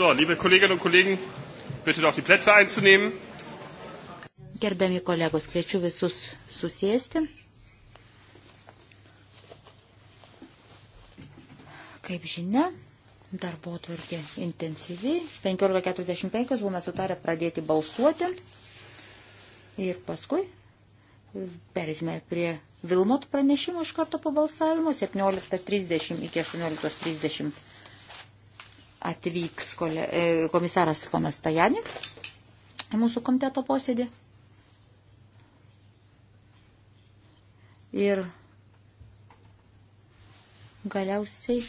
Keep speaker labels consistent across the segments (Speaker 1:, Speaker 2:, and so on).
Speaker 1: So, liebe Kolleginnen und Kollegen, bitte doch die Plätze einzunehmen.
Speaker 2: Gerbiami kolegos, kviečiu visus susėsti. Kaip žinia, darbo tvarkė intensyviai. 15.45 buvome sutarę pradėti balsuoti. Ir paskui perėsime prie Vilmot pranešimo iš karto po balsavimo 17.30 iki 18.30 atvyks e, komisaras ponas Tajani į mūsų komiteto posėdį. Ir galiausiai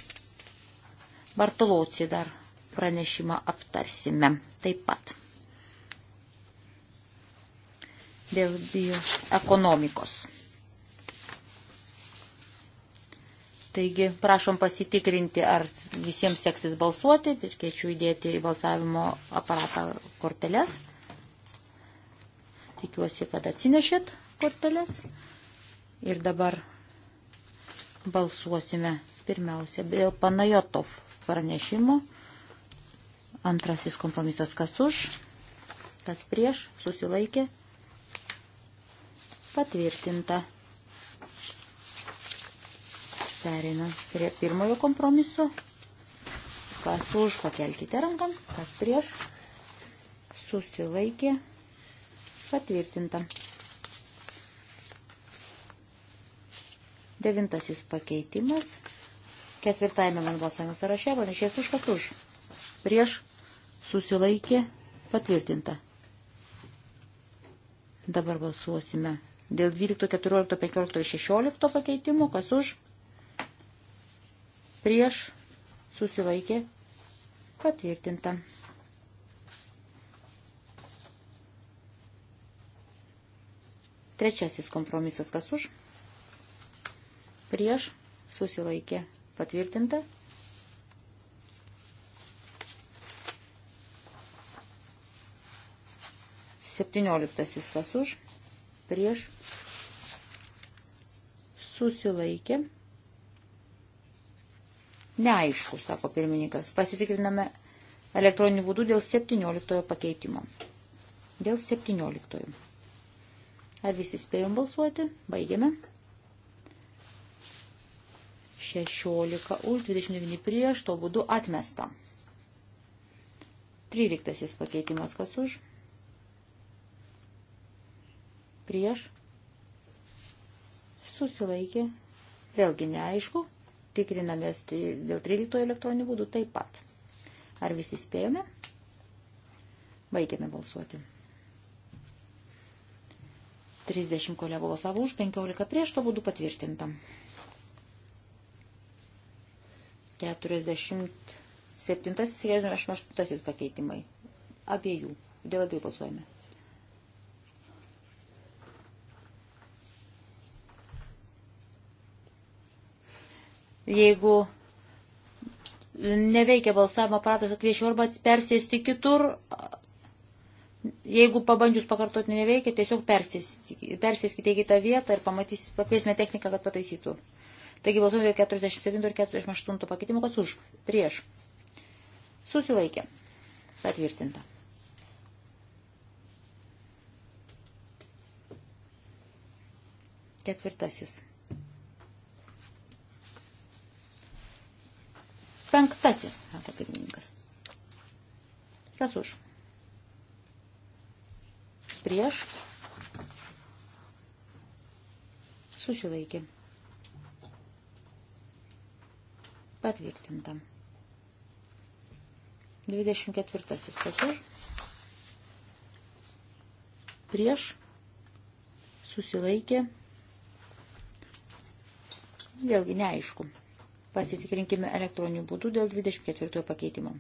Speaker 2: Bartoloci dar pranešimą aptarsime taip pat. Dėl bioekonomikos. ekonomikos. Taigi prašom pasitikrinti, ar visiems seksis balsuoti ir kviečiu įdėti į balsavimo aparatą korteles. Tikiuosi, kad atsinešit korteles. Ir dabar balsuosime pirmiausia dėl Panajotov pranešimo. Antrasis kompromisas kas už, kas prieš, susilaikė, patvirtinta. Pereinam prie pirmojo kompromiso. Kas už, pakelkite ranką, kas prieš, susilaikė, patvirtinta. Devintasis pakeitimas. Ketvirtajame man balsavimo sąraše panašės už kas už. Prieš susilaikė patvirtinta. Dabar balsuosime dėl 12, 14, 15 ir 16 pakeitimų, kas už, prieš susilaikė patvirtinta. Trečiasis kompromisas kas už? Prieš susilaikė patvirtinta. Septynioliktasis kas už? Prieš susilaikė patvirtinta Neaišku, sako pirmininkas. Pasitikriname elektroniniu būdu dėl 17 pakeitimo. Dėl 17. Ar visi spėjom balsuoti? Baigiame. 16 už, 29 prieš, to būdu atmesta. 13 pakeitimas kas už? Prieš. Susilaikė. Vėlgi neaišku tikrinamės tai dėl 13 elektroninių būdų taip pat. Ar visi spėjome? Baigėme balsuoti. 30 kolegų balsavo už, 15 prieš, to būdu patvirtinta. 47 ir 88 pakeitimai. Abiejų. Dėl abiejų balsuojame. jeigu neveikia balsavimo aparatas, kviečiu arba persėsti kitur. Jeigu pabandžius pakartoti neveikia, tiesiog persėskite į kitą vietą ir pamatys, pakviesime techniką, kad pataisytų. Taigi balsuojame 47 ir 48 pakeitimų, kas už, prieš. Susilaikė. Patvirtinta. Ketvirtasis. Penktasis, sako pirmininkas. Kas už? Prieš. Susilaikė. Patvirtinta. 24. Kas už? Prieš. Susilaikė. Vėlgi neaišku. Pasitikrinkime elektroniniu būdu dėl 24 pakeitimo.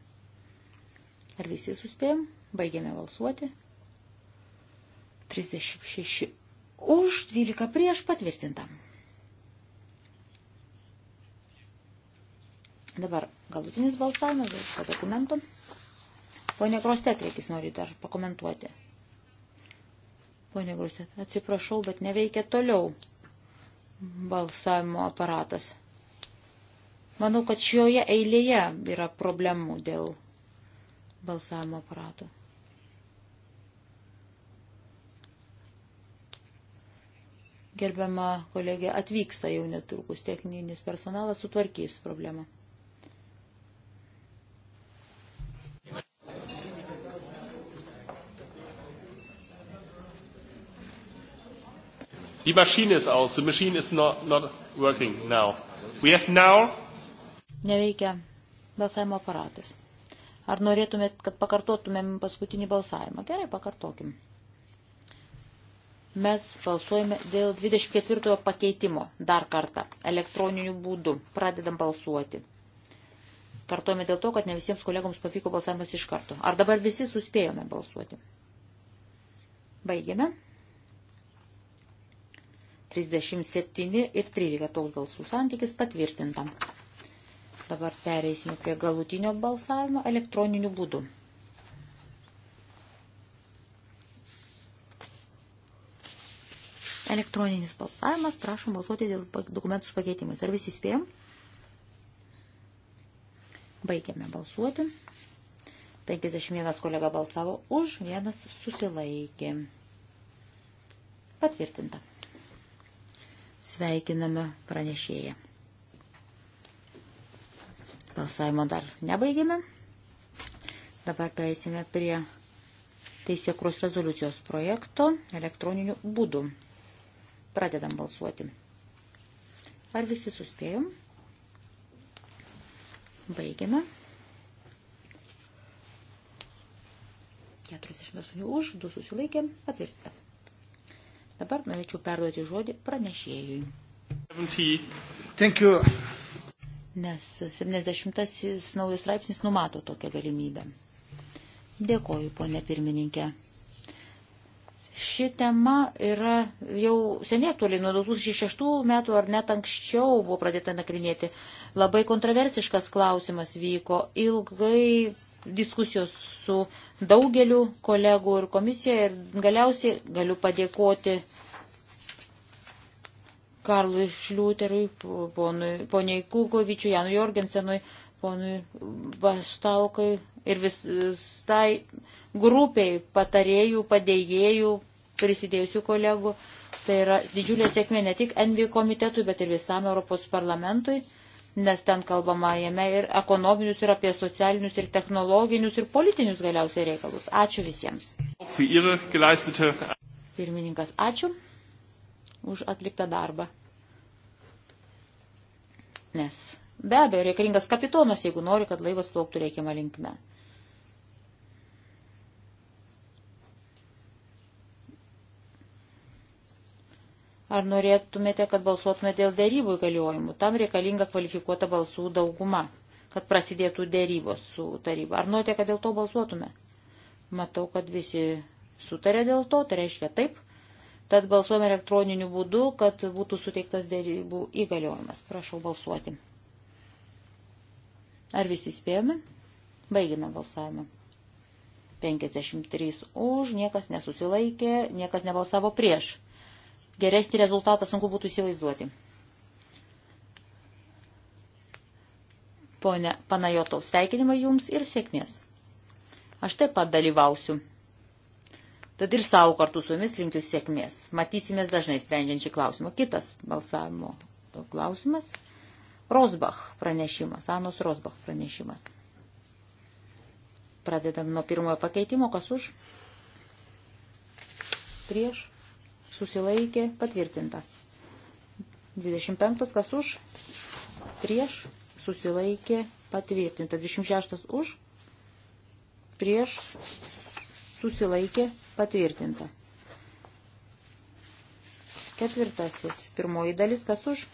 Speaker 2: Ar visi suspėjom? Baigėme valsuoti. 36 už, 12 prieš patvirtinta. Dabar galutinis balsavimas dėl šio dokumento. Pone Grostet, reikis nori dar pakomentuoti. Pone Grostet, atsiprašau, bet neveikia toliau balsavimo aparatas. Manau, kad šioje eilėje yra problemų dėl balsavimo aparatų. Gerbiama kolegė atvyksta jau netrukus, techninis personalas sutvarkys problemą.
Speaker 1: The machine is out. The machine is not, not working now. We have now
Speaker 2: neveikia balsavimo aparatas. Ar norėtumėt, kad pakartotumėm paskutinį balsavimą? Gerai, pakartokim. Mes balsuojame dėl 24 pakeitimo dar kartą elektroniniu būdu. Pradedam balsuoti. Kartuojame dėl to, kad ne visiems kolegoms pavyko balsavimas iš karto. Ar dabar visi suspėjome balsuoti? Baigiame. 37 ir 13 toks balsų santykis patvirtinta. Dabar pereisime prie galutinio balsavimo elektroniniu būdu. Elektroninis balsavimas, prašom balsuoti dėl dokumentų su pakeitimais. Ar visi spėjom? Baigiame balsuoti. 51 kolega balsavo už, vienas susilaikė. Patvirtinta. Sveikiname pranešėją. Balsavimo dar nebaigėme. Dabar pereisime prie teisėkros rezoliucijos projekto elektroniniu būdu. Pradedam balsuoti. Ar visi suspėjom? Baigiame. 48 už, 2 susilaikė, patvirtinta. Dabar norėčiau perduoti žodį pranešėjui.
Speaker 1: 70. Thank you
Speaker 2: nes 70-asis naujas straipsnis numato tokią galimybę. Dėkoju, ponė pirmininkė. Ši tema yra jau seniai aktuali, nuo 2006 metų ar net anksčiau buvo pradėta nagrinėti. Labai kontroversiškas klausimas vyko, ilgai diskusijos su daugeliu kolegų ir komisija ir galiausiai galiu padėkoti uh, Karlui Šliuterui, poniai Kukovičiui, Janui Jorgensenui, ponui Baštaukai ir vis tai grupiai patarėjų, padėjėjų, prisidėjusių kolegų. Tai yra didžiulė sėkmė ne tik NV komitetui, bet ir visam Europos parlamentui, nes ten kalbama jame ir ekonominius, ir apie socialinius, ir technologinius, ir politinius galiausiai reikalus. Ačiū visiems. Pirmininkas, ačiū už atliktą darbą. Nes be abejo reikalingas kapitonas, jeigu nori, kad laivas plauktų reikiamą linkme. Ar norėtumėte, kad balsuotume dėl dėrybų įgaliojimų? Tam reikalinga kvalifikuota balsų dauguma, kad prasidėtų dėrybos su taryba. Ar norite, kad dėl to balsuotume? Matau, kad visi sutarė dėl to, tai reiškia taip. Tad balsuojame elektroniniu būdu, kad būtų suteiktas dėrybų įgaliojimas. Prašau balsuoti. Ar visi spėjome? Baigime balsavimą. 53 už, niekas nesusilaikė, niekas nebalsavo prieš. Geresnį rezultatą sunku būtų įsivaizduoti. Pone Panajotau, sveikinimai jums ir sėkmės. Aš taip pat dalyvausiu Tad ir savo kartu su jumis linkiu sėkmės. Matysimės dažnai sprendžiančią klausimą. Kitas balsavimo klausimas. Rosbach pranešimas, Anos Rosbach pranešimas. Pradedam nuo pirmojo pakeitimo, kas už? Prieš, susilaikė, patvirtinta. 25, kas už? Prieš, susilaikė, patvirtinta. 26 už, prieš, susilaikė patvirtinta. Ketvirtasis, pirmoji dalis, kas už,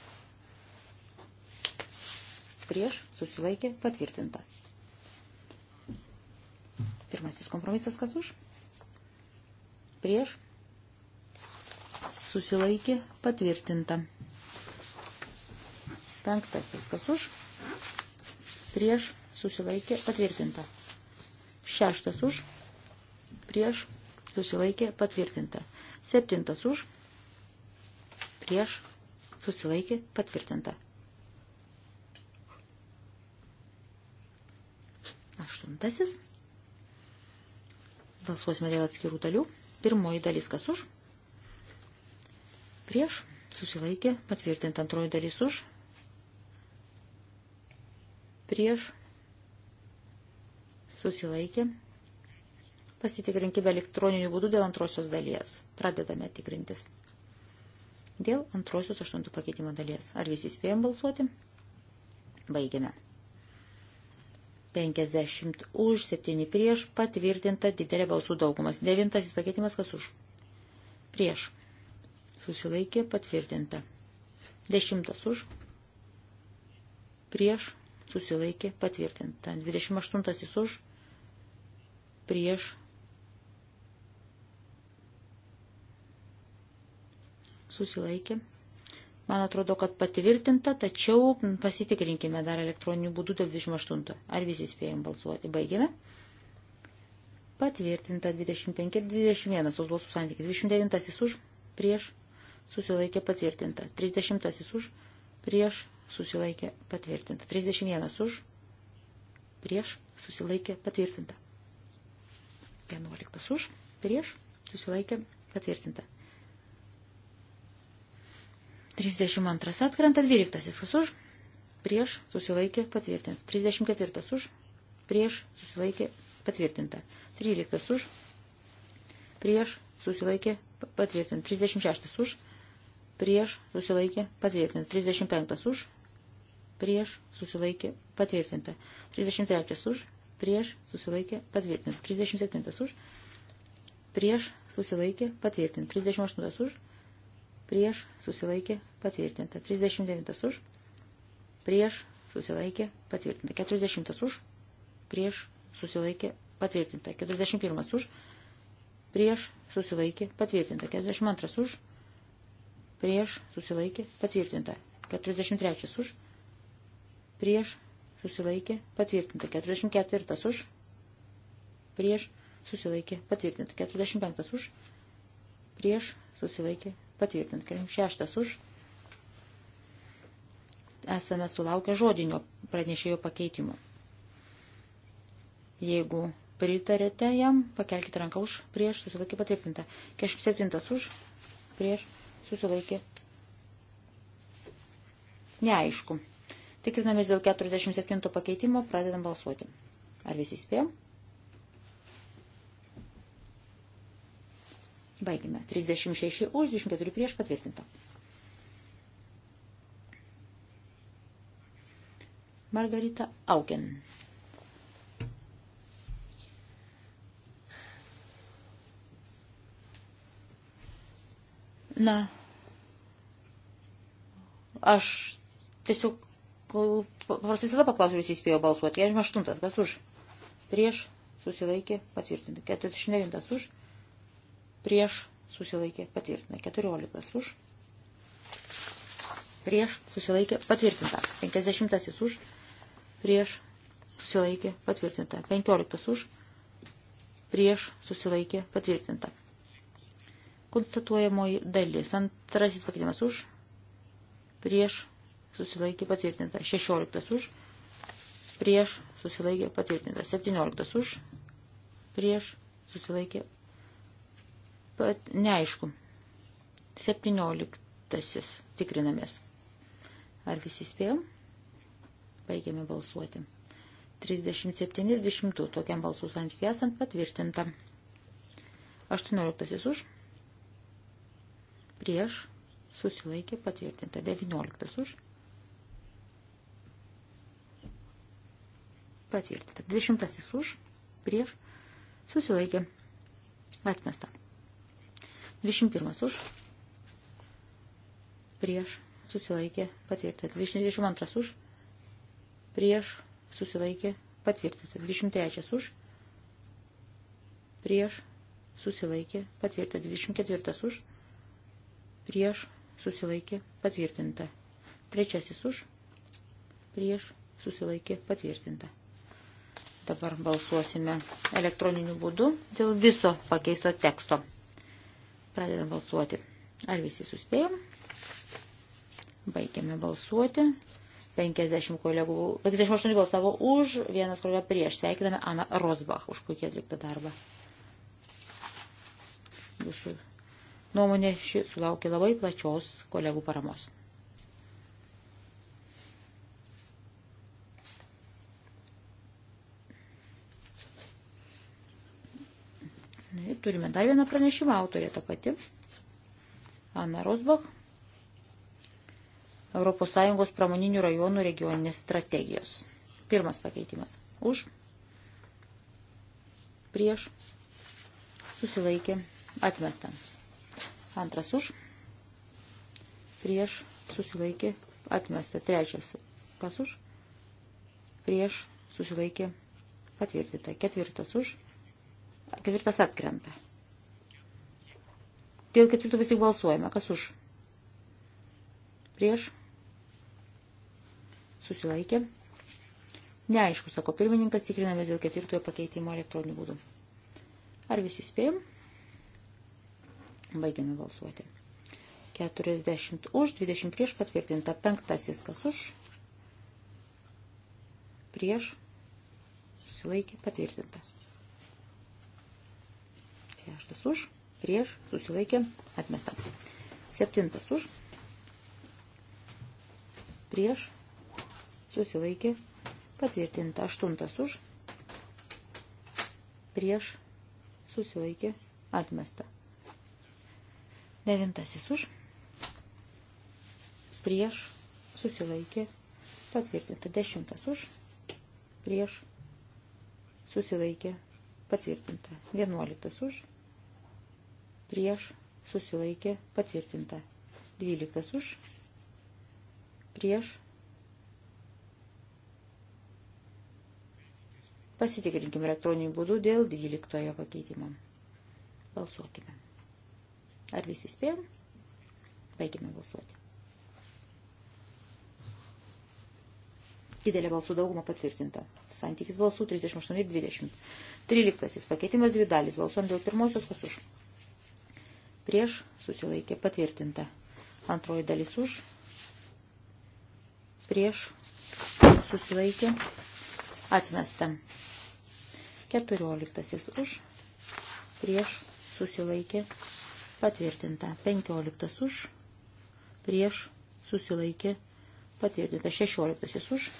Speaker 2: prieš, susilaikė patvirtinta. Pirmasis kompromisas, kas už, prieš, susilaikė patvirtinta. Penktasis, kas už, prieš, susilaikė patvirtinta. Šeštas už, prieš prieš, susilaikė, patvirtinta. Septintas už, prieš, susilaikė, patvirtinta. Aštuntasis. Balsuosime dėl atskirų dalių. Pirmoji dalis kas už, prieš, susilaikė, patvirtinta. Antroji dalis už, prieš, susilaikė, patvirtinta Pasitikrinkime elektroniniu būdu dėl antrosios dalies. Pradedame tikrintis. Dėl antrosios aštuntų pakeitimo dalies. Ar visi spėjom balsuoti? Baigiame. 50 už, 7 prieš, patvirtinta didelė balsų daugumas. Devintasis pakeitimas kas už? Prieš. Susilaikė patvirtinta. Dešimtas už. Prieš. Susilaikė patvirtinta. 28 už. Prieš susilaikė. Man atrodo, kad patvirtinta, tačiau pasitikrinkime dar elektroniniu būdu 28. Ar visi spėjom balsuoti? Baigėme. Patvirtinta 25 ir 21. Tos balsų santykis. 29 už, prieš, susilaikė patvirtinta. 30 už, prieš, susilaikė patvirtinta. 31 už, prieš, susilaikė patvirtinta. 11 už, prieš, susilaikė patvirtinta. 32 atkrenta 12. Kas už? Prieš susilaikė patvirtinta. 34 už. Prieš susilaikė patvirtinta. 13 už. Prieš susilaikė patvirtinta. 36 už. Prieš susilaikė patvirtinta. 35 už. Prieš susilaikė patvirtinta. 33 už. Prieš susilaikė patvirtinta. 37 už. Prieš susilaikė patvirtinta. 38 už prieš susilaikė patvirtinta. 39 už, prieš susilaikė patvirtinta. 40 už, prieš susilaikė patvirtinta. 41 už, prieš susilaikė patvirtinta. 42 už, prieš susilaikė patvirtinta. 43 už, prieš susilaikė patvirtinta. 44 už, prieš susilaikė patvirtinta. 45 už, prieš susilaikė patvirtinta. 46 už. Esame sulaukę žodinio pranešėjo pakeitimo. Jeigu pritarėte jam, pakelkite ranką už, prieš, susilaikė patvirtinta. 47 už, prieš, susilaikė. Neaišku. Tikrinamės dėl 47 pakeitimo, pradedam balsuoti. Ar visi spėjom? Baigime. 36 už, 24 prieš patvirtinta. Margarita Augen. Na, aš tiesiog Prasideda paklausiu, visi spėjo balsuoti. 48. Kas už? Prieš susilaikė patvirtinti. 49. Už prieš susilaikė patvirtinta. 14 už, prieš susilaikė patvirtinta. 50 už, prieš susilaikė patvirtinta. 15 už, prieš susilaikė patvirtinta. Konstatuojamoji dalis. Antrasis pakeitimas už, prieš susilaikė patvirtinta. 16 už, prieš susilaikė patvirtinta. 17 už, prieš susilaikė Pat neaišku. 17. Tikrinamės. Ar visi spėjom? Baigėme balsuoti. 37.20. Tokiam balsų santykiu esant patvirtinta. 18. Už. Prieš. Susilaikė patvirtinta. 19. Už. Patvirtinta. 20. Už. Prieš. Susilaikė. Atmesta. 21 už, prieš, susilaikė, patvirtinta. 22 už, prieš, susilaikė, patvirtinta. 23 už, prieš, susilaikė, patvirtinta. 24 už, prieš, susilaikė, patvirtinta. Trečiasis už, prieš, susilaikė, patvirtinta. Dabar balsuosime elektroniniu būdu dėl viso pakeisto teksto. Pradedam balsuoti. Ar visi suspėjom? Baigiame balsuoti. 50 kolegų, 58 balsavo už, vienas kolega prieš. Sveikiname Aną Rosbach už puikiai atliktą darbą. Jūsų nuomonė ši sulaukė labai plačios kolegų paramos. Turime dar vieną pranešimą, autorė ta pati. Ana Rosbach. ES pramoninių rajonų regioninės strategijos. Pirmas pakeitimas. Už. Prieš. Susilaikė. Atmesta. Antras už. Prieš. Susilaikė. Atmesta. Trečias. Kas už? Prieš. Susilaikė. Patvirtita. Ketvirtas už Ketvirtas atkrenta. Dėl ketvirtų vis tik balsuojame. Kas už? Prieš? Susilaikė. Neaišku, sako pirmininkas, tikrinamės dėl ketvirtojo pakeitimo elektroniniu būdu. Ar visi spėjom? Baigiame balsuoti. 40 už, 20 prieš patvirtinta. Penktasis kas už? Prieš. Susilaikė patvirtinta. Šeštas už, prieš, susilaikė, atmesta. Septintas už, prieš, susilaikė, patvirtinta. Aštuntas už, prieš, susilaikė, atmesta. Devintasis už, prieš, susilaikė, patvirtinta. Dešimtas už, prieš, susilaikė, patvirtinta. Vienuoliktas už, prieš, prieš, susilaikė, patvirtinta. 12 už, prieš, pasitikrinkim elektroninių būdų dėl 12 pakeitimo. Balsuokime. Ar visi spėjom? Baigime balsuoti. Didelė balsų dauguma patvirtinta. Santykis balsų 38 ir 20. 13. Pakeitimas dvi dalys. Balsuom dėl pirmosios, kas už prieš susilaikė patvirtinta. Antroji dalis už, prieš susilaikė atmesta. Keturioliktasis už, prieš susilaikė patvirtinta. Penkioliktas už, prieš susilaikė patvirtinta. Šešioliktasis už,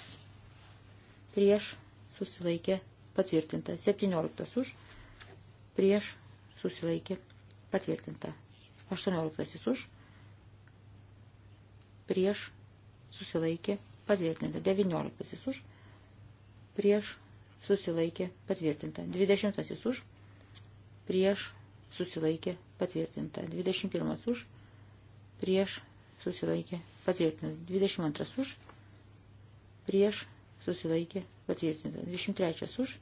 Speaker 2: prieš susilaikė patvirtinta. Septynioliktas už, prieš susilaikė Patvirtinta. 18 už. Prieš susilaikė patvirtinta. 19 už. Prieš susilaikė patvirtinta. 20 už. Prieš susilaikė patvirtinta. 21 už. Prieš susilaikė patvirtinta. 22 už. Prieš susilaikė patvirtinta. 23 už.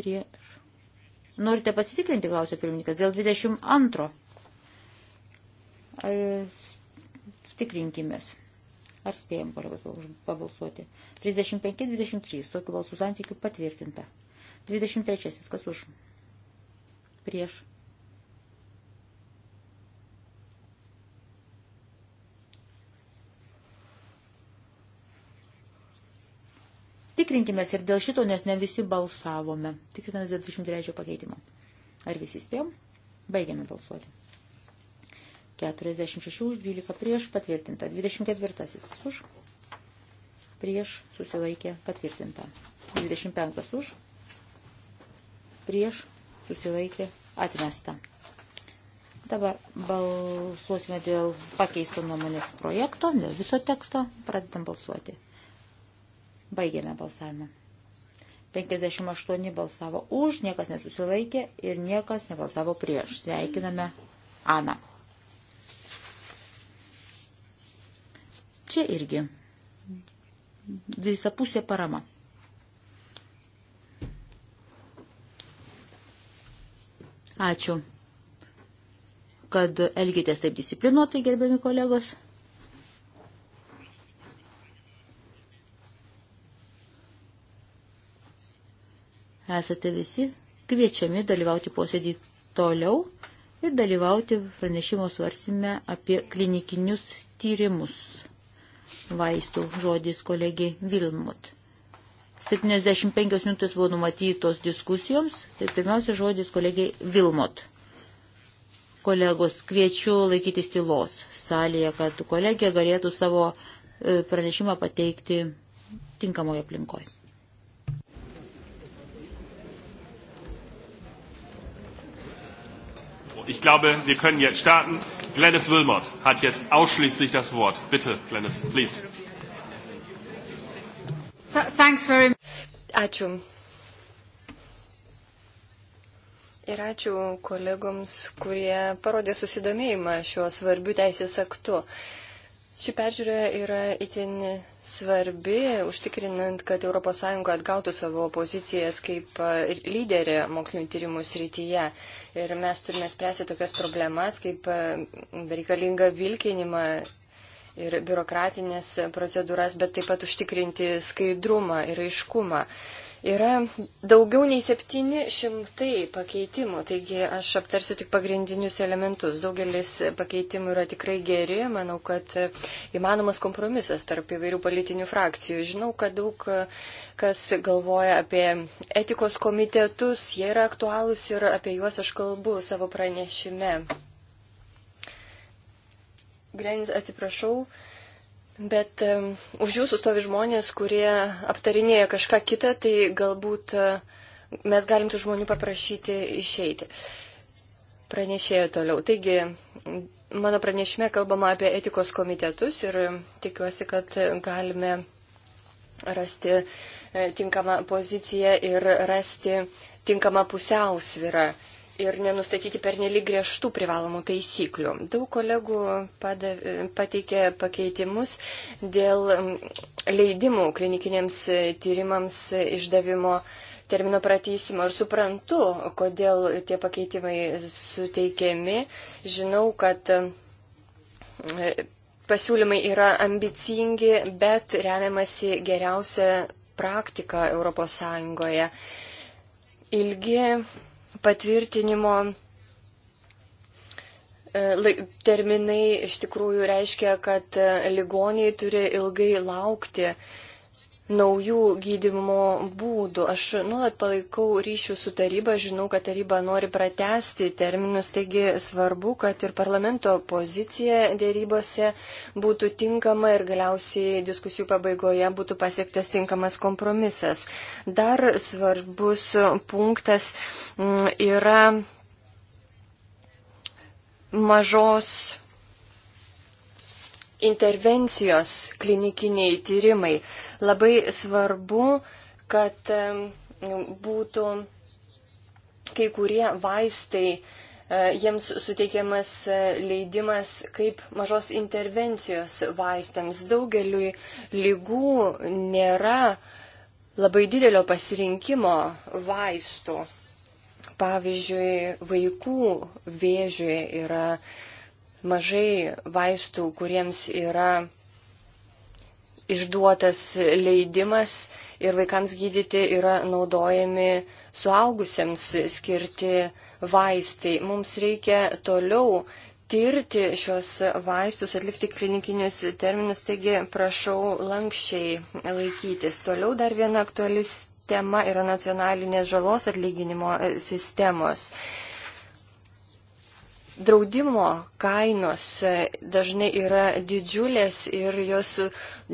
Speaker 2: Prieš Norite pasitikrinti, klausė pirmininkas, dėl 22. Ar tikrinkimės. Ar spėjom, kolegos, pabalsuoti. 35-23, tokių balsų santykių patvirtinta. 23. Kas už? Prieš. Tikrinkime ir dėl šito, nes ne visi balsavome. Tikrinamės dėl 23 pakeitimo. Ar visi spėjom? Baigiame balsuoti. 46 už 12 prieš patvirtinta. 24 už prieš susilaikė patvirtinta. 25 už prieš susilaikė atmesta. Dabar balsuosime dėl pakeisto nuomonės projekto, dėl viso teksto. Pradedam balsuoti. Baigėme balsavimą. 58 balsavo už, niekas nesusilaikė ir niekas nebalsavo prieš. Sveikiname Aną. Čia irgi visapusė parama. Ačiū, kad elgitės taip disciplinuotai, gerbiami kolegos. Esate visi kviečiami dalyvauti posėdį toliau ir dalyvauti pranešimo svarsime apie klinikinius tyrimus vaistų žodis kolegiai Vilmut. 75 minutės buvo numatytos diskusijoms, tai pirmiausia žodis kolegiai Vilmot. Kolegos, kviečiu laikytis tylos salėje, kad kolegija galėtų savo e, pranešimą pateikti tinkamoje aplinkoje.
Speaker 1: Ich glaube, wir können jetzt starten. Glennis Wilmot hat jetzt ausschließlich das Wort. Bitte, Glennis, please.
Speaker 3: Th thanks very much. Ačiū. Ir ačiū kolegoms, kurie parodė susidomėjimą šiuo svarbiu teisės aktu. Uh, Ši peržiūra yra itin svarbi, užtikrinant, kad ES atgautų savo pozicijas kaip e, lyderė mokslinio tyrimų srityje. Ir mes turime spręsti tokias problemas, kaip e, reikalinga vilkinimą ir biurokratinės procedūras, bet taip pat užtikrinti skaidrumą ir aiškumą. Yra daugiau nei 700 pakeitimų, taigi aš aptarsiu tik pagrindinius elementus. Daugelis pakeitimų yra tikrai geri, manau, kad įmanomas kompromisas tarp įvairių politinių frakcijų. Žinau, kad daug kas galvoja apie etikos komitetus, jie yra aktualūs ir apie juos aš kalbu savo pranešime. Grenis, atsiprašau, Bet um, už jūsų stovi žmonės, kurie aptarinėja kažką kitą, tai galbūt uh, mes galim tų žmonių paprašyti išeiti. Pranešėjo toliau. Taigi, mano pranešime kalbama apie etikos komitetus ir tikiuosi, kad galime rasti e, tinkamą poziciją ir rasti tinkamą pusiausvyrą ir nenustatyti pernelyg griežtų privalomų taisyklių. Daug kolegų padav, pateikė pakeitimus dėl leidimų klinikiniams tyrimams išdavimo termino pratysimo ir suprantu, kodėl tie pakeitimai suteikiami. Žinau, kad pasiūlymai yra ambicingi, bet remiamasi geriausia praktika ES. Ilgi patvirtinimo e, terminai iš tikrųjų reiškia, kad e, ligoniai turi ilgai laukti naujų gydimo būdų. Aš nuolat palaikau ryšių su taryba, žinau, kad taryba nori pratesti terminus, taigi svarbu, kad ir parlamento pozicija dėrybose būtų tinkama ir galiausiai diskusijų pabaigoje būtų pasiektas tinkamas kompromisas. Dar svarbus punktas mm, yra mažos intervencijos klinikiniai tyrimai. Labai svarbu, kad būtų kai kurie vaistai, e, jiems suteikiamas e, leidimas kaip mažos intervencijos vaistams. Daugeliui lygų nėra labai didelio pasirinkimo vaistų. Pavyzdžiui, vaikų vėžiui yra mažai vaistų, kuriems yra išduotas leidimas ir vaikams gydyti yra naudojami suaugusiems skirti vaistai. Mums reikia toliau tirti šios vaistus, atlikti klinikinius terminus, taigi prašau lankščiai laikytis. Toliau dar viena aktualis tema yra nacionalinės žalos atlyginimo sistemos. Draudimo kainos dažnai yra didžiulės ir jos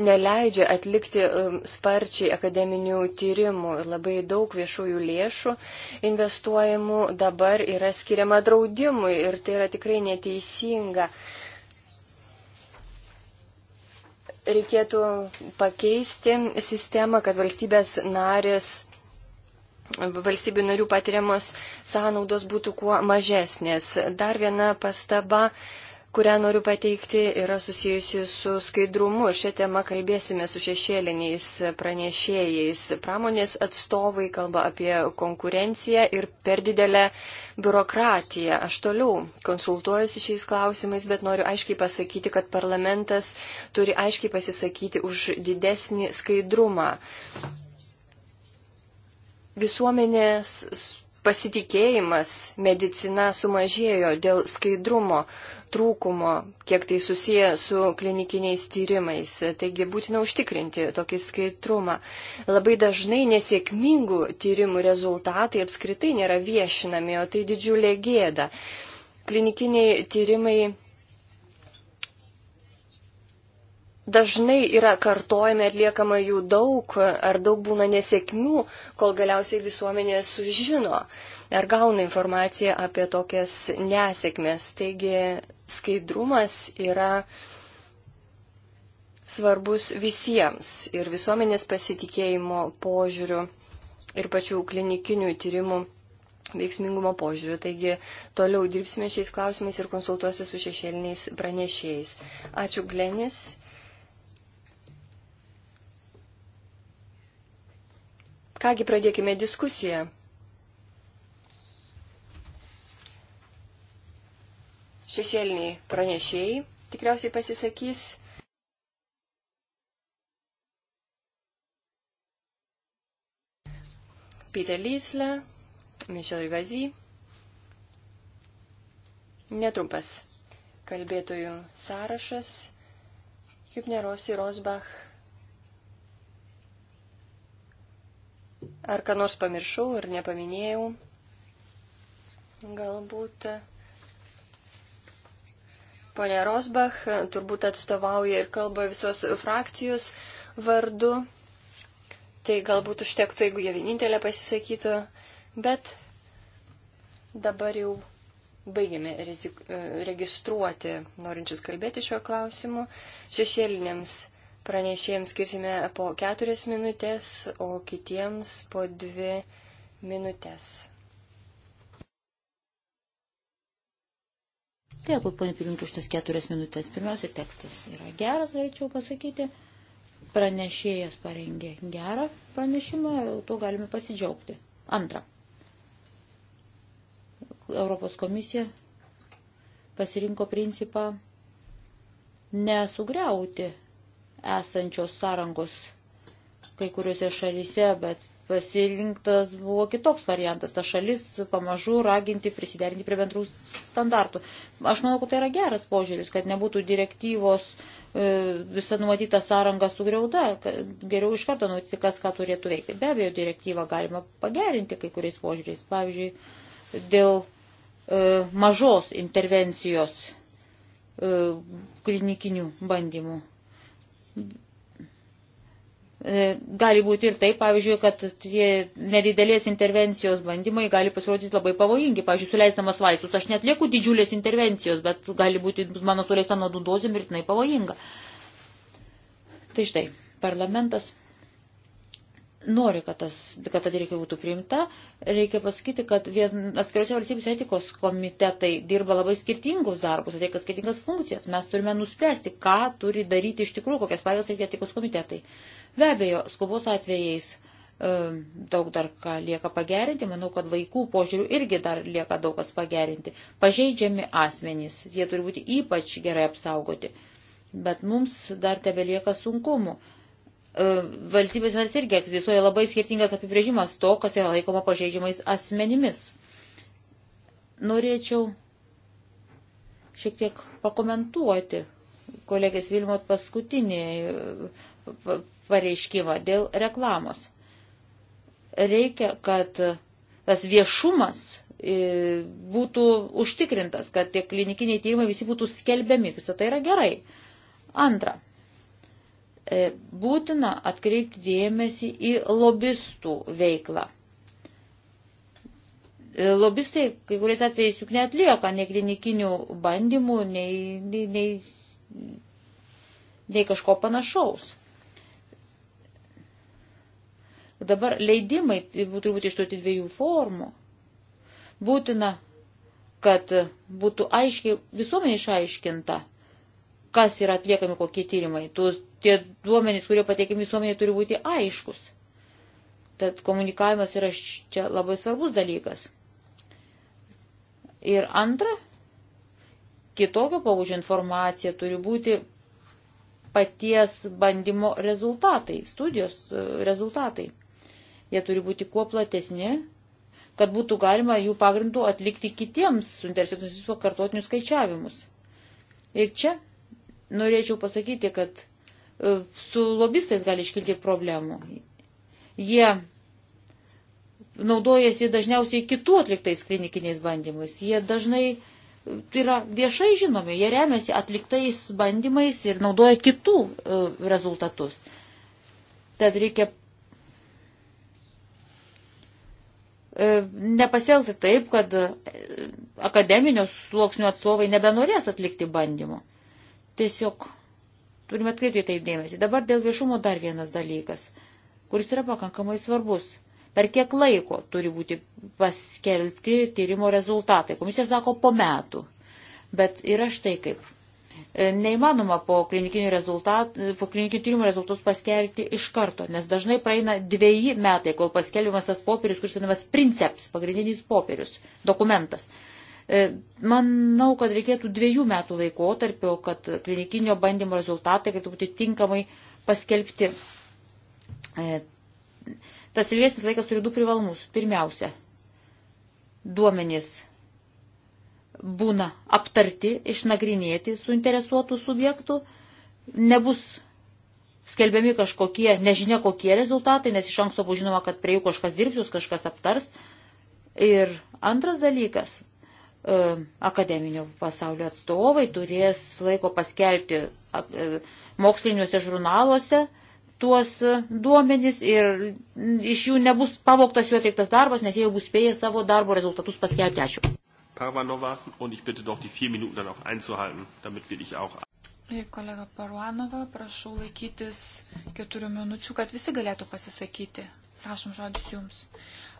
Speaker 3: neleidžia atlikti um, sparčiai akademinių tyrimų. Labai daug viešųjų lėšų investuojamų dabar yra skiriama draudimui ir tai yra tikrai neteisinga reikėtų pakeisti sistemą, kad valstybės narės valstybių narių patiriamos sąnaudos būtų kuo mažesnės. Dar viena pastaba kurią noriu pateikti, yra susijusi su skaidrumu. Šią temą kalbėsime su šešėliniais pranešėjais. Pramonės atstovai kalba apie konkurenciją ir per didelę biurokratiją. Aš toliau konsultuojuosi šiais klausimais, bet noriu aiškiai pasakyti, kad parlamentas turi aiškiai pasisakyti už didesnį skaidrumą visuomenės pasitikėjimas medicina sumažėjo dėl skaidrumo trūkumo, kiek tai susiję su klinikiniais tyrimais. Taigi būtina užtikrinti tokį skaidrumą. Labai dažnai nesėkmingų tyrimų rezultatai apskritai nėra viešinami, o tai didžiulė gėda. Klinikiniai tyrimai dažnai yra kartojami, atliekama jų daug, ar daug būna nesėkmių, kol galiausiai visuomenė sužino, ar gauna informaciją apie tokias nesėkmės. Taigi skaidrumas yra svarbus visiems ir visuomenės pasitikėjimo požiūrių ir pačių klinikinių tyrimų veiksmingumo požiūriu. Taigi toliau dirbsime šiais klausimais ir konsultuosiu su šešėliniais pranešėjais. Ačiū Glenis Kągi pradėkime diskusiją. Šešėliniai pranešėjai tikriausiai pasisakys. Peter Lysle, Michel Rivazy. Netrumpas kalbėtojų sąrašas. Hübneros ir Rosbach Ar ką nors pamiršau ir nepaminėjau? Galbūt. Pone Rosbach turbūt atstovauja ir kalba visos frakcijos vardu. Tai galbūt užtektų, jeigu jie vienintelė pasisakytų. Bet dabar jau baigėme registruoti norinčius kalbėti šiuo klausimu šešėlinėms Pranešėjams skirsime po keturias minutės, o kitiems po dvi minutės.
Speaker 2: Dėkui, ponė Pirinkė, už tas keturias minutės. Pirmiausia, tekstas yra
Speaker 3: geras, norėčiau pasakyti.
Speaker 2: Pranešėjas parengė gerą pranešimą, tuo galime pasidžiaugti. Antra. Europos komisija pasirinko principą nesugriauti esančios sąrangos kai kuriuose šalyse, bet pasirinktas buvo kitoks variantas, ta šalis pamažu raginti prisiderinti prie bendrų standartų. Aš manau, kad tai yra geras požiūris, kad nebūtų direktyvos e, visa numatyta sąranga sugriauta, geriau iš karto numatyti, kas ką turėtų veikti. Be abejo, direktyvą galima pagerinti kai kuriais požiūriais, pavyzdžiui, dėl e, mažos intervencijos e, klinikinių bandymų. E, gali būti ir taip, pavyzdžiui, kad tie nedidelės intervencijos bandymai gali pasirodyti labai pavojingi. Pavyzdžiui, suleistamas vaistus, aš net lieku didžiulės intervencijos, bet gali būti mano suleista nuodų dozė mirtinai pavojinga. Tai štai, parlamentas nori, kad, tas, kad ta direktyva būtų priimta, reikia pasakyti, kad atskiriuose valstybės etikos komitetai dirba labai skirtingus darbus, atlieka skirtingas funkcijas. Mes turime nuspręsti, ką turi daryti iš tikrųjų, kokias pareigas reikia etikos komitetai. Be abejo, skubos atvejais e, daug dar ką lieka pagerinti, manau, kad vaikų požiūrių irgi dar lieka daug kas pagerinti. Pažeidžiami asmenys, jie turi būti ypač gerai apsaugoti. Bet mums dar tebelieka sunkumų valstybės narės irgi egzistuoja labai skirtingas apibrėžimas to, kas yra laikoma pažeidžiamais asmenimis. Norėčiau šiek tiek pakomentuoti kolegės Vilmot paskutinį e, pareiškimą dėl reklamos. Reikia, kad tas viešumas e, būtų užtikrintas, kad tie klinikiniai tyrimai visi būtų skelbiami. Visą tai yra gerai. Antra, E, būtina atkreipti dėmesį į lobistų veiklą. E, lobistai kai kuriais atvejais juk netlieka nei klinikinių bandymų, nei, nei, nei, nei kažko panašaus. Dabar leidimai tai turi būti iš tų dviejų formų. Būtina, kad būtų aiškiai, visuomenė išaiškinta, kas yra atliekami kokie tyrimai. Tų tie duomenys, kurie pateikiami visuomenė, turi būti aiškus. Tad komunikavimas yra čia labai svarbus dalykas. Ir antra, kitokio pabudžio informacija turi būti paties bandymo rezultatai, studijos e, rezultatai. Jie turi būti kuo platesni, kad būtų galima jų pagrindų atlikti kitiems suinteresuotus pakartotinius skaičiavimus. Ir čia norėčiau pasakyti, kad E, su lobistais gali iškilti problemų. Jie naudojasi dažniausiai kitų atliktais klinikiniais bandymais. Jie dažnai e, yra viešai žinomi, jie remiasi atliktais bandymais ir naudoja kitų e, rezultatus. Tad reikia nepasielgti taip, kad akademinio sluoksnio atstovai nebenorės atlikti bandymų. Tiesiog Turime atkreipti taip dėmesį. Dabar dėl viešumo dar vienas dalykas, kuris yra pakankamai svarbus. Per kiek laiko turi būti paskelbti tyrimo rezultatai? Komisija sako po metų. Bet yra štai kaip. E, neįmanoma po klinikinių, rezultat, po klinikinių tyrimų rezultatus paskelbti iš karto, nes dažnai praeina dviejį metai, kol paskelbiamas tas popierius, kuris vadinamas princeps, pagrindinis popierius, dokumentas. Uh, E, manau, kad reikėtų dviejų metų laikotarpio, kad klinikinio bandymo rezultatai galėtų būti tinkamai paskelbti. E, tas ilgesnis laikas turi du privalumus. Pirmiausia, duomenys būna aptarti, išnagrinėti suinteresuotų subjektų, nebus skelbiami kažkokie, nežinia kokie rezultatai, nes iš anksto bus žinoma, kad prie jų kažkas dirbs, jūs kažkas aptars. Ir antras dalykas, E, akademinio pasaulio atstovai turės laiko paskelbti e, moksliniuose žurnaluose tuos duomenys ir iš jų nebus pavoktas jų atliktas darbas, nes jie jau bus spėję savo darbo rezultatus paskelbti. Ačiū.
Speaker 1: Parvanova und ich bitte doch die vier Minuten dann auch einzuhalten, damit wir dich auch.
Speaker 4: Kolega Parvanova, prašau laikytis keturių minučių, kad visi galėtų pasisakyti. Prašom žodis jums.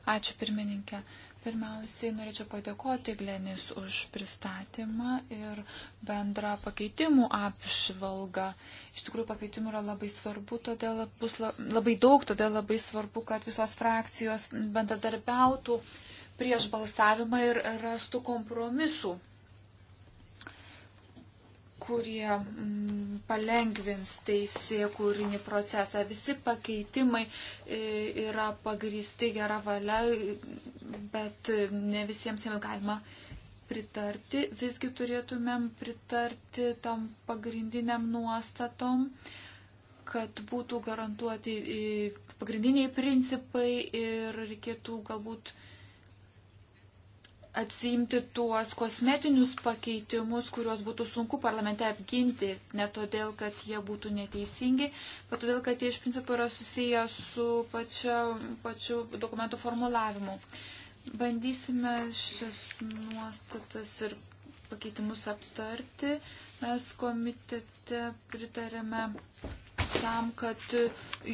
Speaker 4: Ačiū pirmininkė. Uh, Pirmiausiai norėčiau padėkoti Glenis už pristatymą ir bendrą pakeitimų apžvalgą. Iš tikrųjų, pakeitimų yra labai svarbu, todėl bus labai daug, todėl labai svarbu, kad visos frakcijos bendradarbiautų prieš balsavimą ir rastų kompromisų kurie mm, palengvins teisė kūrinį procesą. Visi pakeitimai e, yra pagrysti gera valia, bet ne visiems jiems galima pritarti. Visgi turėtumėm pritarti tom pagrindiniam nuostatom, kad būtų garantuoti e, pagrindiniai principai ir reikėtų galbūt atsiimti tuos kosmetinius pakeitimus, kuriuos būtų sunku parlamente apginti, ne todėl, kad jie būtų neteisingi, bet todėl, kad jie iš principo yra susiję su pačia, pačiu dokumentų formulavimu. Bandysime šias nuostatas ir pakeitimus aptarti. Mes komitete pritarėme tam, kad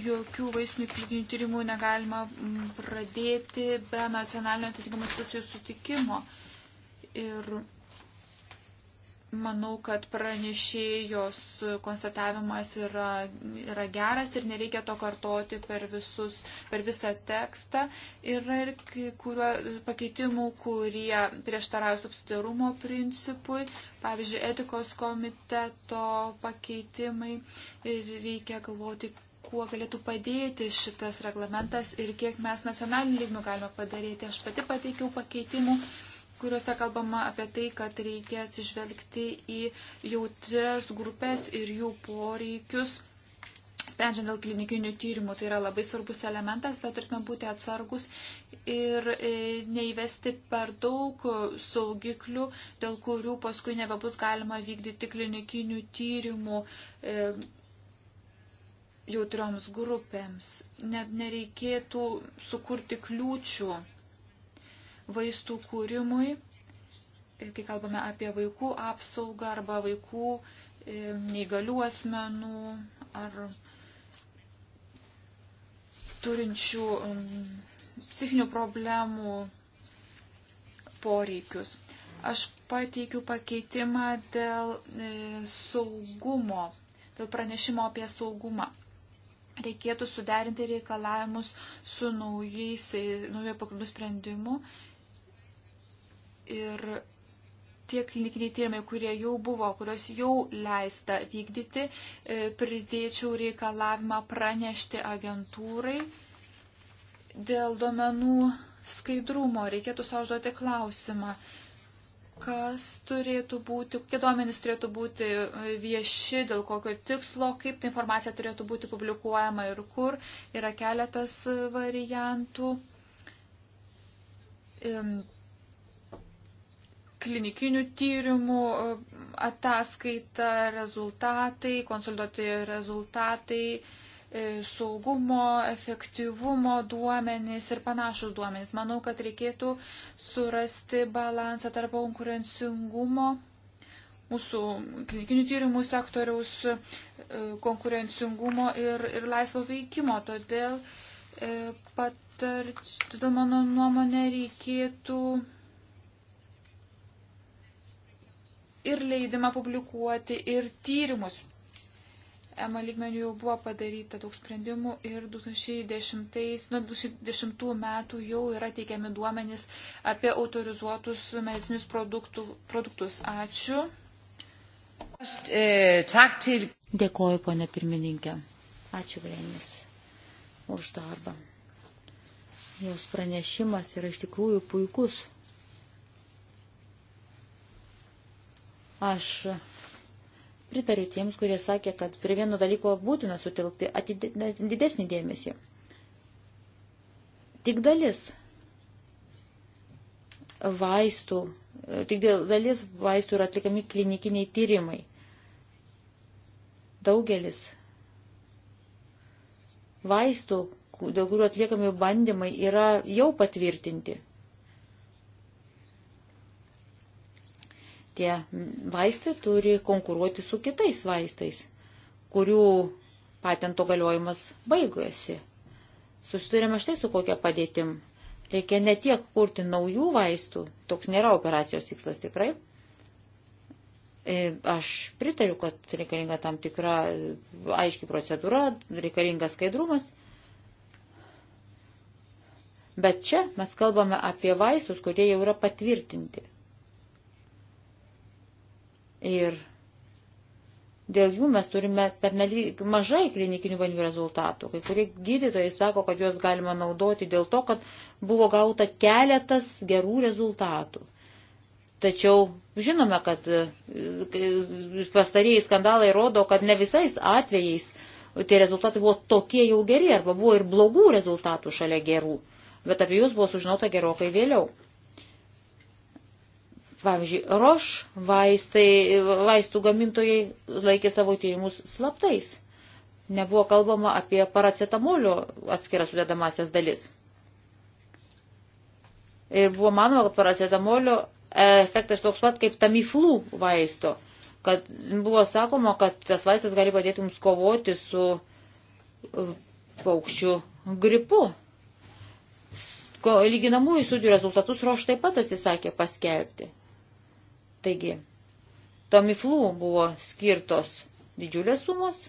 Speaker 4: jokių vaistinių klinikinių tyrimų negalima mm, pradėti be nacionalinio atitinkamų institucijų sutikimo. Ir Manau, kad pranešėjos konstatavimas yra, yra geras ir nereikia to kartoti per, visus, per visą tekstą. Yra ir kurio, pakeitimų, kurie prieštarauja subsidarumo principui, pavyzdžiui, etikos komiteto pakeitimai ir reikia galvoti, kuo galėtų padėti šitas reglamentas ir kiek mes nacionaliniu lygmeniu galime padaryti. Aš pati pateikiau pakeitimų kuriuose kalbama apie tai, kad reikia atsižvelgti į jautrias grupės ir jų poreikius. Sprendžiant dėl klinikinių tyrimų, tai yra labai svarbus elementas, bet turime būti atsargus ir e, neįvesti per daug saugiklių, dėl kurių paskui nebebus galima vykdyti klinikinių tyrimų e, jautrioms grupėms. Net nereikėtų sukurti kliūčių vaistų kūrimui, kai kalbame apie vaikų apsaugą arba vaikų e, neįgalių asmenų ar turinčių psichinių problemų poreikius. Aš pateikiu pakeitimą dėl e, saugumo, dėl pranešimo apie saugumą. Reikėtų suderinti reikalavimus su naujais, e, naujo pagrindų sprendimu Ir tie klinikiniai tyrimai, kurie jau buvo, kurios jau leista vykdyti, e, pridėčiau reikalavimą pranešti agentūrai dėl duomenų skaidrumo. Reikėtų saužduoti klausimą, kas turėtų būti, kokie duomenys turėtų būti e, vieši, dėl kokio tikslo, kaip ta informacija turėtų būti publikuojama ir kur. Yra keletas e, variantų klinikinių tyrimų e, ataskaita, rezultatai, konsultuoti rezultatai, e, saugumo, efektyvumo duomenys ir panašus duomenys. Manau, kad reikėtų surasti balansą tarp konkurencingumo mūsų klinikinių tyrimų sektoriaus e, konkurencingumo ir, ir laisvo veikimo. Todėl, pat, todėl mano nuomonė, reikėtų ir leidimą publikuoti, ir tyrimus. EMA lygmenių jau buvo padaryta daug sprendimų ir 2010, nu, 2010 metų jau yra teikiami duomenys apie autorizuotus medicinius produktų, produktus. Ačiū.
Speaker 2: Dėkoju, ponė pirmininkė. Ačiū, Vrenis, už darbą. Jos pranešimas yra iš tikrųjų puikus. Aš pritariu tiems, kurie sakė, kad prie vieno dalyko būtina sutilpti didesnį dėmesį. Tik dalis vaistų, tik dalis vaistų yra atlikami klinikiniai tyrimai. Daugelis vaistų, dėl kurių atliekami bandymai, yra jau patvirtinti. Tie vaistai turi konkuruoti su kitais vaistais, kurių patento galiojimas baigėsi. Susidurėme štai su kokia padėtim. Reikia ne tiek kurti naujų vaistų, toks nėra operacijos tikslas tikrai. E, aš pritariu, kad reikalinga tam tikra aiški procedūra, reikalingas skaidrumas. Bet čia mes kalbame apie vaistus, kurie jau yra patvirtinti. Ir dėl jų mes turime per nelik mažai klinikinių bandymų rezultatų. Kai kurie gydytojai sako, kad juos galima naudoti dėl to, kad buvo gauta keletas gerų rezultatų. Tačiau žinome, kad e, pastarėjai skandalai rodo, kad ne visais atvejais tie rezultatai buvo tokie jau geri, arba buvo ir blogų rezultatų šalia gerų, bet apie juos buvo sužinota gerokai vėliau. Pavyzdžiui, roš vaistai, vaistų gamintojai laikė savo tyrimus slaptais. Nebuvo kalbama apie paracetamolio atskiras sudedamasias dalis. Ir buvo manoma, kad paracetamolio efektas toks pat kaip tamiflų vaisto. Kad buvo sakoma, kad tas vaistas gali padėti mums kovoti su uh, paukščių gripu. Lyginamųjų studijų rezultatus Roš taip pat atsisakė paskelbti. Taigi, Tomiflų buvo skirtos didžiulės sumos,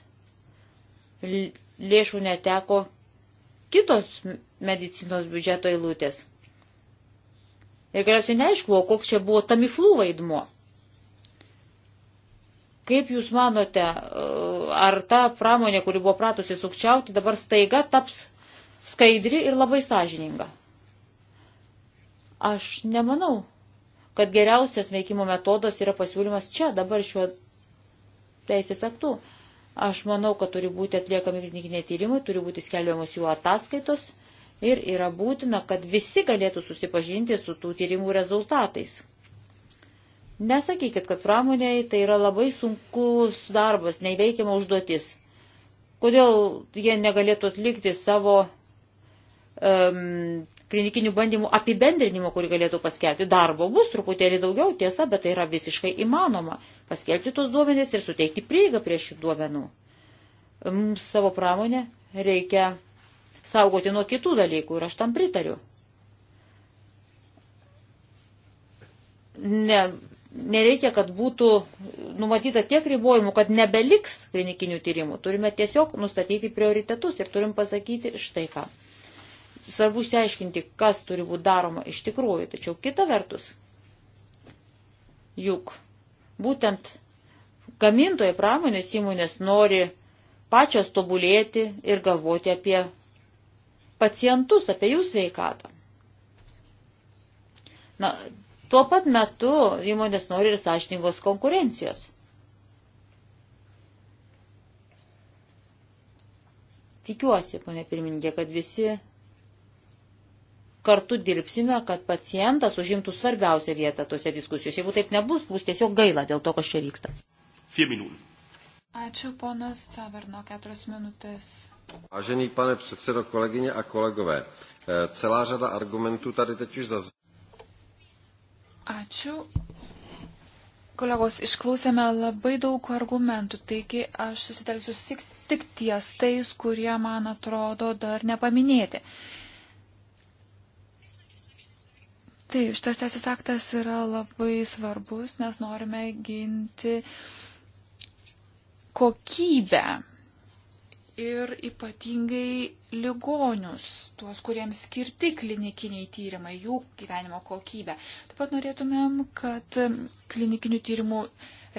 Speaker 2: lėšų neteko kitos medicinos biudžeto eilutės. Ir galiausiai neaišku, koks čia buvo Tamiflų vaidmuo. Kaip Jūs manote, e, ar ta pramonė, kuri buvo pratusi sukčiauti, dabar staiga taps skaidri ir labai sąžininga? Aš nemanau, kad geriausias veikimo metodas yra pasiūlymas čia, dabar šiuo teisės aktu. Aš manau, kad turi būti atliekami klinikiniai tyrimai, turi būti skelbiamos jų ataskaitos ir yra būtina, kad visi galėtų susipažinti su tų tyrimų rezultatais. Nesakykit, kad pramoniai tai yra labai sunkus darbas, neįveikiama užduotis. Kodėl jie negalėtų atlikti savo um, klinikinių bandymų apibendrinimo, kurį galėtų paskelbti. Darbo bus truputėlį daugiau, tiesa, bet tai yra visiškai įmanoma paskelbti tos duomenys ir suteikti prieigą prie šių duomenų. Mums savo pramonę reikia saugoti nuo kitų dalykų ir aš tam pritariu. Ne, nereikia, kad būtų numatyta tiek ribojimų, kad nebeliks klinikinių tyrimų. Turime tiesiog nustatyti prioritetus ir turim pasakyti štai ką svarbu išsiaiškinti, kas turi būti daroma iš tikrųjų. Tačiau kita vertus, juk būtent gamintojai pramonės įmonės nori pačios tobulėti ir galvoti apie pacientus, apie jų sveikatą. Na, tuo pat metu įmonės nori ir sąžiningos konkurencijos. Tikiuosi, ponė pirmininkė, kad visi kartu dirbsime, kad pacientas užimtų svarbiausią vietą tose diskusijose. Jeigu taip nebus, bus tiesiog gaila dėl to, kas čia vyksta.
Speaker 4: Ačiū, ponas Caverno, keturios minutės.
Speaker 2: Vážený pane předsedo, kolegyně a kolegové, eh, celá řada argumentů tady teď už zazněla.
Speaker 4: Ačiū. Kolegos, išklausėme labai daug argumentų, taigi aš susitelksiu tik ties tais, kurie man atrodo dar nepaminėti. Taip, šitas teisės aktas yra labai svarbus, nes norime ginti kokybę ir ypatingai ligonius, tuos, kuriems skirti klinikiniai tyrimai, jų gyvenimo kokybę. Taip pat norėtumėm, kad klinikinių tyrimų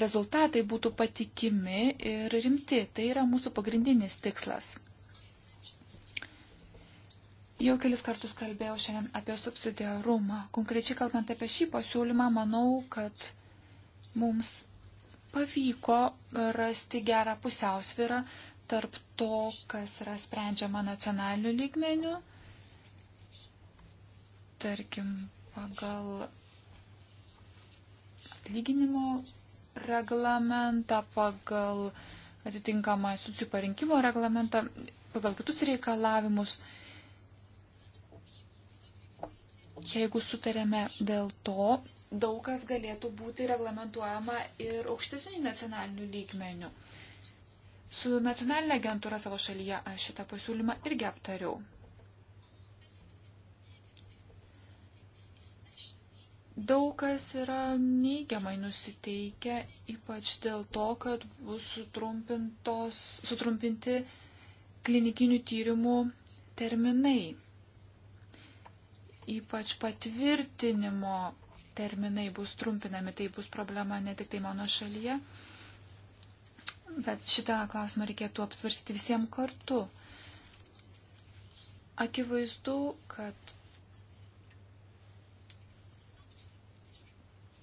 Speaker 4: rezultatai būtų patikimi ir rimti. Tai yra mūsų pagrindinis tikslas. Jau kelis kartus kalbėjau šiandien apie subsidiarumą. Konkrečiai kalbant apie šį pasiūlymą, manau, kad mums pavyko rasti gerą pusiausvyrą tarp to, kas yra sprendžiama nacionaliniu lygmeniu, tarkim, pagal atlyginimo reglamentą, pagal atitinkamą institucijų parinkimo reglamentą, pagal kitus reikalavimus jeigu sutarėme dėl to, daug kas galėtų būti reglamentuojama ir aukštesnių nacionalinių lygmenių. Su nacionalinė agentūra savo šalyje aš šitą pasiūlymą irgi aptariau. Daug kas yra neigiamai nusiteikę, ypač dėl to, kad bus sutrumpinti klinikinių tyrimų terminai ypač patvirtinimo terminai bus trumpinami, tai bus problema ne tik tai mano šalyje, bet šitą klausimą reikėtų apsvarstyti visiems kartu. Akivaizdu, kad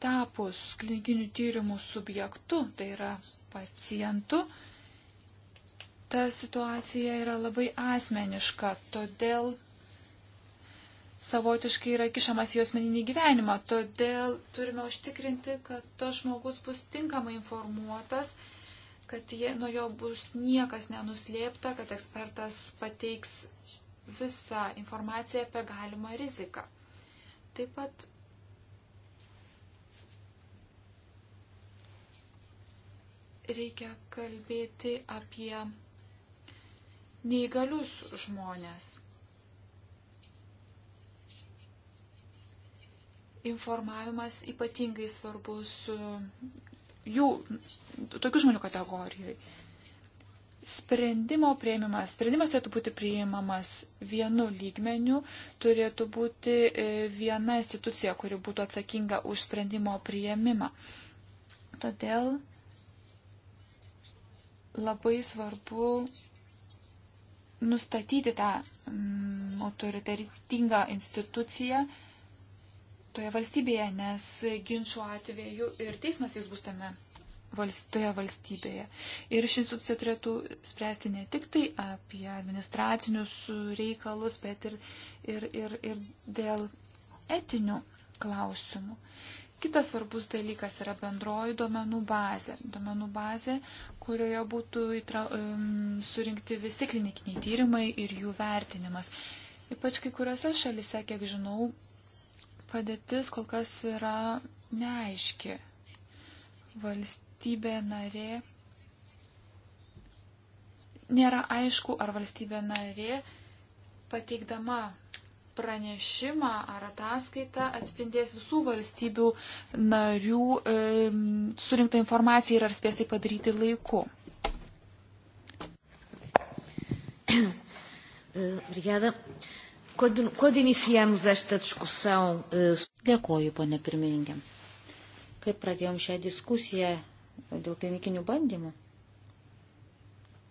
Speaker 4: tapus klinikinių tyrimų subjektu, tai yra pacientu, ta situacija yra labai asmeniška, todėl savotiškai yra kišamas jos meninį gyvenimą. Todėl turime užtikrinti, kad tas žmogus bus tinkamai informuotas, kad jie, nuo jo bus niekas nenuslėpta, kad ekspertas pateiks visą informaciją apie galimą riziką. Taip pat reikia kalbėti apie neįgalius žmonės informavimas ypatingai svarbus e, jų, tokių žmonių kategorijai. Sprendimo prieimimas. Sprendimas turėtų būti priimamas vienu lygmeniu, turėtų būti e, viena institucija, kuri būtų atsakinga už sprendimo prieimimą. Todėl labai svarbu nustatyti tą mm, autoritatingą instituciją, mm, toje valstybėje, nes ginčių atveju ir teismas jis bus tame toje valstybėje. Ir ši institucija turėtų spręsti ne tik tai apie administracinius reikalus, bet ir, ir, ir, ir dėl etinių klausimų. Kitas svarbus dalykas yra bendroji duomenų bazė. Duomenų bazė, kurioje būtų įtra, um, surinkti visi klinikiniai tyrimai ir jų vertinimas. Ypač kai kuriuose šalise, kiek žinau, Padėtis kol kas yra neaiški. Valstybė narė. Nėra aišku, ar valstybė narė pateikdama pranešimą ar ataskaitą atspindės visų valstybių narių e, surinktą informaciją ir ar spės tai padaryti laiku.
Speaker 2: Obrigada. Quando, quando iniciamos esta discussão. Uh... Dėkoju, ponė pirmininkė. Kai pradėjom šią diskusiją dėl klinikinių bandymų,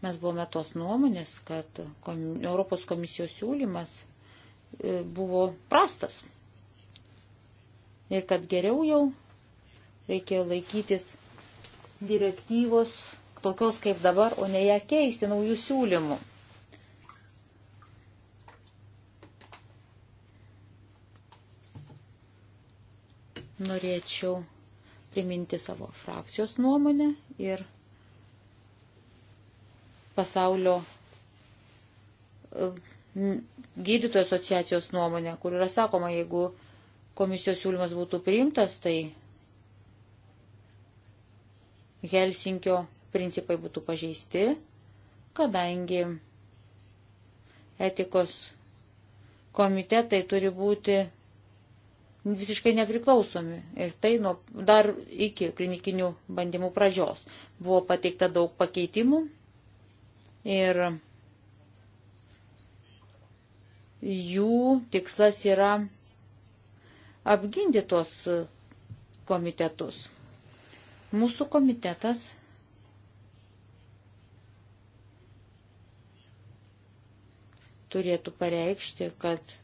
Speaker 2: mes buvome tos nuomonės, kad kom, Europos komisijos siūlymas uh, buvo prastas. Ir kad geriau jau reikėjo laikytis direktyvos tokios kaip dabar, o ne ją keisti naujų siūlymų. norėčiau priminti savo frakcijos nuomonę ir pasaulio e, gydytojų asociacijos nuomonę, kur yra sakoma, jeigu komisijos siūlymas būtų priimtas, tai Helsinkio principai būtų pažeisti, kadangi etikos komitetai turi būti visiškai nepriklausomi. Ir tai nuo, dar iki klinikinių bandymų pradžios. Buvo pateikta daug pakeitimų ir jų tikslas yra apginti tuos komitetus. Mūsų komitetas turėtų pareikšti, kad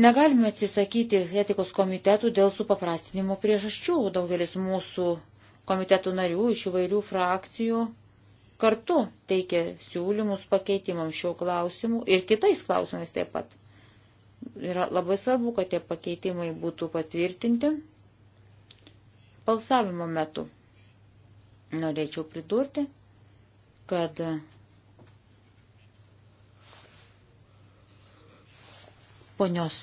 Speaker 2: Negalime atsisakyti etikos komitetų dėl supaprastinimo priežasčių. Daugelis mūsų komitetų narių iš įvairių frakcijų kartu teikia siūlymus pakeitimams šiuo klausimu ir kitais klausimais taip pat. Yra labai svarbu, kad tie pakeitimai būtų patvirtinti balsavimo metu. Norėčiau pridurti, kad ponios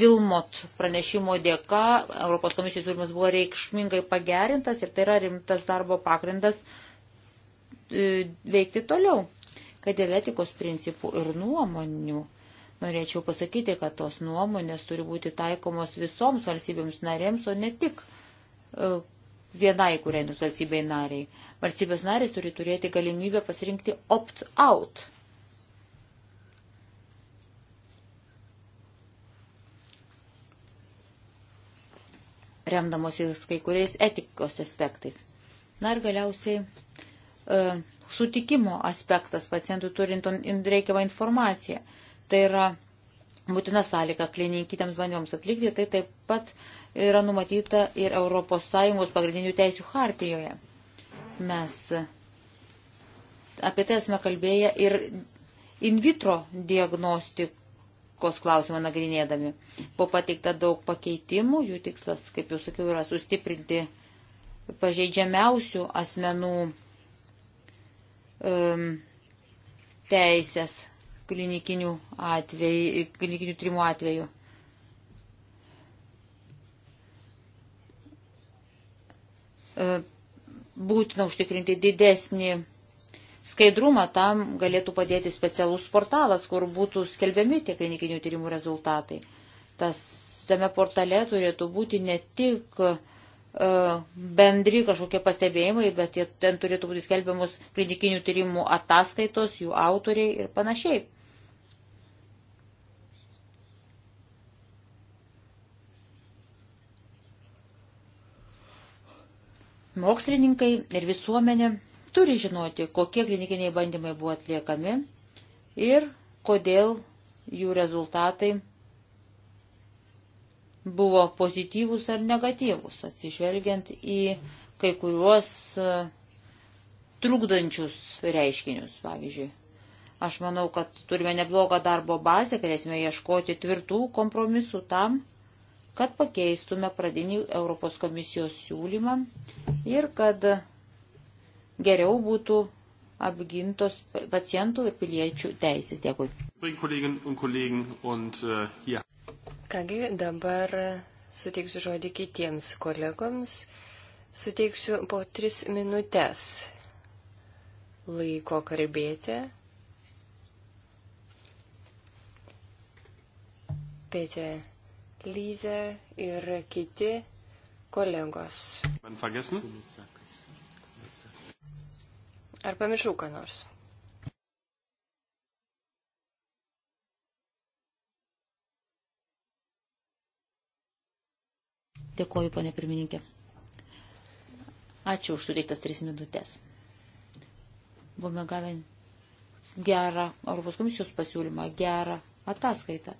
Speaker 2: Vilmot pranešimo dėka Europos komisijos siūlymas buvo reikšmingai pagerintas ir tai yra rimtas darbo pagrindas e, veikti toliau. Kad dėl etikos principų ir nuomonių norėčiau pasakyti, kad tos nuomonės turi būti taikomos visoms valstybėms narėms, o ne tik e, vienai kuriai nors valstybei nariai. Valstybės narės turi turėti galimybę pasirinkti opt-out remdamosis kai kuriais etikos aspektais. Na ir galiausiai e, sutikimo aspektas pacientui turint reikiamą informaciją. Tai yra būtina sąlyga klinikitėms bandymams atlikti, tai taip pat yra numatyta ir ES pagrindinių teisių hartijoje. Mes apie tai esame kalbėję ir in vitro diagnostik, kos klausimą nagrinėdami. Po pateikta daug pakeitimų, jų tikslas, kaip jau sakiau, yra sustiprinti pažeidžiamiausių asmenų um, teisės klinikinių, atvejų, klinikinių trimų atveju. Būtina užtikrinti didesnį Skaidrumą tam galėtų padėti specialus portalas, kur būtų skelbiami tie klinikinių tyrimų rezultatai. Tas, tame portale turėtų būti ne tik uh, bendri kažkokie pastebėjimai, bet jie, ten turėtų būti skelbiamos klinikinių tyrimų ataskaitos, jų autoriai ir panašiai. Mokslininkai ir visuomenė turi žinoti, kokie klinikiniai bandymai buvo atliekami ir kodėl jų rezultatai buvo pozityvus ar negatyvus, atsižvelgiant į kai kuriuos e, trukdančius reiškinius, pavyzdžiui. Aš manau, kad turime neblogą darbo bazę, galėsime ieškoti tvirtų kompromisų tam, kad pakeistume pradinį Europos komisijos siūlymą ir kad geriau būtų apgintos pacientų ir piliečių teisės. Dėkui.
Speaker 1: Äh,
Speaker 3: Kągi, dabar suteiksiu žodį kitiems kolegoms. Suteiksiu po tris minutės laiko kalbėti. Pėtė Lyze ir kiti kolegos. Man vergessen? Ar pamiršau ką nors?
Speaker 2: Dėkoju, ponė pirmininkė. Ačiū už suteiktas tris minutės. Buvome gavę gerą Europos komisijos pasiūlymą, gerą ataskaitą.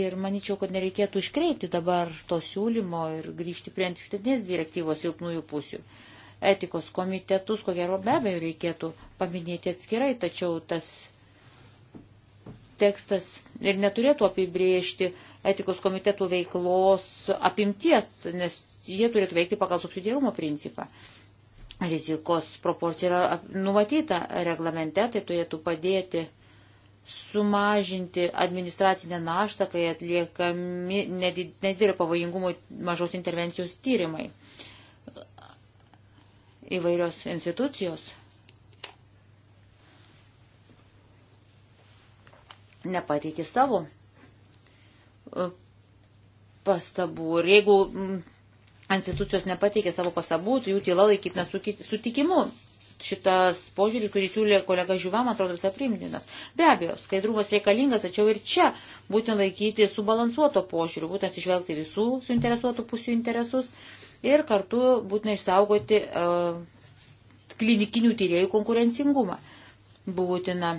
Speaker 2: Ir manyčiau, kad nereikėtų iškreipti dabar to siūlymo ir grįžti prie ankstesnės direktyvos silpnųjų pusių etikos komitetus, ko gero be abejo reikėtų paminėti atskirai, tačiau tas tekstas ir neturėtų apibriežti etikos komitetų veiklos apimties, nes jie turėtų veikti pagal subsidiarumo principą. Rizikos proporcija yra numatyta reglamente, tai turėtų padėti sumažinti administracinę naštą, kai atliekami nedidelio pavojingumo mažos intervencijos tyrimai įvairios institucijos nepateikė savo e, pastabų. Ir jeigu institucijos nepateikė savo pastabų, tai jų tyla laikytina sutikimu. Šitas požiūris, kurį siūlė kolega Žiūva, man atrodo, visai primtinas. Be abejo, skaidrumas reikalingas, tačiau ir čia būtent laikyti subalansuoto požiūrių, būtent atsižvelgti visų suinteresuotų pusių interesus ir kartu būtina išsaugoti e, klinikinių tyriejų konkurencingumą. Būtina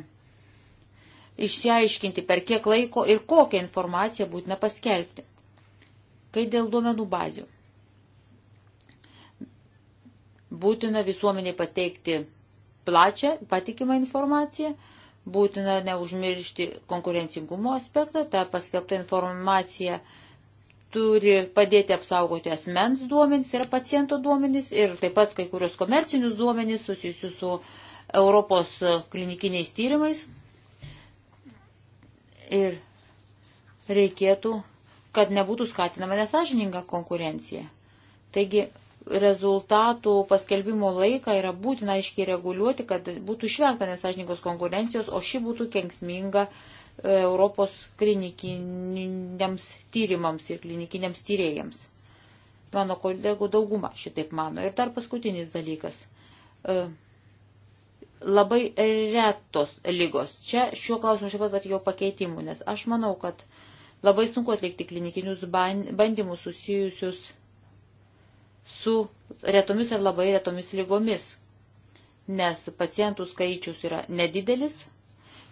Speaker 2: išsiaiškinti, per kiek laiko ir kokią informaciją būtina paskelbti. Kai dėl duomenų bazių. Būtina visuomeniai pateikti plačią patikimą informaciją, būtina neužmiršti konkurencingumo aspektą, ta paskelbta informacija uh, turi padėti apsaugoti asmens duomenys, yra paciento duomenys ir taip pat kai kurios komercinius duomenys susijusius su Europos klinikiniais tyrimais. Ir reikėtų, kad nebūtų skatinama nesažininga konkurencija. Taigi rezultatų paskelbimo laiką yra būtina aiškiai reguliuoti, kad būtų išvengta nesažininkos konkurencijos, o ši būtų kengsminga Europos klinikiniams tyrimams ir klinikiniams tyrėjams. Mano kolegų dauguma šitaip mano. Ir dar paskutinis dalykas. E, labai retos lygos. Čia šiuo klausimu šiaip pat jau pakeitimų, nes aš manau, kad labai sunku atlikti klinikinius bandymus susijusius su retomis ar labai retomis lygomis, nes pacientų skaičius yra nedidelis,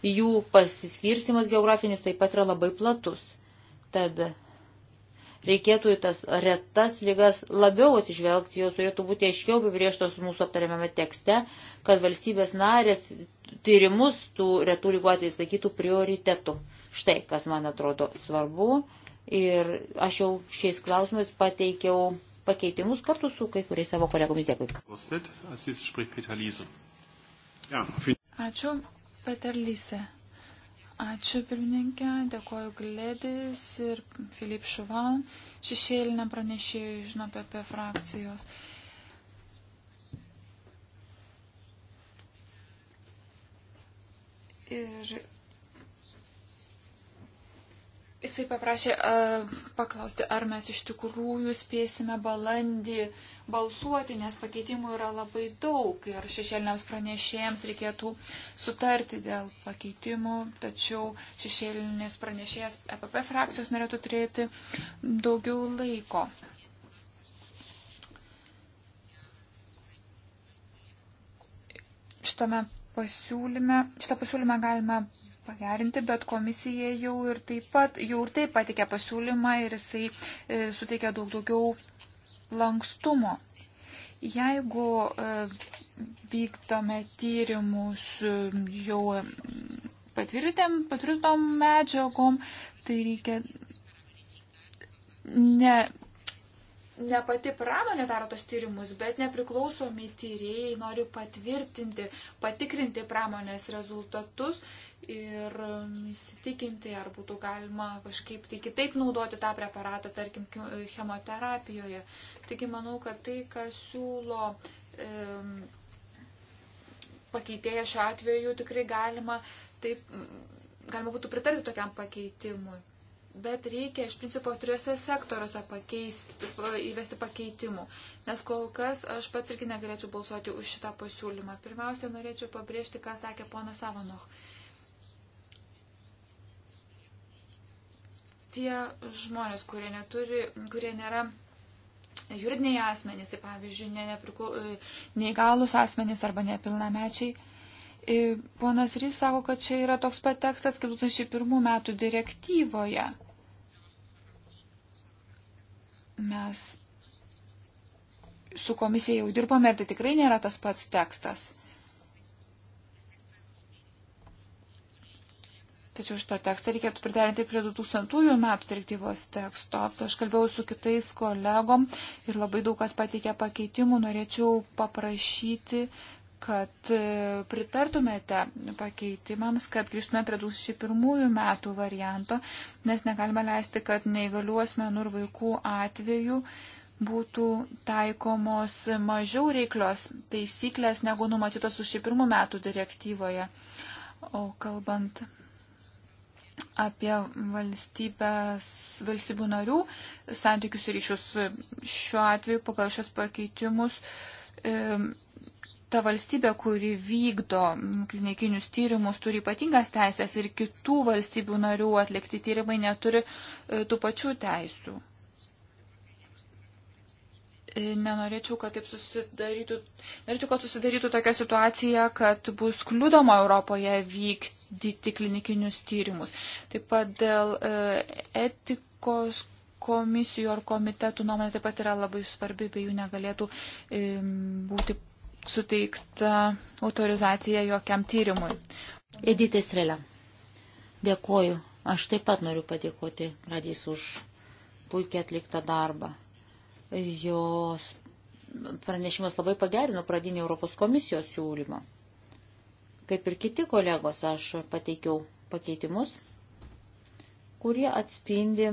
Speaker 2: jų pasiskirstimas geografinis taip pat yra labai platus. Tad reikėtų į tas retas lygas labiau atsižvelgti, jos turėtų būti aiškiau apibrieštos mūsų aptariamame tekste, kad valstybės narės tyrimus tų retų lygų atvejais laikytų prioritetu. Štai, kas man atrodo svarbu. Ir aš jau šiais klausimais pateikiau pakeitimus kartu su kai kuriais savo kolegomis. Dėkui.
Speaker 4: Ačiū. Peter Lyse. Ačiū pirmininkė, dėkoju Gledis ir Filip Šuvan, šešėlinė pranešėjai žino apie, apie frakcijos. Ir Jisai paprašė uh, paklausti, ar mes iš tikrųjų spėsime balandį balsuoti, nes pakeitimų yra labai daug ir šešėliniams pranešėjams reikėtų sutarti dėl pakeitimų, tačiau šešėlinis pranešėjas EPP frakcijos norėtų turėti daugiau laiko. Šitame pasiūlyme, šitą pasiūlymą galime pagerinti, bet komisija jau ir taip pat, jau ir taip patikė pasiūlymą ir jisai e, suteikė daug daugiau lankstumo. Jeigu e, vykdome tyrimus e, jau e, patvirtėm, patvirtom medžiagom, tai reikia ne ne pati pramonė daro tos tyrimus, bet nepriklausomi tyrėjai nori patvirtinti, patikrinti pramonės rezultatus ir um, įsitikinti, ar būtų galima kažkaip tai kitaip naudoti tą preparatą, tarkim, chemoterapijoje. Taigi manau, kad tai, kas siūlo e, pakeitėja šiuo atveju, tikrai galima, taip, galima būtų pritarti tokiam pakeitimui bet reikia iš principo trijose sektoriuose pakeisti, įvesti pakeitimų, nes kol kas aš pats irgi negalėčiau balsuoti už šitą pasiūlymą. Pirmiausia, norėčiau pabrėžti, ką sakė ponas Savanoch. Tie žmonės, kurie, neturi, kurie nėra juridiniai asmenys, tai pavyzdžiui, ne, nepriku, e, neįgalus asmenys arba nepilnamečiai, Ponas Rys sako, kad čia yra toks pat tekstas kaip 2001 metų direktyvoje. Mes su komisija jau dirbome ir tai tikrai nėra tas pats tekstas. Tačiau šitą tekstą reikėtų priderinti prie 2000 metų direktyvos teksto. Aš kalbėjau su kitais kolegom ir labai daug kas pateikė pakeitimų. Norėčiau paprašyti, kad e, pritartumėte pakeitimams, kad grįžtume prie 2001 metų varianto, nes negalime leisti, kad neįgalių asmenų ir vaikų atveju būtų taikomos mažiau reiklios taisyklės negu numatytos 2001 metų direktyvoje. O kalbant apie valstybės, valstybių narių santykius ir ryšius šiuo atveju pagal šios pakeitimus. E, ta valstybė, kuri vykdo klinikinius tyrimus, turi ypatingas teisės ir kitų valstybių narių atlikti tyrimai neturi e, tų pačių teisų. E, nenorėčiau, kad taip susidarytų, norėčiau, kad susidarytų tokia situacija, kad bus kliūdoma Europoje vykdyti klinikinius tyrimus. Taip pat dėl e, etikos komisijų ar komitetų nuomonė taip pat yra labai svarbi, be jų negalėtų būti suteikta autorizacija jokiam tyrimui. Edita Strelė,
Speaker 2: dėkoju. Aš taip pat noriu padėkoti Radys už puikiai atliktą darbą. Jos pranešimas labai pagerino pradinį Europos komisijos siūlymą. Kaip ir kiti kolegos, aš pateikiau pakeitimus, kurie atspindi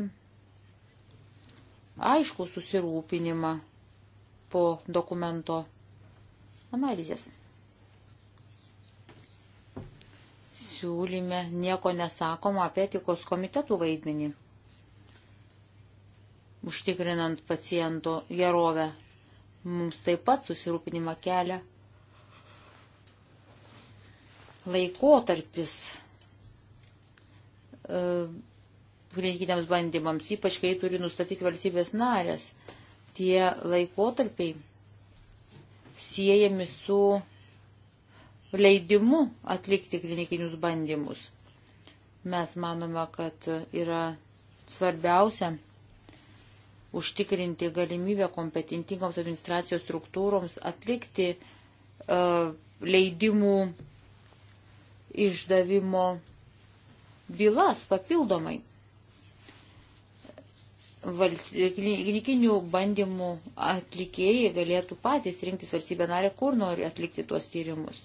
Speaker 2: aišku susirūpinimą po dokumento analizės. Siūlyme nieko nesakoma apie etikos komitetų vaidmenį, užtikrinant paciento gerovę. Mums taip pat susirūpinimą kelia laikotarpis e, klinikiniams bandymams, ypač kai turi nustatyti valstybės narės. Tie laikotarpiai siejami su leidimu atlikti klinikinius bandymus. Mes manome, kad yra svarbiausia užtikrinti galimybę kompetentingoms administracijos struktūroms atlikti uh, leidimų išdavimo bylas papildomai klinikinių bandymų atlikėjai galėtų patys rinktis valstybę narę, kur nori atlikti tuos tyrimus.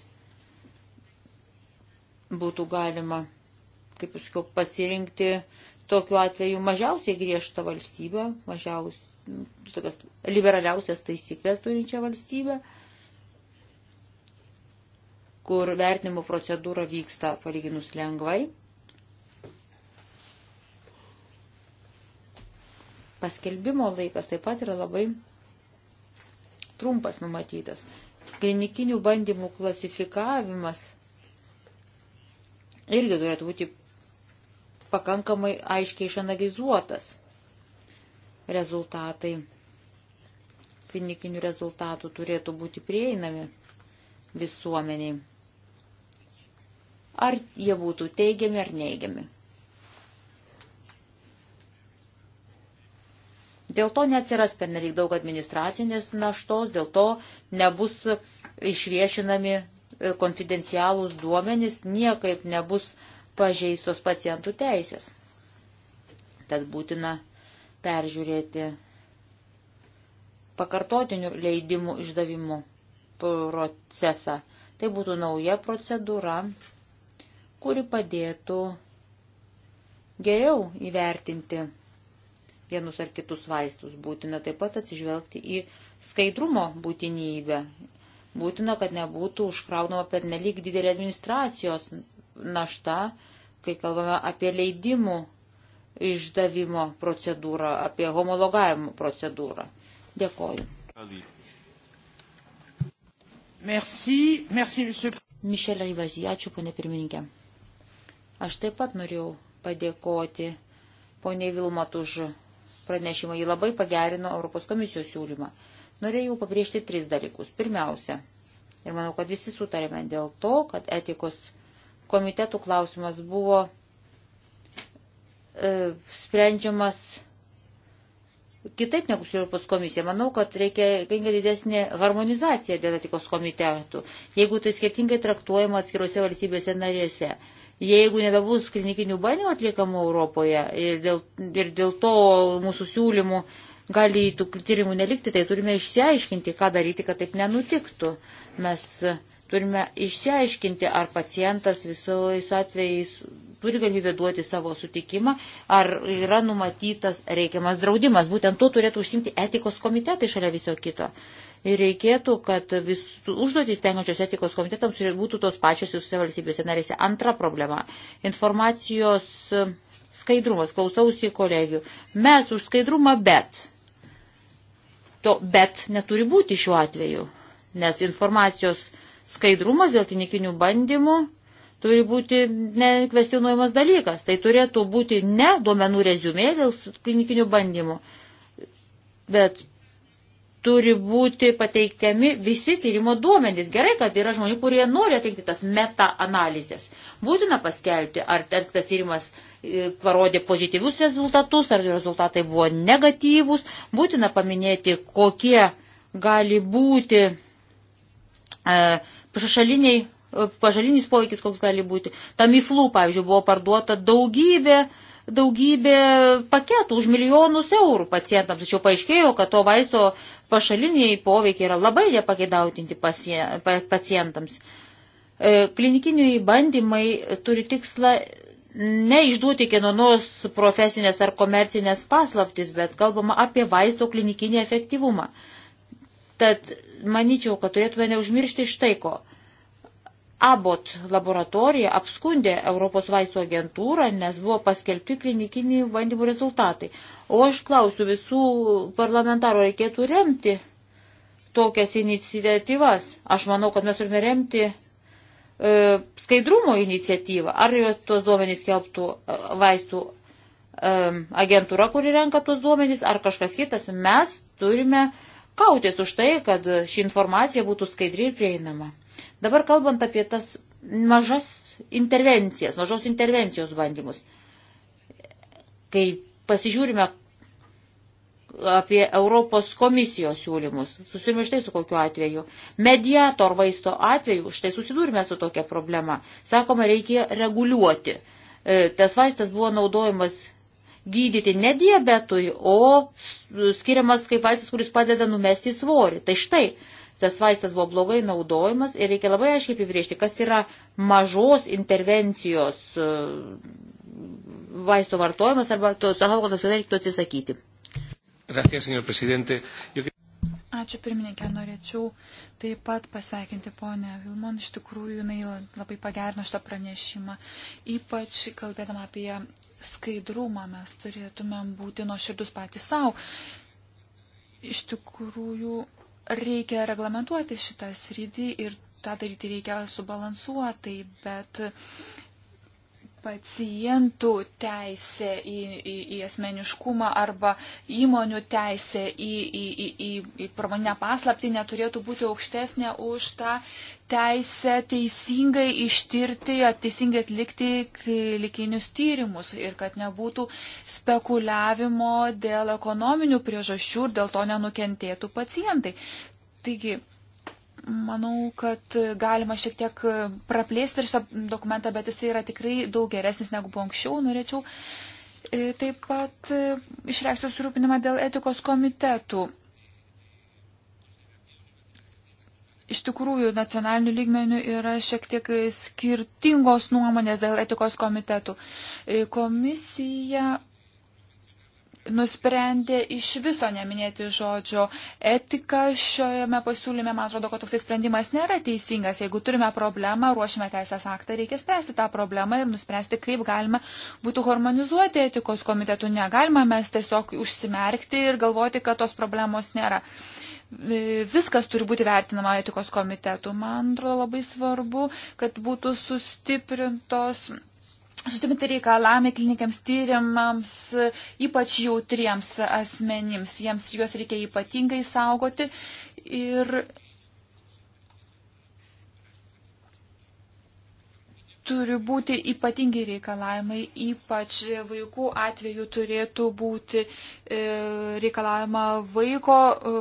Speaker 2: Būtų galima, kaip jūs sakiau, pasirinkti tokiu atveju mažiausiai griežtą valstybę, mažiausias, liberaliausias taisyklės turinčią valstybę, kur vertinimo procedūra vyksta palyginus lengvai paskelbimo laikas taip pat yra labai trumpas numatytas. Klinikinių bandymų klasifikavimas irgi turėtų būti pakankamai aiškiai išanalizuotas rezultatai. Klinikinių rezultatų turėtų būti prieinami visuomeniai. Ar jie būtų teigiami ar neigiami. Dėl to neatsiras pernelyg daug administracinės naštos, dėl to nebus išviešinami e, konfidencialūs duomenys, niekaip nebus pažeistos pacientų teisės. Tad būtina peržiūrėti pakartotinių leidimų išdavimų procesą. Tai būtų nauja procedūra, kuri padėtų geriau įvertinti vienus ar kitus vaistus. Būtina taip pat atsižvelgti į skaidrumo būtinybę. Būtina, kad nebūtų užkraunama per nelik didelį administracijos naštą, kai kalbame apie leidimų išdavimo procedūrą, apie homologavimo procedūrą. Dėkoju. Merci, merci, monsieur. Mišelė Rivazija, ačiū, ponė pirmininkė. Aš taip pat norėjau padėkoti poniai Vilmat už pranešimą. Jį labai pagerino Europos komisijos siūlymą. Norėjau pabrėžti tris dalykus. Pirmiausia, ir manau, kad visi sutarėme dėl to, kad etikos komitetų klausimas buvo e, sprendžiamas kitaip negu su Europos komisija. Manau, kad reikia kengia didesnė harmonizacija dėl etikos komitetų, jeigu tai skirtingai traktuojama atskiruose valstybėse narėse. E, jeigu nebebus klinikinių bandymų atliekamų Europoje ir dėl, ir dėl to mūsų siūlymų gali tų tyrimų nelikti, tai turime išsiaiškinti, ką daryti, kad taip nenutiktų. Mes turime išsiaiškinti, ar pacientas visais atvejais turi galimybę duoti savo sutikimą, ar yra numatytas reikiamas draudimas. Būtent tuo turėtų užsimti etikos komitetai šalia viso kito. Ir reikėtų, kad visų užduotys tenkančios etikos komitetams būtų tos pačios visose valstybėse narėse. Antra problema - informacijos skaidrumas. Klausausi kolegių. Mes už skaidrumą, bet. To bet neturi būti šiuo atveju, nes informacijos skaidrumas dėl klinikinių bandymų turi būti nekvestionuojamas dalykas. Tai turėtų būti ne duomenų rezumė dėl klinikinių bandymų, bet turi būti pateikiami visi tyrimo duomenys. Gerai, kad yra žmonių, kurie nori atlikti tas meta-analizės. Būtina paskelbti, ar tas tyrimas e, parodė pozityvius rezultatus, ar rezultatai buvo negatyvus. Būtina paminėti, kokie gali būti e, pašaliniai, e, pažalinis poveikis, koks gali būti. Tamiflų, pavyzdžiui, buvo parduota daugybė daugybė paketų už milijonus eurų pacientams, tačiau paaiškėjo, kad to vaisto pašaliniai poveikiai yra labai nepagėdautinti pacientams. E, klinikiniai bandymai turi tikslą neišduoti kieno nors profesinės ar komercinės paslaptis, bet kalbama apie vaisto klinikinį efektyvumą. Tad manyčiau, kad turėtume neužmiršti štai ko. Abot laboratorija apskundė Europos vaistų agentūrą, nes buvo paskelbti klinikinių bandymų rezultatai. O aš klausiu visų parlamentarų, reikėtų remti tokias iniciatyvas. Aš manau, kad mes turime remti e, skaidrumo iniciatyvą. Ar jos tuos duomenys kelbtų e, vaistų e, agentūra, kuri renka tuos duomenys, ar kažkas kitas. Mes turime kautis už tai, kad ši informacija būtų skaidri ir prieinama. Dabar kalbant apie tas mažas intervencijas, mažos intervencijos bandymus. Kai pasižiūrime, apie Europos komisijos siūlymus. Susidurime štai su kokiu atveju. Mediator vaisto atveju, štai susidūrime su tokia problema. Sakoma, reikia reguliuoti. E, tas vaistas buvo naudojamas gydyti ne diabetui, o skiriamas kaip vaistas, kuris padeda numesti svorį. Tai štai, tas vaistas buvo blogai naudojamas ir reikia labai aiškiai apibriežti, kas yra mažos intervencijos e, vaisto vartojimas arba tos alkoholio atsisakyti.
Speaker 3: Gracias, señor presidente. Yo...
Speaker 4: Ačiū pirmininkė, norėčiau taip pat pasveikinti ponę Vilmon, iš tikrųjų jinai labai pagerino šitą pranešimą. Ypač kalbėdama apie skaidrumą mes turėtumėm būti nuoširdus patys savo. Iš tikrųjų reikia reglamentuoti šitą sritį ir tą daryti reikia subalansuotai, bet pacientų teisė į, į, į asmeniškumą arba įmonių teisė į, į, į, į, į pramoninę paslaptį neturėtų būti aukštesnė už tą teisę teisingai ištirti, teisingai atlikti likinius tyrimus ir kad nebūtų spekuliavimo dėl ekonominių priežasčių ir dėl to nenukentėtų pacientai. Taigi, Manau, kad galima šiek tiek praplėsti šitą dokumentą, bet jis yra tikrai daug geresnis negu buvo anksčiau. Norėčiau e, taip pat e, išreikšti surūpinimą dėl etikos komitetų. Iš tikrųjų, nacionalinių lygmenių yra šiek tiek skirtingos nuomonės dėl etikos komitetų. E, komisija nusprendė iš viso neminėti žodžio etika šiame pasiūlyme. Man atrodo, kad toksai sprendimas nėra teisingas. Jeigu turime problemą, ruošime teisės aktą, reikia spręsti tą problemą ir nuspręsti, kaip galima būtų harmonizuoti etikos komitetų. Negalima mes tiesiog užsimerkti ir galvoti, kad tos problemos nėra. Viskas turi būti vertinama etikos komitetų. Man atrodo labai svarbu, kad būtų sustiprintos Sustiminti reikalavimai klinikams tyrimams, ypač jautriems asmenims, jiems juos reikia ypatingai saugoti ir turi būti ypatingi reikalavimai, ypač vaikų atveju turėtų būti e, reikalavima vaiko,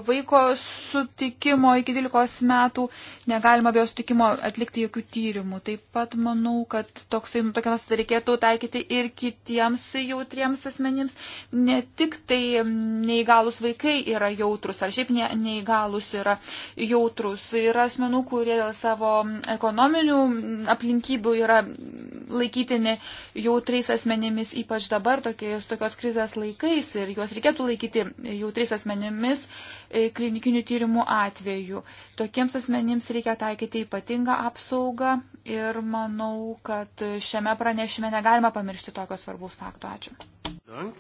Speaker 4: vaiko sutikimo iki 12 metų, negalima be jo sutikimo atlikti jokių tyrimų. Taip pat manau, kad toksai, nu, tokias reikėtų taikyti ir kitiems jautriems asmenims, ne tik tai neįgalus vaikai yra jautrus, ar šiaip ne, neįgalus yra jautrus, yra asmenų, kurie dėl savo ekonominių aplinkybių yra yra laikytini jautriais asmenimis, ypač dabar tokios, tokios krizės laikais ir juos reikėtų laikyti jautriais asmenimis e, klinikinių tyrimų atveju. Tokiems asmenims reikia taikyti ypatingą apsaugą ir manau, kad šiame pranešime negalima pamiršti tokios svarbaus fakto. Ačiū.
Speaker 1: Dank,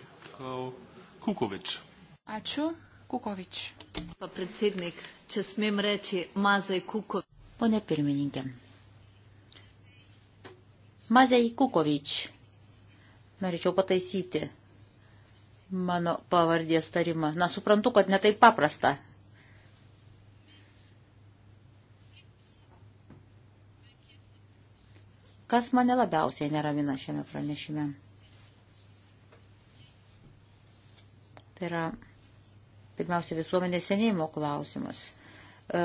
Speaker 1: Kukovič.
Speaker 4: Ačiū. Kukovič. Pa predsednik, čia smim reči, mazai Kukovič.
Speaker 2: Pone pirmininkė, Mazei Kukovič. Norėčiau pataisyti mano pavardės tarimą. Na, suprantu, kad netaip paprasta. Kas mane labiausiai neramina šiame pranešime? Tai yra pirmiausia visuomenės senėjimo klausimas. E,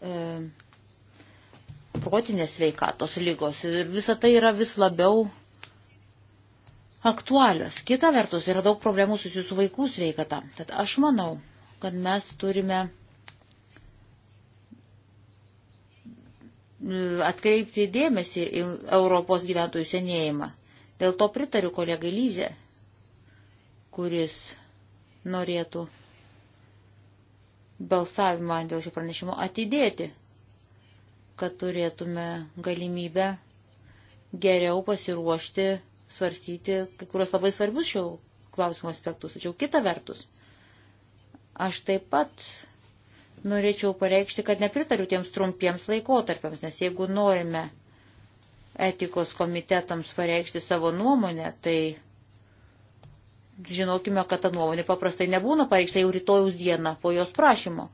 Speaker 2: e, protinės veikatos lygos ir visa tai yra vis labiau aktualios. Kita vertus, yra daug problemų susijusių su vaikų sveikata. Tad aš manau, kad mes turime e, atkreipti dėmesį į Europos gyventojų senėjimą. Dėl to pritariu kolegai Lyzė, kuris norėtų balsavimą dėl šio pranešimo atidėti kad turėtume galimybę geriau pasiruošti svarstyti kai kurios labai svarbius šio klausimo aspektus. Tačiau kita vertus, aš taip pat norėčiau pareikšti, kad nepritariu tiems trumpiems laikotarpiams, nes jeigu norime etikos komitetams pareikšti savo nuomonę, tai žinokime, kad ta nuomonė paprastai nebūna pareikšta jau rytojus dieną po jos prašymo.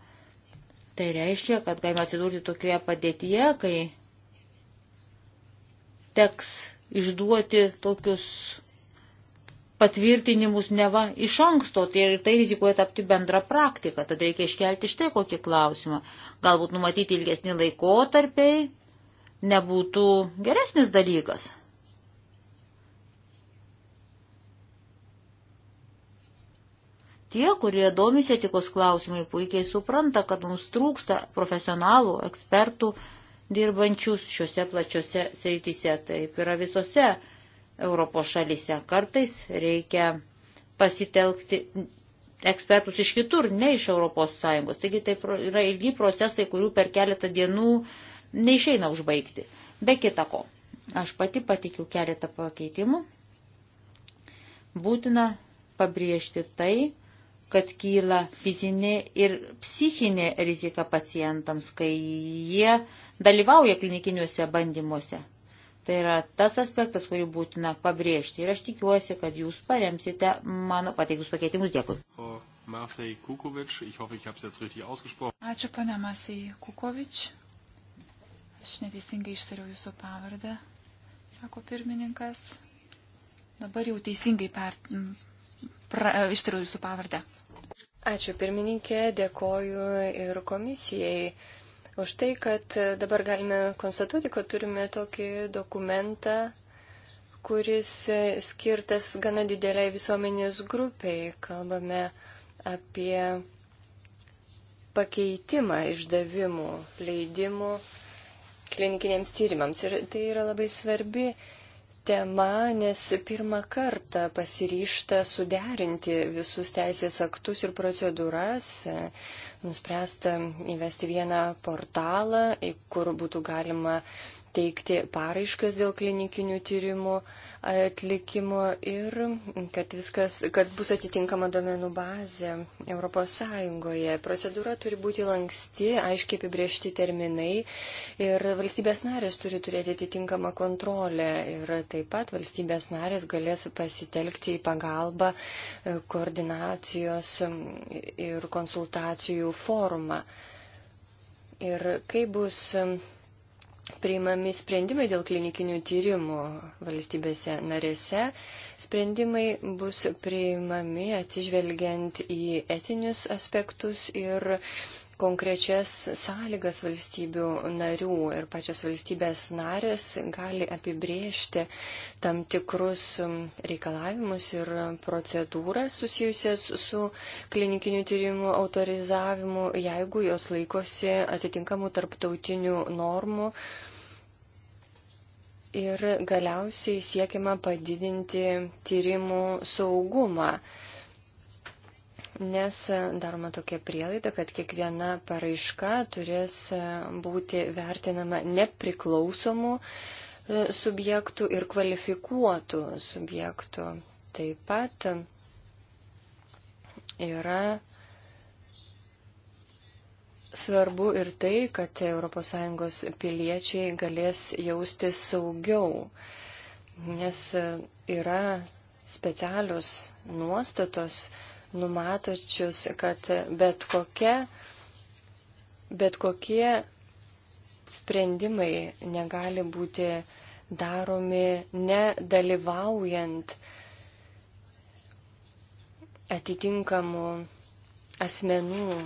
Speaker 2: Tai reiškia, kad galima atsidurti tokioje padėtyje, kai teks išduoti tokius patvirtinimus neva iš anksto, tai ir tai rizikuoja tapti bendrą praktiką, tad reikia iškelti štai kokį klausimą. Galbūt numatyti ilgesnį laikotarpiai nebūtų geresnis dalykas. Tie, kurie domisi etikos klausimai, puikiai supranta, kad mums trūksta profesionalų, ekspertų dirbančius šiuose plačiose srityse. Taip yra visose Europos šalise. Kartais reikia pasitelkti ekspertus iš kitur, ne iš ES. Taigi tai yra ilgi procesai, kurių per keletą dienų neišeina užbaigti. Be kita ko, aš pati patikiu keletą pakeitimų. Būtina pabrėžti tai, kad kyla fizinė ir psichinė rizika pacientams, kai jie dalyvauja klinikiniuose bandymuose. Tai yra tas aspektas, kurį būtina pabrėžti. Ir aš tikiuosi, kad jūs paremsite mano pateikus pakeitimus. Dėkui. Ačiū,
Speaker 4: pane Masai Kukovič. Aš neteisingai ištariau jūsų pavardę,
Speaker 3: sako pirmininkas.
Speaker 4: Dabar jau teisingai per, pra, ištariau jūsų pavardę.
Speaker 3: Ačiū pirmininkė, dėkoju ir komisijai už tai, kad dabar galime konstatuoti, kad turime tokį dokumentą, kuris skirtas gana dideliai visuomenės grupiai. Kalbame apie pakeitimą išdavimų, leidimų klinikiniams tyrimams. Ir tai yra labai svarbi tema, nes pirmą kartą pasiryšta suderinti visus teisės aktus ir procedūras. Nuspręsta įvesti vieną portalą, kur būtų galima teikti paraiškas dėl klinikinių tyrimų atlikimo ir kad, viskas, kad bus atitinkama domenų bazė ES. Procedūra turi būti lanksti, aiškiai apibriežti terminai ir valstybės narės turi turėti atitinkamą kontrolę ir taip pat valstybės narės galės pasitelkti į pagalbą e, koordinacijos ir konsultacijų formą. Ir kaip bus priimami sprendimai dėl klinikinių tyrimų valstybėse narėse. Sprendimai bus priimami atsižvelgiant į etinius aspektus ir konkrečias sąlygas valstybių narių ir pačios valstybės narės gali apibriežti tam tikrus um, reikalavimus ir procedūras susijusias su klinikinių tyrimų autorizavimu, jeigu jos laikosi atitinkamų tarptautinių normų. Ir galiausiai siekiama padidinti tyrimų saugumą nes daroma tokia prielaida, kad kiekviena paraiška turės būti vertinama nepriklausomų e, subjektų ir kvalifikuotų subjektų. Taip pat yra svarbu ir tai, kad ES piliečiai galės jaustis saugiau, nes yra specialios nuostatos, numatočius, kad bet, kokia, bet kokie sprendimai negali būti daromi nedalyvaujant atitinkamų asmenų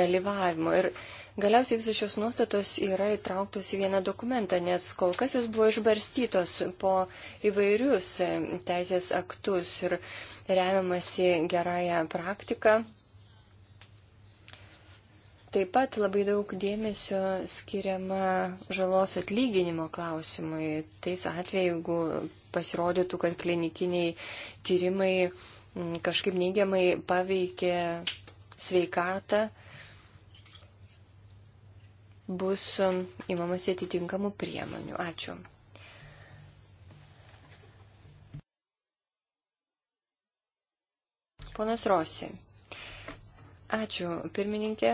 Speaker 3: dalyvavimo. Ir Galiausiai visos šios nuostatos yra įtrauktos į vieną dokumentą, nes kol kas jos buvo išbarstytos po įvairius e, teisės aktus ir remiamasi gerąją praktiką. Taip pat labai daug dėmesio skiriama žalos atlyginimo klausimui. Tais atveju, jeigu pasirodytų, kad klinikiniai tyrimai kažkaip neigiamai paveikė sveikatą, bus įmamasi um, atitinkamų priemonių. Ačiū. Ponas Rosi. Ačiū, pirmininkė.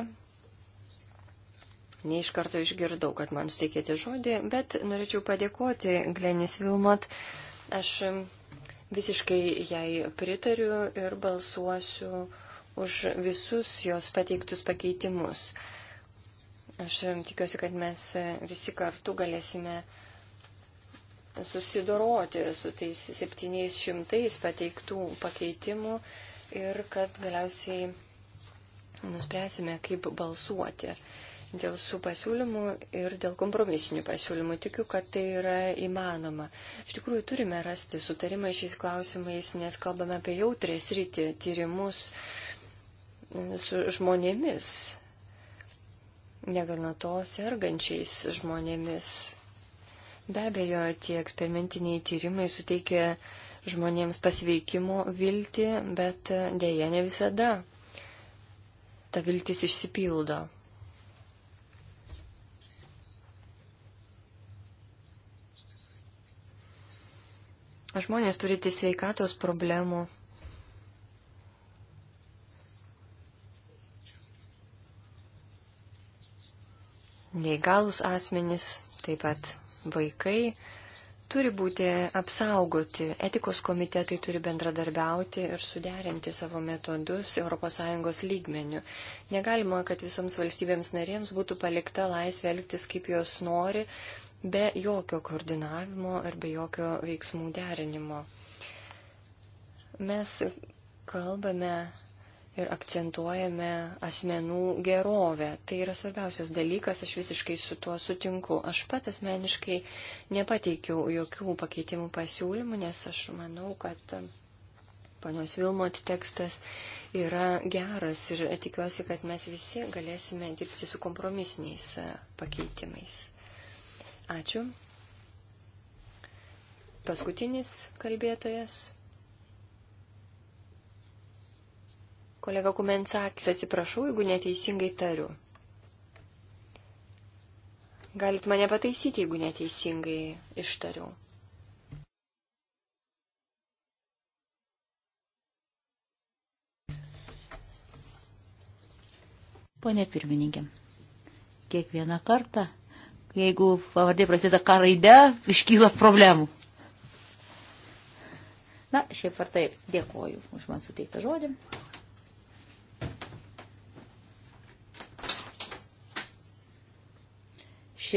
Speaker 3: Ne iš karto išgirdau, kad man suteikėte žodį, bet norėčiau padėkoti Glenis Vilmot. Aš um, visiškai jai pritariu ir balsuosiu už visus jos pateiktus pakeitimus. Aš tikiuosi, kad mes e, visi kartu galėsime susidoroti su tais 700 pateiktų pakeitimų ir kad galiausiai nuspręsime, kaip balsuoti dėl šių pasiūlymų ir dėl kompromisinių pasiūlymų. Tikiu, kad tai yra įmanoma. Iš tikrųjų, turime rasti sutarimą šiais klausimais, nes kalbame apie jautrės rytį tyrimus su žmonėmis, negana to sergančiais žmonėmis. Be abejo, tie eksperimentiniai tyrimai suteikia žmonėms pasveikimo viltį, bet dėja ne visada ta viltis išsipildo. Žmonės turite sveikatos problemų, neįgalus asmenys, taip pat vaikai turi būti apsaugoti. Etikos komitetai turi bendradarbiauti ir suderinti savo metodus ES lygmenių. Negalima, kad visoms valstybėms narėms būtų palikta laisvė elgtis, kaip jos nori, be jokio koordinavimo ar be jokio veiksmų derinimo. Mes kalbame ir akcentuojame asmenų gerovę. Tai yra svarbiausias dalykas, aš visiškai su tuo sutinku. Aš pats asmeniškai nepateikiau jokių pakeitimų pasiūlymų, nes aš manau, kad panios Vilmot tekstas yra geras ir tikiuosi, kad mes visi galėsime dirbti su kompromisiniais pakeitimais. Ačiū. Paskutinis kalbėtojas Kolega Kumensakis, atsiprašau, jeigu neteisingai tariu. Galit mane pataisyti, jeigu neteisingai ištariau.
Speaker 2: Pone pirmininkė, kiekvieną kartą, jeigu pavardė prasideda ką raidę, iškyla problemų. Na, šiaip ar taip, dėkoju už man suteiktą žodį.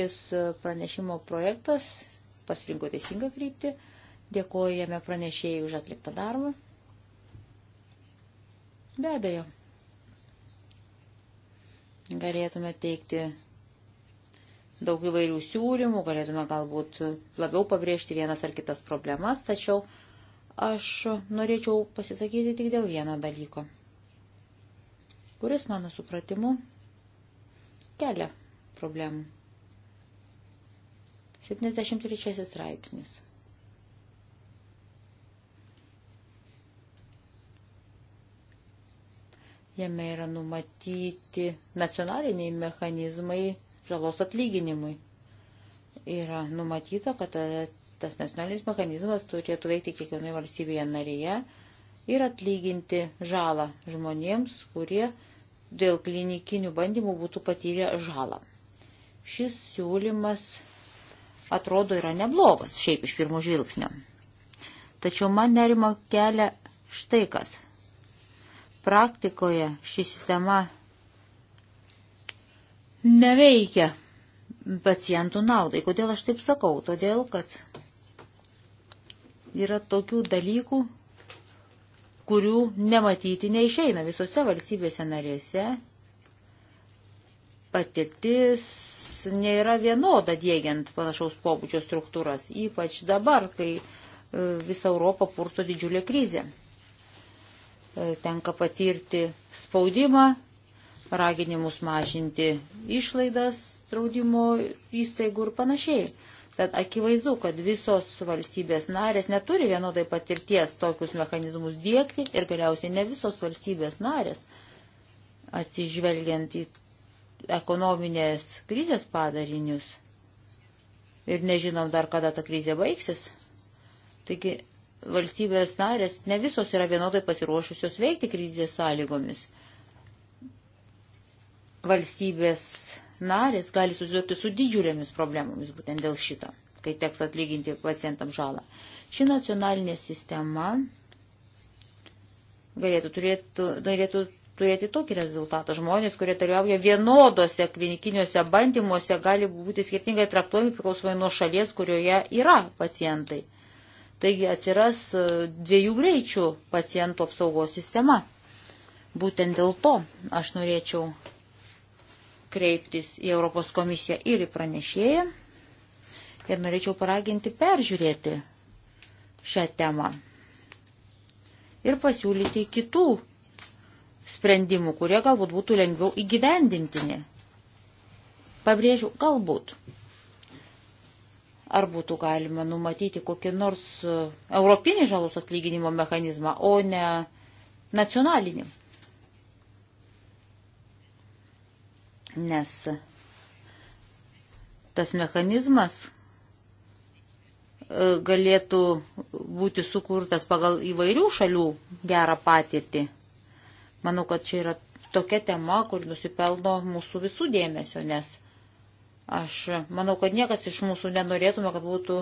Speaker 2: šis pranešimo projektas pasirinko teisingą kryptį. Dėkojame pranešėjai už atliktą darbą. Be abejo. Galėtume teikti daug įvairių siūlymų, galėtume galbūt labiau pabrėžti vienas ar kitas problemas, tačiau aš norėčiau pasisakyti tik dėl vieno dalyko, kuris mano supratimu kelia problemų. 73 straipsnis. Jame yra numatyti nacionaliniai mechanizmai žalos atlyginimui. Yra numatyta, kad tas nacionalinis mechanizmas turėtų veikti kiekvienoje valstybėje narėje ir atlyginti žalą žmonėms, kurie dėl klinikinių bandymų būtų patyrę žalą. Šis siūlymas atrodo yra neblogas, šiaip iš pirmo žvilgsnio. Tačiau man nerima kelia štai kas. Praktikoje ši sistema neveikia pacientų naudai. Kodėl aš taip sakau? Todėl, kad yra tokių dalykų, kurių nematyti neišeina visose valstybėse narėse. Patirtis, nėra vienoda dėgiant panašaus pobūdžio struktūras, ypač dabar, kai e, visą Europą purto didžiulė krizė. E, tenka patirti spaudimą, raginimus mažinti išlaidas draudimo įstaigų ir panašiai. Tad akivaizdu, kad visos valstybės narės neturi vienodai patirties tokius mechanizmus dėkti ir galiausiai ne visos valstybės narės, atsižvelgiant į ekonominės krizės padarinius ir nežinom dar, kada ta krizė baigsis. Taigi valstybės narės ne visos yra vienodai pasiruošusios veikti krizės sąlygomis. Valstybės narės gali susidurti su didžiulėmis problemomis būtent dėl šito, kai teks atlyginti pacientam žalą. Ši nacionalinė sistema galėtų, turėtų, galėtų turėti tokį rezultatą. Žmonės, kurie dalyvauja vienodose klinikiniuose bandymuose, gali būti skirtingai traktuojami priklausomai nuo šalies, kurioje yra pacientai. Taigi atsiras e, dviejų greičių pacientų apsaugos sistema. Būtent dėl to aš norėčiau kreiptis į Europos komisiją ir į pranešėją ir norėčiau paraginti peržiūrėti šią temą ir pasiūlyti kitų sprendimų, kurie galbūt būtų lengviau įgyvendintini. Pabrėžiu, galbūt. Ar būtų galima numatyti kokį nors e, europinį žalos atlyginimo mechanizmą, o ne nacionalinį. Nes tas mechanizmas e, galėtų būti sukurtas pagal įvairių šalių gerą patirtį. Manau, kad čia yra tokia tema, kur nusipelno mūsų visų dėmesio, nes aš manau, kad niekas iš mūsų nenorėtume, kad būtų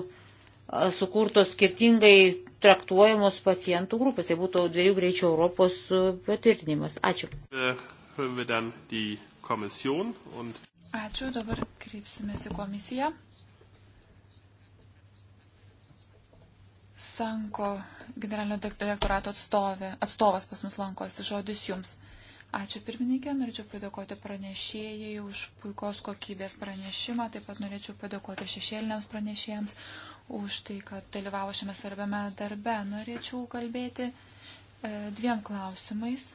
Speaker 2: sukurtos skirtingai traktuojamos pacientų grupės. Tai būtų dviejų greičių Europos patvirtinimas. Ačiū.
Speaker 4: Ačiū, dabar kreipsimės į komisiją. Sanko generalinio direktorato atstovė, atstovas pas mus lankosi. Žodis jums. Ačiū pirmininkė, norėčiau padėkoti pranešėjai už puikos kokybės pranešimą, taip pat norėčiau padėkoti šešėliniams pranešėjams už tai, kad dalyvavo šiame svarbiame darbe. Norėčiau kalbėti e, dviem klausimais.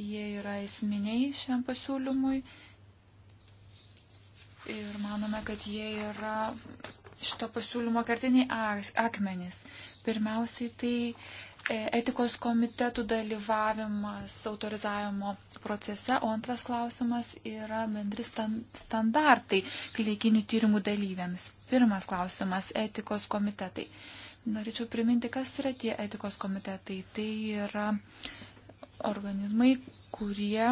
Speaker 4: Jie yra esminiai šiam pasiūlymui ir manome, kad jie yra šito pasiūlymo kertiniai akmenys. Pirmiausiai tai e, etikos komitetų dalyvavimas autorizavimo procese, o antras klausimas yra bendri standartai klinikinių tyrimų dalyviams. Pirmas klausimas - etikos komitetai. Norėčiau priminti, kas yra tie etikos komitetai. Tai yra organizmai, kurie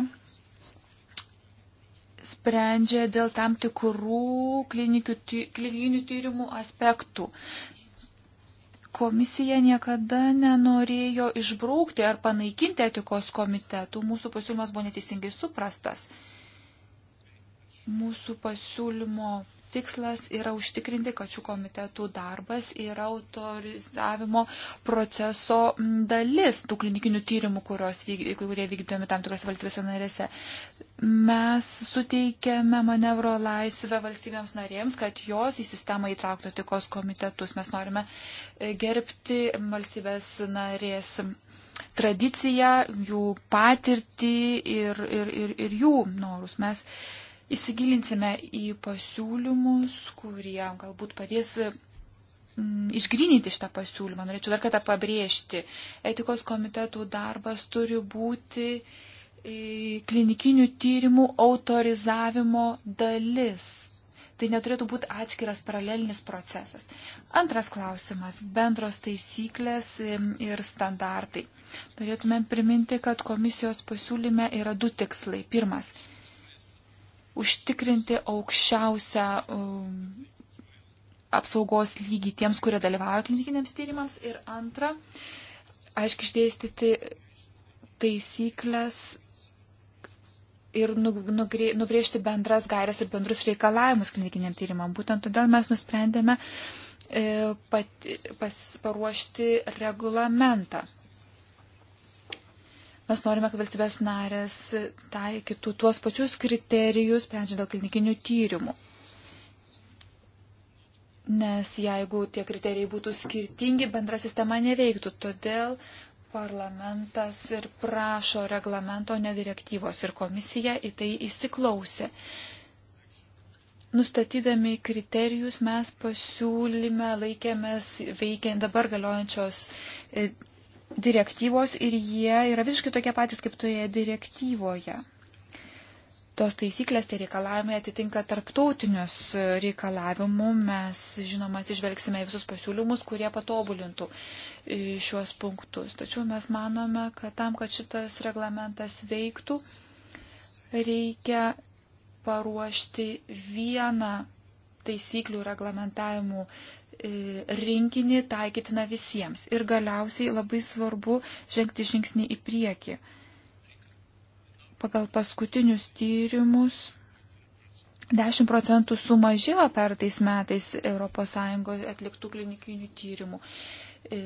Speaker 4: sprendžia dėl tam tikrų klinikinių tyrimų aspektų. Komisija niekada nenorėjo išbraukti ar panaikinti etikos komitetų. Mūsų pasiūlymas buvo neteisingai suprastas. Mūsų pasiūlymo tikslas yra užtikrinti, kad šių komitetų darbas yra autorizavimo proceso dalis tų klinikinių tyrimų, kurios, kurie vykdomi tam tikrose valstybėse narėse. Mes suteikėme manevro laisvę valstybėms narėms, kad jos į sistemą įtrauktų tikos komitetus. Mes norime e, gerbti valstybės narės tradiciją, jų patirtį ir, ir, ir, ir jų norus. Mes Įsigilinsime į pasiūlymus, kurie galbūt padės mm, išgrininti šitą pasiūlymą. Norėčiau dar kartą pabrėžti, etikos komitetų darbas turi būti e, klinikinių tyrimų autorizavimo dalis. Tai neturėtų būti atskiras paralelinis procesas. Antras klausimas - bendros taisyklės e, ir standartai. Norėtumėm priminti, kad komisijos pasiūlyme yra du tikslai. Pirmas užtikrinti aukščiausią um, apsaugos lygį tiems, kurie dalyvauja klinikiniams tyrimams. Ir antra, aiškiai išdėstyti taisyklės ir nu, nubriežti bendras gairias ir bendrus reikalavimus klinikiniam tyrimam. Būtent todėl mes nusprendėme e, pat, pas, paruošti reglamentą. Mes norime, kad valstybės narės taikytų tuos pačius kriterijus, sprendžiant dėl klinikinių tyrimų. Nes jeigu tie kriterijai būtų skirtingi, bendra sistema neveiktų. Todėl parlamentas ir prašo reglamento, ne direktyvos. Ir komisija į tai įsiklausė. Nustatydami kriterijus mes pasiūlyme laikėmės veikiant dabar galiojančios e, direktyvos ir jie yra visiškai tokie patys kaip toje direktyvoje. Tos taisyklės, tie reikalavimai atitinka tarptautinius reikalavimus. Mes, žinoma, atsižvelgsime į visus pasiūlymus, kurie patobulintų e, šiuos punktus. Tačiau mes manome, kad tam, kad šitas reglamentas veiktų, reikia paruošti vieną taisyklių reglamentavimų E, rinkinį taikytina visiems. Ir galiausiai labai svarbu žengti žingsnį į priekį. Pagal paskutinius tyrimus 10 procentų sumažėjo per tais metais ES atliktų klinikinių tyrimų. E,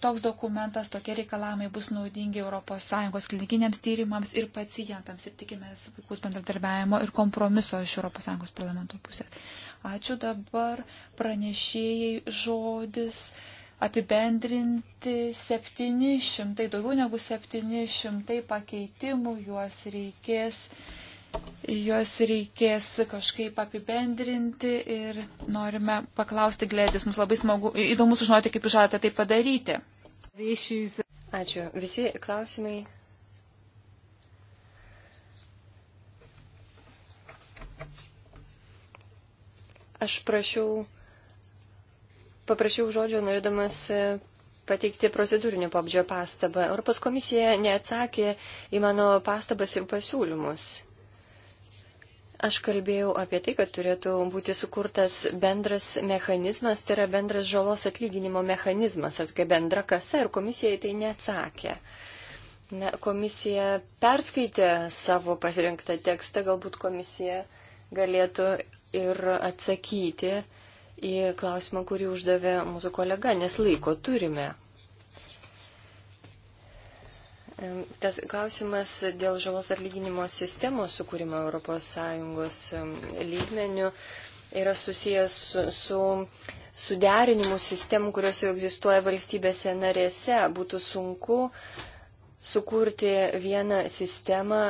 Speaker 4: toks dokumentas, tokie reikalavimai bus naudingi ES klinikiniams tyrimams ir pacientams ir tikimės puikus bendradarbiavimo ir kompromiso iš ES parlamento pusės. Ačiū dabar pranešėjai žodis apibendrinti 700, daugiau negu 700 pakeitimų, juos reikės Juos reikės kažkaip apibendrinti ir norime paklausti glėdis. Mums labai smagu, įdomu sužinoti, kaip jūs žadate tai padaryti.
Speaker 3: Ačiū. Visi klausimai. Aš prašiau, paprašiau žodžio, norėdamas pateikti procedūrinio pabdžio pastabą. Europos komisija neatsakė į mano pastabas ir pasiūlymus. Aš kalbėjau apie tai, kad turėtų būti sukurtas bendras mechanizmas, tai yra bendras žalos atlyginimo mechanizmas, ar tokia bendra kasa, ir komisija į tai neatsakė. Na, komisija perskaitė savo pasirinktą tekstą, galbūt komisija galėtų ir atsakyti į klausimą, kurį uždavė mūsų kolega, nes laiko turime. Tas klausimas dėl žalos atlyginimo sistemos sukūrimo ES lygmenių yra susijęs su, su suderinimu sistemų, kurios jau egzistuoja valstybėse narėse. Būtų sunku sukurti vieną sistemą,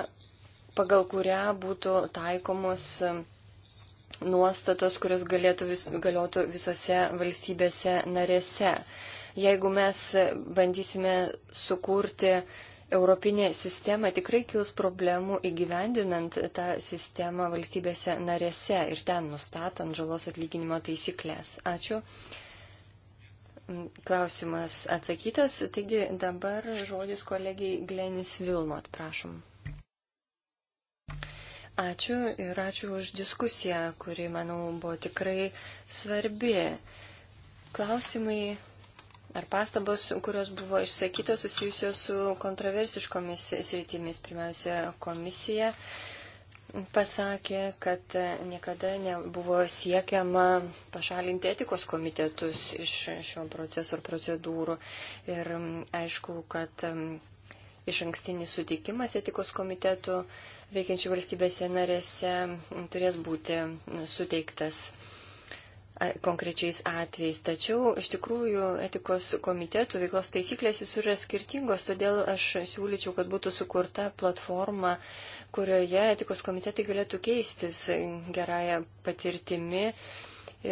Speaker 3: pagal kurią būtų taikomos nuostatos, kurios galėtų vis, galiotų visose valstybėse narėse. Jeigu mes bandysime sukurti europinė sistema tikrai kils problemų įgyvendinant tą sistemą valstybėse narėse ir ten nustatant žalos atlyginimo taisyklės. Ačiū. Klausimas atsakytas. Taigi dabar žodis kolegijai Glenis Vilmot, prašom. Ačiū ir ačiū už diskusiją, kuri, manau, buvo tikrai svarbi. Klausimai ar pastabos, kurios buvo išsakytos susijusios su kontroversiškomis sritimis. Pirmiausia, komisija pasakė, kad niekada nebuvo siekiama pašalinti etikos komitetus iš šio proceso ir procedūrų. Ir aišku, kad iš ankstinis sutikimas etikos komitetų veikiančių valstybėse narėse turės būti suteiktas konkrečiais atvejais. Tačiau iš tikrųjų etikos komitetų veiklos taisyklės visur yra skirtingos, todėl aš siūlyčiau, kad būtų sukurta platforma, kurioje etikos komitetai galėtų keistis gerąją patirtimi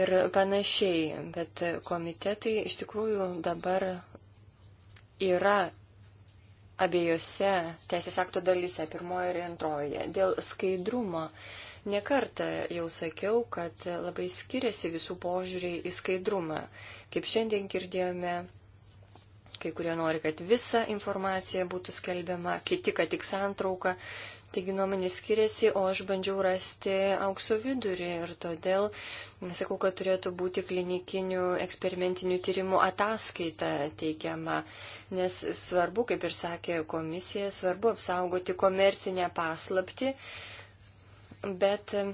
Speaker 3: ir panašiai. Bet komitetai iš tikrųjų dabar yra abiejose teisės akto dalyse, pirmoje ir antroje, dėl skaidrumo. Nekartą jau sakiau, kad labai skiriasi visų požiūriai į skaidrumą. Kaip šiandien girdėjome, kai kurie nori, kad visa informacija būtų skelbiama, kiti, kad tik santrauka. Taigi nuomonės skiriasi, o aš bandžiau rasti aukso vidurį ir todėl sakau, kad turėtų būti klinikinių eksperimentinių tyrimų ataskaita teikiama, nes svarbu, kaip ir sakė komisija, svarbu apsaugoti komercinę paslapti bet e,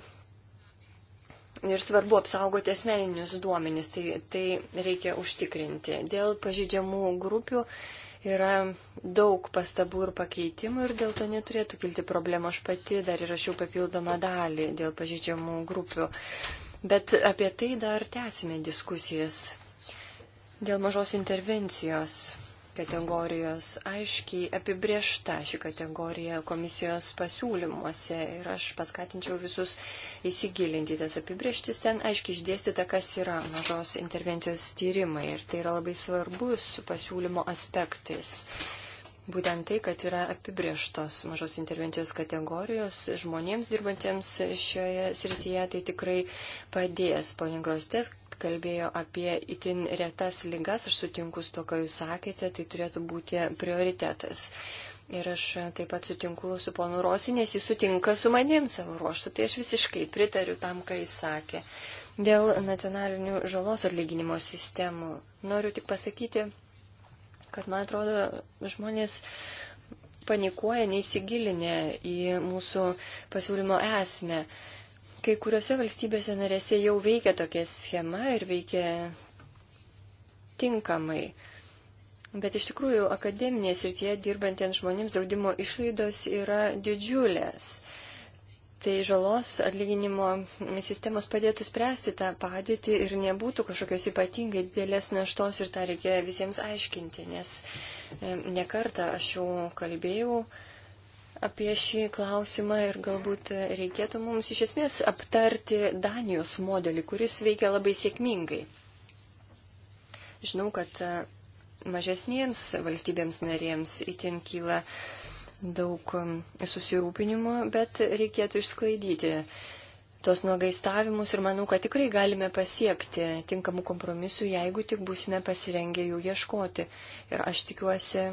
Speaker 3: ir svarbu apsaugoti asmeninius duomenis, tai, tai reikia užtikrinti. Dėl pažydžiamų grupių yra daug pastabų ir pakeitimų ir dėl to neturėtų kilti problemų. Aš pati dar įrašiau papildomą dalį dėl pažydžiamų grupių. Bet apie tai dar tęsime diskusijas. Dėl mažos intervencijos kategorijos aiškiai apibriešta ši kategorija komisijos pasiūlymuose ir aš paskatinčiau visus įsigilinti tas apibrieštis. Ten aiškiai išdėstyta, kas yra mažos intervencijos tyrimai ir tai yra labai svarbus pasiūlymo aspektais. Būtent tai, kad yra apibrieštos mažos intervencijos kategorijos žmonėms dirbantiems šioje srityje, tai tikrai padės. Pone Grostės kalbėjo apie itin retas lygas, aš sutinku su to, ką jūs sakėte, tai turėtų būti prioritetas. Ir aš taip pat sutinku su ponu Rosi, nes jis sutinka su manim savo ruoštų, tai aš visiškai pritariu tam, ką jis sakė. Dėl nacionalinių žalos atlyginimo sistemų noriu tik pasakyti, kad man atrodo žmonės panikuoja, neįsigilinę į mūsų pasiūlymo esmę. Kai kuriuose valstybėse narėse jau veikia tokia schema ir veikia tinkamai. Bet iš tikrųjų akademinėje srityje dirbantiems žmonėms draudimo išlaidos yra didžiulės. Tai žalos atlyginimo sistemos padėtų spręsti tą padėtį ir nebūtų kažkokios ypatingai didelės naštos ir tą reikia visiems aiškinti, nes e, nekartą aš jau kalbėjau apie šį klausimą ir galbūt reikėtų mums iš esmės aptarti Danijos modelį, kuris veikia labai sėkmingai. Žinau, kad e, mažesniems valstybėms narėms itin kyla daug susirūpinimo, bet reikėtų išsklaidyti tos nuogastavimus ir manau, kad tikrai galime pasiekti tinkamų kompromisų, jeigu tik būsime pasirengę jų ieškoti. Ir aš tikiuosi,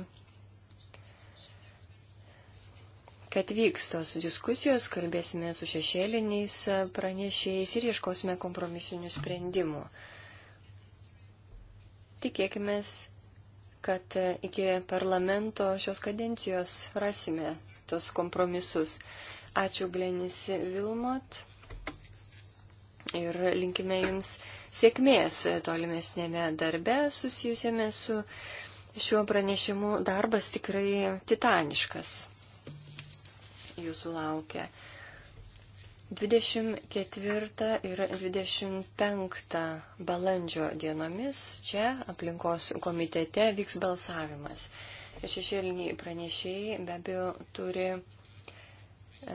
Speaker 3: kad vyks tos diskusijos, kalbėsime su šešėliniais pranešėjais ir ieškosime kompromisinių sprendimų. Tikėkime, kad iki parlamento šios kadencijos rasime tos kompromisus. Ačiū Glenis Vilmot ir linkime Jums sėkmės tolimesnėme darbe susijusiame su šiuo pranešimu. Darbas tikrai titaniškas jūsų laukia. 24 ir 25 balandžio dienomis čia aplinkos komitete vyks balsavimas. Šešėliniai pranešėjai be abejo turi E,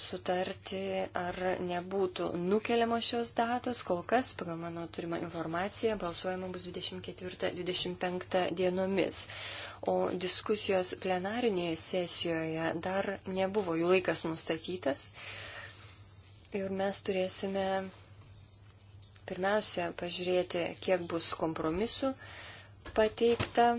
Speaker 3: sutarti, ar nebūtų nukeliamos šios datos. Kol kas, pagal mano turimą informaciją, balsuojama bus 24-25 dienomis. O diskusijos plenarinėje sesijoje dar nebuvo jų laikas nustatytas. Ir mes turėsime pirmiausia pažiūrėti, kiek bus kompromisų pateikta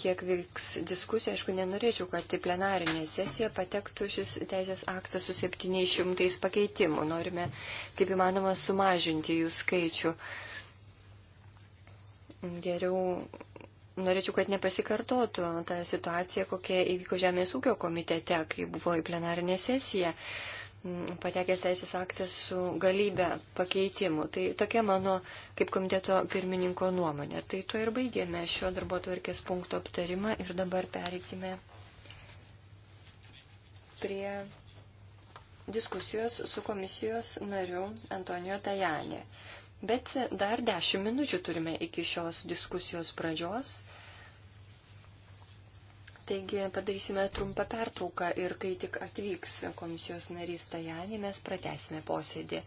Speaker 3: kiek vyks diskusija. Aišku, nenorėčiau, kad į plenarinę sesiją patektų šis teisės aktas su 700 pakeitimu. Norime, kaip įmanoma, sumažinti jų skaičių. Geriau norėčiau, kad nepasikartotų ta situacija, kokia įvyko Žemės ūkio komitete, kai buvo į plenarinę sesiją patekęs teisės aktas su galybė pakeitimų. Tai tokia mano kaip komiteto pirmininko nuomonė. Tai tuo ir baigėme šio darbo tvarkės punkto aptarimą ir dabar pereikime prie diskusijos su komisijos nariu Antonijo Tajanė. Bet dar dešimt minučių turime iki šios diskusijos pradžios. Taigi padarysime trumpą pertrauką ir kai tik atvyks komisijos narys Tajani, mes pratesime posėdį.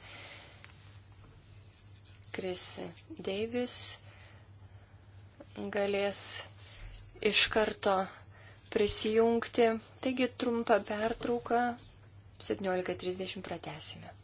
Speaker 3: Kris Deivis galės iš karto prisijungti. Taigi trumpą pertrauką 17.30 pratesime.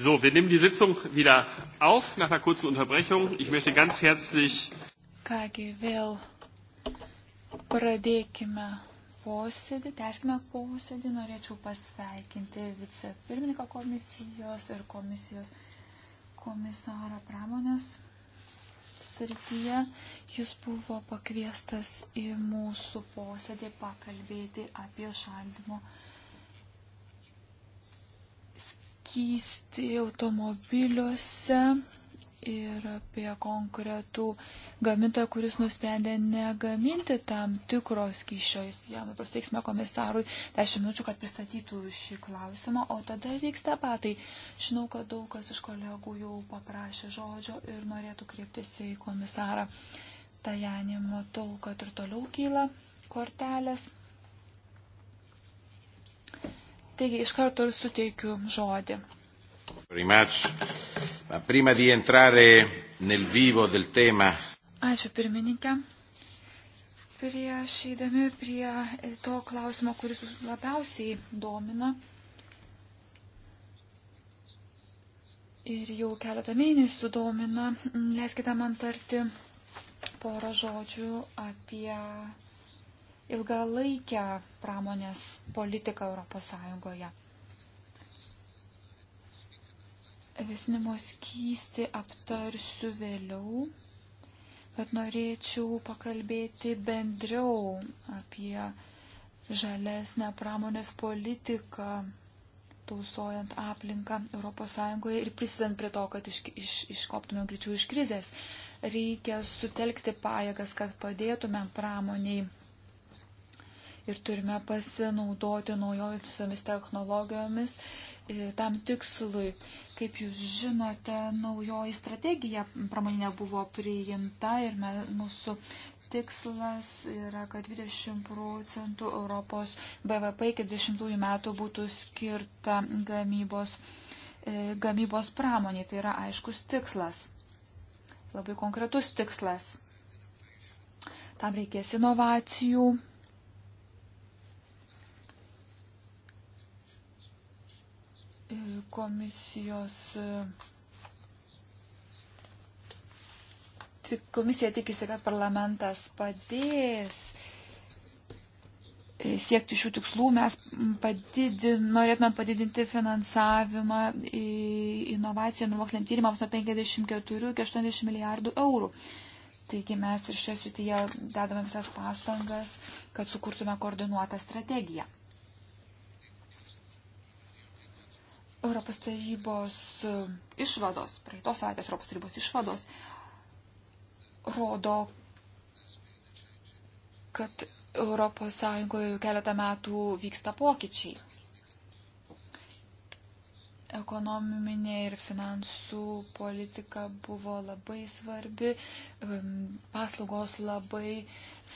Speaker 1: So, wir nehmen die Sitzung wieder auf nach einer kurzen Unterbrechung. Ich möchte ganz herzlich.
Speaker 4: Kągi, vėl pradėkime posėdį, teskime posėdį, norėčiau pasveikinti vicepirmininką komisijos ir komisijos komisarą pramonės srityje. Jis buvo pakviestas į mūsų posėdį pakalbėti apie šaldimo skysti automobiliuose ir apie konkretų uh, gamintojo, kuris nusprendė negaminti tam tikros kyšio. Jam pasteiksime komisarui 10 minučių, kad pristatytų šį klausimą, o tada vyks debatai. Žinau, kad daug kas iš kolegų jau paprašė žodžio ir norėtų kreiptis į komisarą. Tajanį matau, kad ir toliau kyla kortelės. Taigi iš karto ir suteikiu žodį.
Speaker 3: Prima di entrare nel vivo del tema
Speaker 4: Ačiū pirmininkė. Prieš eidami prie to klausimo, kuris labiausiai domina ir jau keletą mėnesių domina, leiskite man tarti porą žodžių apie ilgalaikę pramonės politiką ES. Vesnimo skysti aptarsiu vėliau, bet norėčiau pakalbėti bendriau apie žalesnę pramonės politiką, tausojant aplinką ES ir prisidant prie to, kad iš, iš, iškoptume greičiau iš krizės. Reikia sutelkti pajėgas, kad padėtume pramoniai ir turime pasinaudoti naujomis technologijomis e, tam tikslui. Kaip jūs žinote, naujoji strategija pramoninė buvo priimta ir me, mūsų tikslas yra, kad 20 procentų Europos BVP iki 20 metų būtų skirta gamybos, e, gamybos pramoniai. Tai yra aiškus tikslas. Labai konkretus tikslas. Tam reikės inovacijų, komisijos. Komisija tikisi, kad parlamentas padės siekti šių tikslų. Mes padidin, norėtume padidinti finansavimą inovacijom ir moksliniam tyrimams nuo 54 iki 80 milijardų eurų. Taigi mes ir šioje srityje dedame visas pastangas, kad sukurtume koordinuotą strategiją. Europos tarybos e, išvados, praeitos savaitės Europos tarybos išvados rodo, kad Europos Sąjungoje jau keletą metų vyksta pokyčiai. Ekonominė ir finansų politika buvo labai svarbi, e, paslaugos labai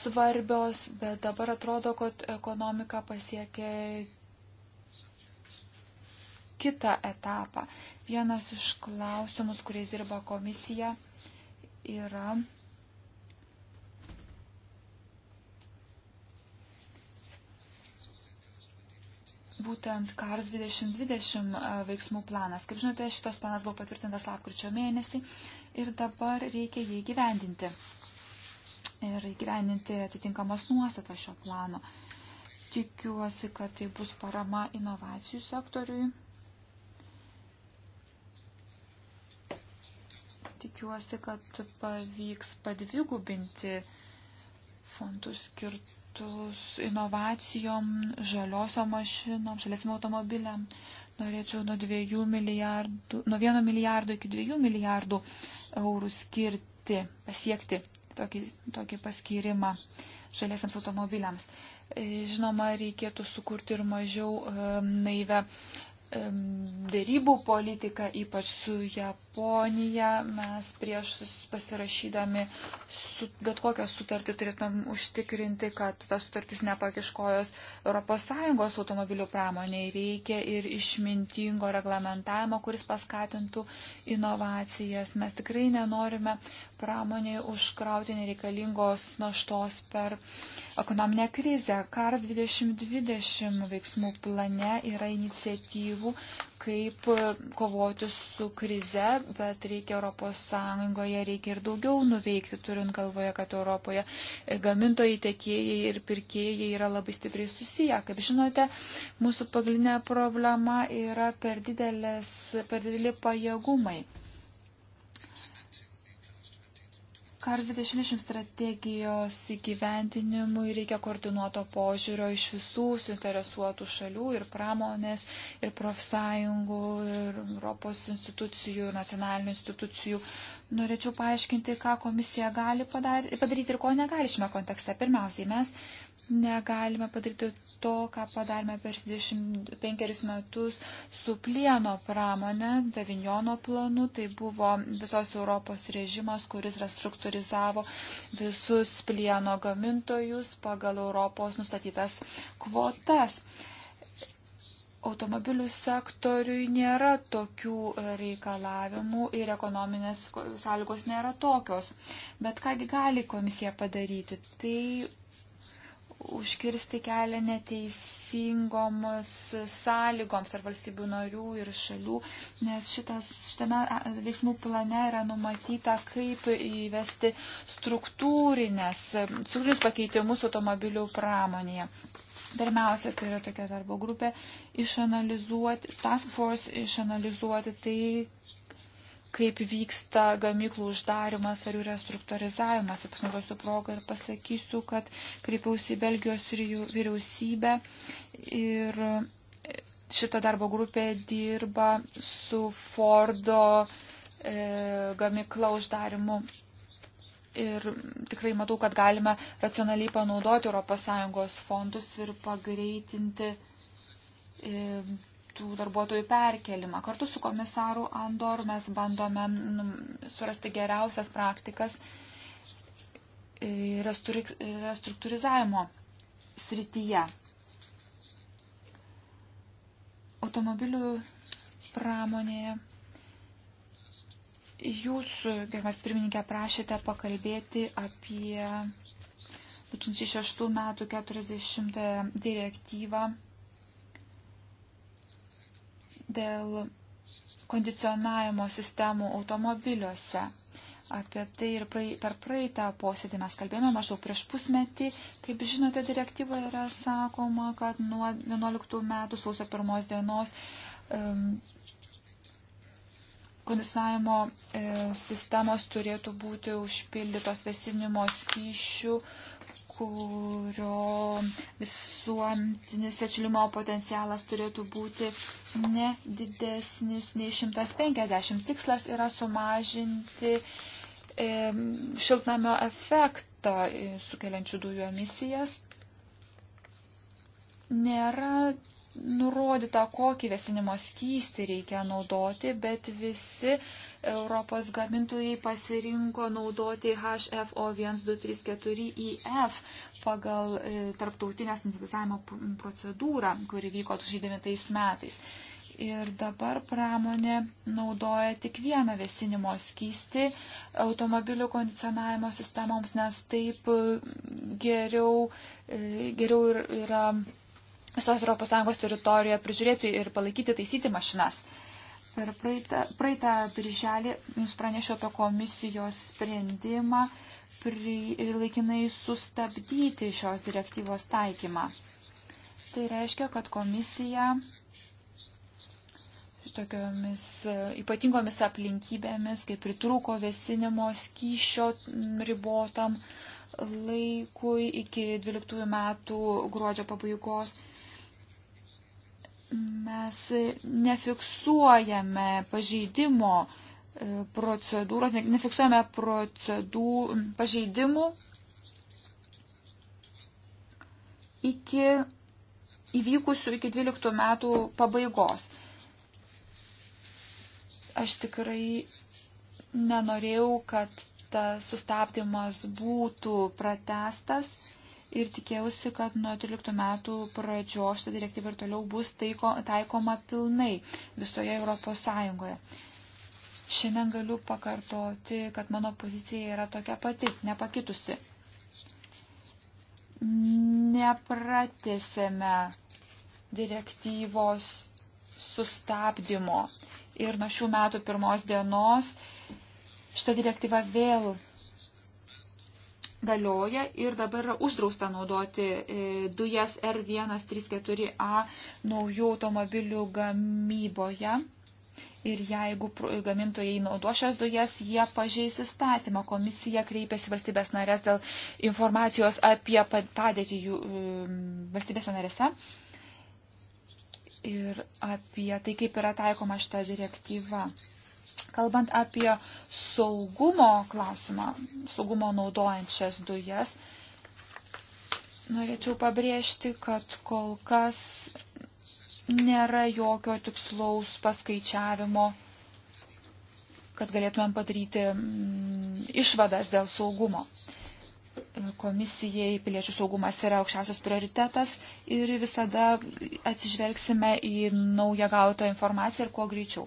Speaker 4: svarbios, bet dabar atrodo, kad ekonomika pasiekė kitą etapą. Vienas iš klausimus, kuriais dirba komisija, yra būtent KARS 2020 e, veiksmų planas. Kaip žinote, šitos planas buvo patvirtintas lapkričio mėnesį ir dabar reikia jį gyvendinti. Ir gyvendinti atitinkamas nuostatas šio plano. Tikiuosi, kad tai bus parama inovacijų sektoriui. tikiuosi, kad pavyks padvigubinti fondus skirtus inovacijom, žaliosiom mašinom, žaliesim automobiliam. Norėčiau nuo, milijardų, nuo 1 milijardo iki 2 milijardų eurų skirti, pasiekti tokį, tokį paskirimą žaliesiams automobiliams. E, žinoma, reikėtų sukurti ir mažiau e, naivę e, dėrybų politiką, ypač su JAV Japonija mes prieš pasirašydami su, bet kokią sutartį turėtumėm užtikrinti, kad ta sutartis nepakiškojos ES automobilių pramoniai. Reikia ir išmintingo reglamentavimo, kuris paskatintų inovacijas. Mes tikrai nenorime pramoniai užkrauti nereikalingos naštos per ekonominę krizę. Kars 2020 veiksmų plane yra iniciatyvų, kaip e, kovoti su krize, bet reikia ES, reikia ir daugiau nuveikti, turint galvoje, kad Europoje e, gamintojai, tiekėjai ir pirkėjai yra labai stipriai susiję. Kaip žinote, mūsų pagrindinė problema yra per, didelės, per dideli pajėgumai. Kars 20 strategijos įgyventinimui reikia koordinuoto požiūrio iš visų suinteresuotų šalių ir pramonės, ir profsąjungų, ir Europos institucijų, nacionalinių institucijų. Norėčiau paaiškinti, ką komisija gali padaryti ir ko negali šiame kontekste. Pirmiausiai, mes negalime padaryti to, ką padarėme per 25 metus su plieno pramonė, Davignono planu. Tai buvo visos Europos režimas, kuris restruktūrizavo visus plieno gamintojus pagal Europos nustatytas kvotas automobilių sektoriui nėra tokių reikalavimų ir ekonominės sąlygos nėra tokios. Bet kągi gali komisija padaryti? Tai užkirsti kelią neteisingoms sąlygoms ar valstybių narių ir šalių, nes šitas, šitame veiksmų plane yra numatyta, kaip įvesti struktūrinės, struktūrinius pakeitimus automobilių pramonėje. Pirmiausia, tai yra tokia darbo grupė, išanalizuoti, task force išanalizuoti tai, kaip vyksta gamyklų uždarimas ar jų restruktūrizavimas. Apsinaudosiu progą ir pasakysiu, kad kreipiausi į Belgijos vyriausybę ir šita darbo grupė dirba su Fordo e, gamykla uždarimu. Ir tikrai matau, kad galime racionaliai panaudoti ES fondus ir pagreitinti e, tų darbuotojų perkelimą. Kartu su komisaru Andor mes bandome nu, surasti geriausias praktikas restruktūrizavimo srityje. Automobilių pramonėje jūs, gerbiamas pirmininkė, prašėte pakalbėti apie 2006 metų 40 direktyvą dėl kondicionavimo sistemų automobiliuose. Apie tai ir prae, per praeitą posėdį mes kalbėjome maždaug prieš pusmetį. Kaip žinote, direktyvoje yra sakoma, kad nuo 11 metų sausio pirmos dienos um, kondicionavimo e, sistemos turėtų būti užpildytos vėsinimo skyšių, e, kurio visuomtinis atšilimo potencialas turėtų būti ne didesnis nei 150. Tikslas yra sumažinti šiltnamio efektą e, sukeliančių dujų emisijas. Nėra nurodyta, kokį vėsinimo skystį reikia naudoti, bet visi Europos gamintojai pasirinko naudoti HFO1234IF e pagal e, tarptautinę standartizavimo procedūrą, kuri vyko 2009 metais. Ir dabar pramonė naudoja tik vieną vėsinimo skystį automobilių kondicionavimo sistemoms, nes taip e, geriau, geriau yra visos ES teritorijoje prižiūrėti ir palaikyti, taisyti mašinas. Per praeitą, praeitą birželį jums pranešiau apie komisijos sprendimą pri, laikinai sustabdyti šios direktyvos taikymą. Tai reiškia, kad komisija tokiamis ypatingomis aplinkybėmis, kai pritruko vėsinimo skyšio ribotam laikui iki 12 metų gruodžio pabaigos, mes nefiksuojame pažeidimo e, procedūros, nefiksuojame procedų pažeidimų iki įvykusių iki 12 metų pabaigos. Aš tikrai nenorėjau, kad tas sustabdymas būtų pratestas ir tikėjausi, kad nuo 13 metų pradžios šitą direktyvą ir toliau bus taiko, taikoma pilnai visoje Europos Sąjungoje. Šiandien galiu pakartoti, kad mano pozicija yra tokia pati, nepakitusi. Nepratėsėme direktyvos sustabdymo ir nuo šių metų pirmos dienos šita direktyva vėl galioja ir dabar yra uždrausta naudoti e, dujas R134A naujų automobilių gamyboje. Ir jeigu gamintojai naudo šias dujas, jie pažeis įstatymą. Komisija kreipėsi valstybės narės dėl informacijos apie padėtį jų um, valstybės narėse ir apie tai, kaip yra taikoma šita direktyva. Kalbant apie saugumo klausimą, saugumo naudojančias dujas, norėčiau pabrėžti, kad kol kas nėra jokio tikslaus paskaičiavimo, kad galėtumėm padaryti mm, išvadas dėl saugumo komisijai piliečių saugumas yra aukščiausias prioritetas ir visada atsižvelgsime į naują gautą informaciją ir kuo greičiau.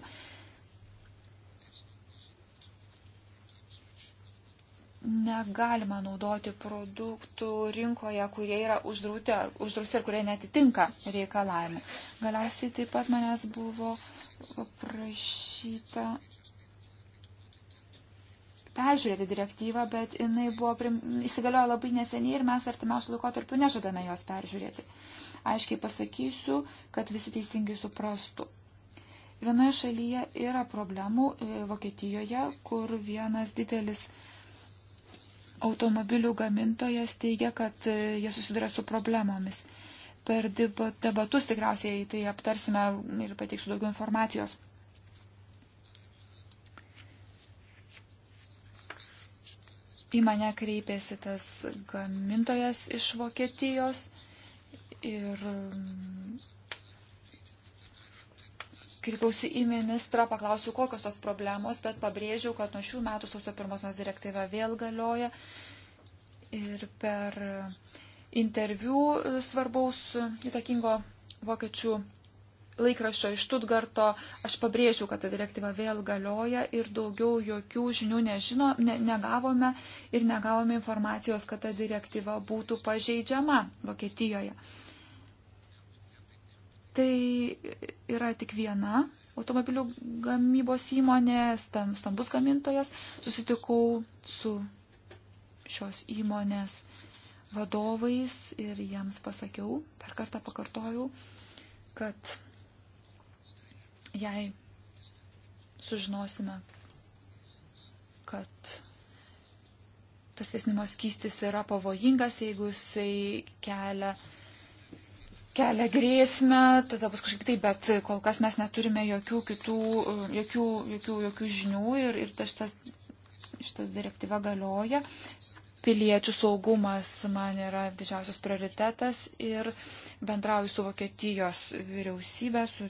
Speaker 4: negalima naudoti produktų rinkoje, kurie yra uždrauti ar, uždrausti ar kurie netitinka reikalavimų. Galiausiai taip pat manęs buvo prašyta peržiūrėti direktyvą, bet jinai buvo prim... įsigaliojo labai neseniai ir mes artimiausių laikotarpių nežadame jos peržiūrėti. Aiškiai pasakysiu, kad visi teisingai suprastų. Vienoje šalyje yra problemų, e, Vokietijoje, kur vienas didelis automobilių gamintojas teigia, kad e, jie susiduria su problemomis. Per debatus tikriausiai tai aptarsime ir pateiksiu daugiau informacijos. Į mane kreipėsi tas gamintojas iš Vokietijos ir kreipiausi į ministrą, paklausiau, kokios tos problemos, bet pabrėžiau, kad nuo šių metų sausio pirmosios direktyva vėl galioja. Ir per interviu svarbaus įtakingo vokiečių laikraščio iš Tutgarto aš pabrėžiau, kad ta direktyva vėl galioja ir daugiau jokių žinių nežino, ne, negavome ir negavome informacijos, kad ta direktyva būtų pažeidžiama Vokietijoje. Tai yra tik viena automobilių gamybos įmonė, stambus gamintojas. Susitikau su šios įmonės vadovais ir jiems pasakiau, dar kartą pakartojau, kad jei sužinosime, kad tas vėsinimo skystis yra pavojingas, jeigu jisai kelia kelia grėsmę, tada bus kažkaip taip, bet kol kas mes neturime jokių kitų, jokių, jokių, jokių žinių ir, ir ta šitas, šitas direktyva galioja. Piliečių saugumas man yra didžiausias prioritetas ir bendrauju su Vokietijos vyriausybė, su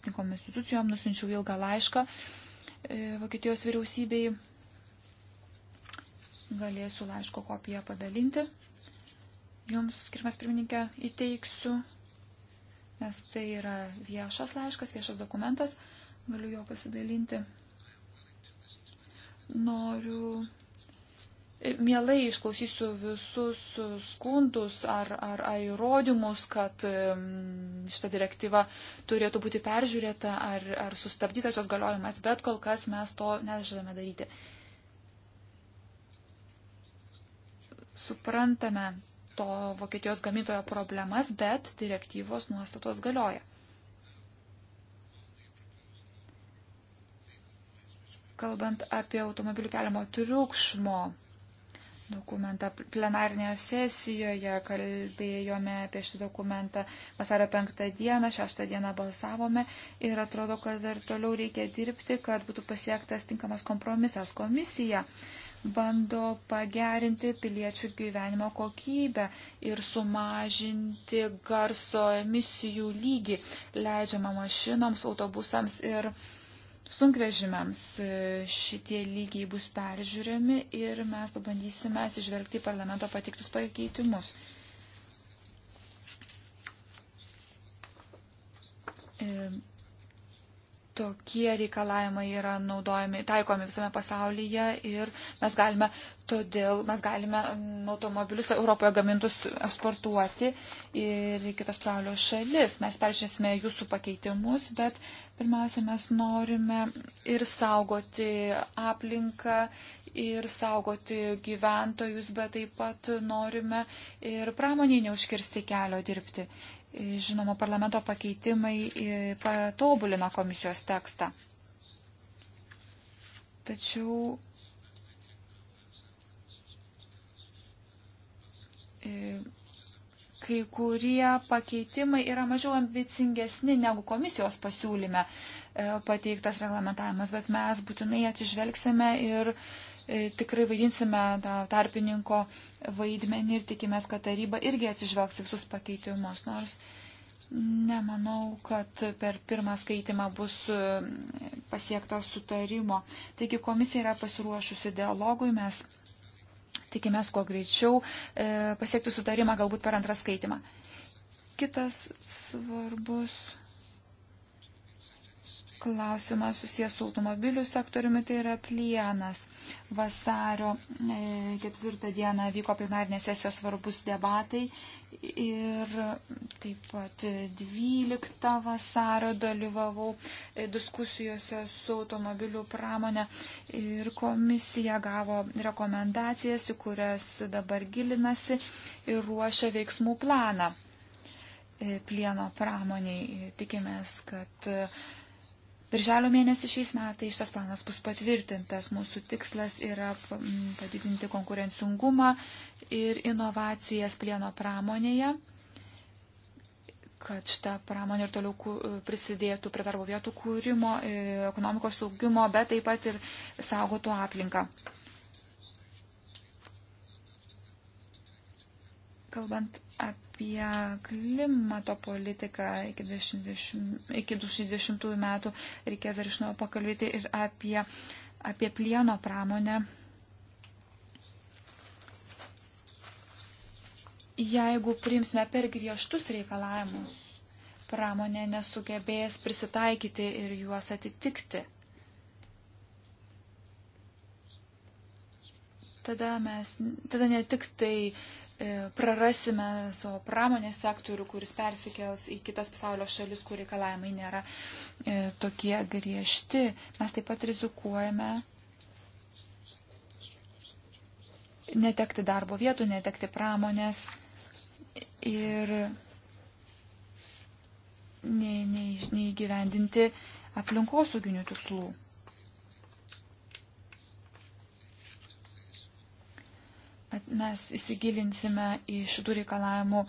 Speaker 4: tinkom institucijom, nusinčiau ilgą laišką e, Vokietijos vyriausybei. Galėsiu laiško kopiją padalinti. Jums, skirmas pirmininkė, įteiksiu nes tai yra viešas laiškas, viešas dokumentas, galiu jo pasidalinti. Noriu. E, mielai išklausysiu visus skundus ar, ar, ar įrodymus, kad šita direktyva turėtų būti peržiūrėta ar, ar sustabdytas jos galiojimas, bet kol kas mes to nežadame daryti. Suprantame, to Vokietijos gamintojo problemas, bet direktyvos nuostatos galioja. Kalbant apie automobilių keliamo triukšmo dokumentą plenarinėje sesijoje, kalbėjome apie šį dokumentą vasario 5 dieną, 6 dieną balsavome ir atrodo, kad dar toliau reikia dirbti, kad būtų pasiektas tinkamas kompromisas komisija. Uh, bando pagerinti piliečių gyvenimo kokybę ir sumažinti garso emisijų lygį leidžiamą mašinoms, autobusams ir sunkvežimiams. Šitie lygiai bus peržiūrimi ir mes pabandysime atsižvelgti į parlamento patiktus pakeitimus tokie reikalavimai yra naudojami, taikomi visame pasaulyje ir mes galime, todėl mes galime automobilius Europoje gamintus eksportuoti ir į kitas pasaulio šalis. Mes peržiūrėsime jūsų pakeitimus, bet pirmiausia, mes norime ir saugoti aplinką, ir saugoti gyventojus, bet taip pat norime ir pramonį neužkirsti kelio dirbti. Žinoma, parlamento pakeitimai patobulino komisijos tekstą. Tačiau e, kai kurie pakeitimai yra mažiau ambicingesni negu komisijos pasiūlyme e, pateiktas reglamentavimas, bet mes būtinai atsižvelgsime ir uh, E, tikrai vaidinsime tą tarpininko vaidmenį ir tikimės, kad taryba irgi atsižvelgs visus pakeitimus. Nors nemanau, kad per pirmą skaitimą bus e, pasiektas sutarimo. Taigi komisija yra pasiruošusi dialogui, mes tikimės kuo greičiau e, pasiekti sutarimą galbūt per antrą skaitimą. Kitas svarbus klausimas susijęs su automobilių sektoriumi, tai yra plienas. Vasario e, ketvirtą dieną vyko plenarinės sesijos svarbus debatai ir taip pat 12 vasario dalyvavau e, diskusijose su automobilių pramonė ir komisija gavo rekomendacijas, į kurias dabar gilinasi ir ruošia veiksmų planą e, plieno pramoniai. Tikimės, kad Birželio mėnesį šiais metais šitas planas bus patvirtintas. Mūsų tikslas yra mm, padidinti konkurencingumą ir inovacijas plieno pramonėje, kad šita pramonė ir toliau prisidėtų prie darbo vietų kūrimo, e, ekonomikos saugimo, bet taip pat ir saugotų aplinką. Kalbant apie apie klimato politiką iki 2020, iki 2020 metų. Reikės dar iš naujo pakalbėti ir apie, apie plieno pramonę. Jeigu priimsime per griežtus reikalavimus, pramonė nesugebės prisitaikyti ir juos atitikti. tada mes, tada ne tik tai E, prarasime savo pramonės sektorių, kuris persikels į kitas pasaulio šalis, kur reikalavimai nėra e, tokie griežti. Mes taip pat rizikuojame netekti darbo vietų, netekti pramonės ir neįgyvendinti aplinkosauginių tikslų. mes įsigilinsime į šitų reikalavimų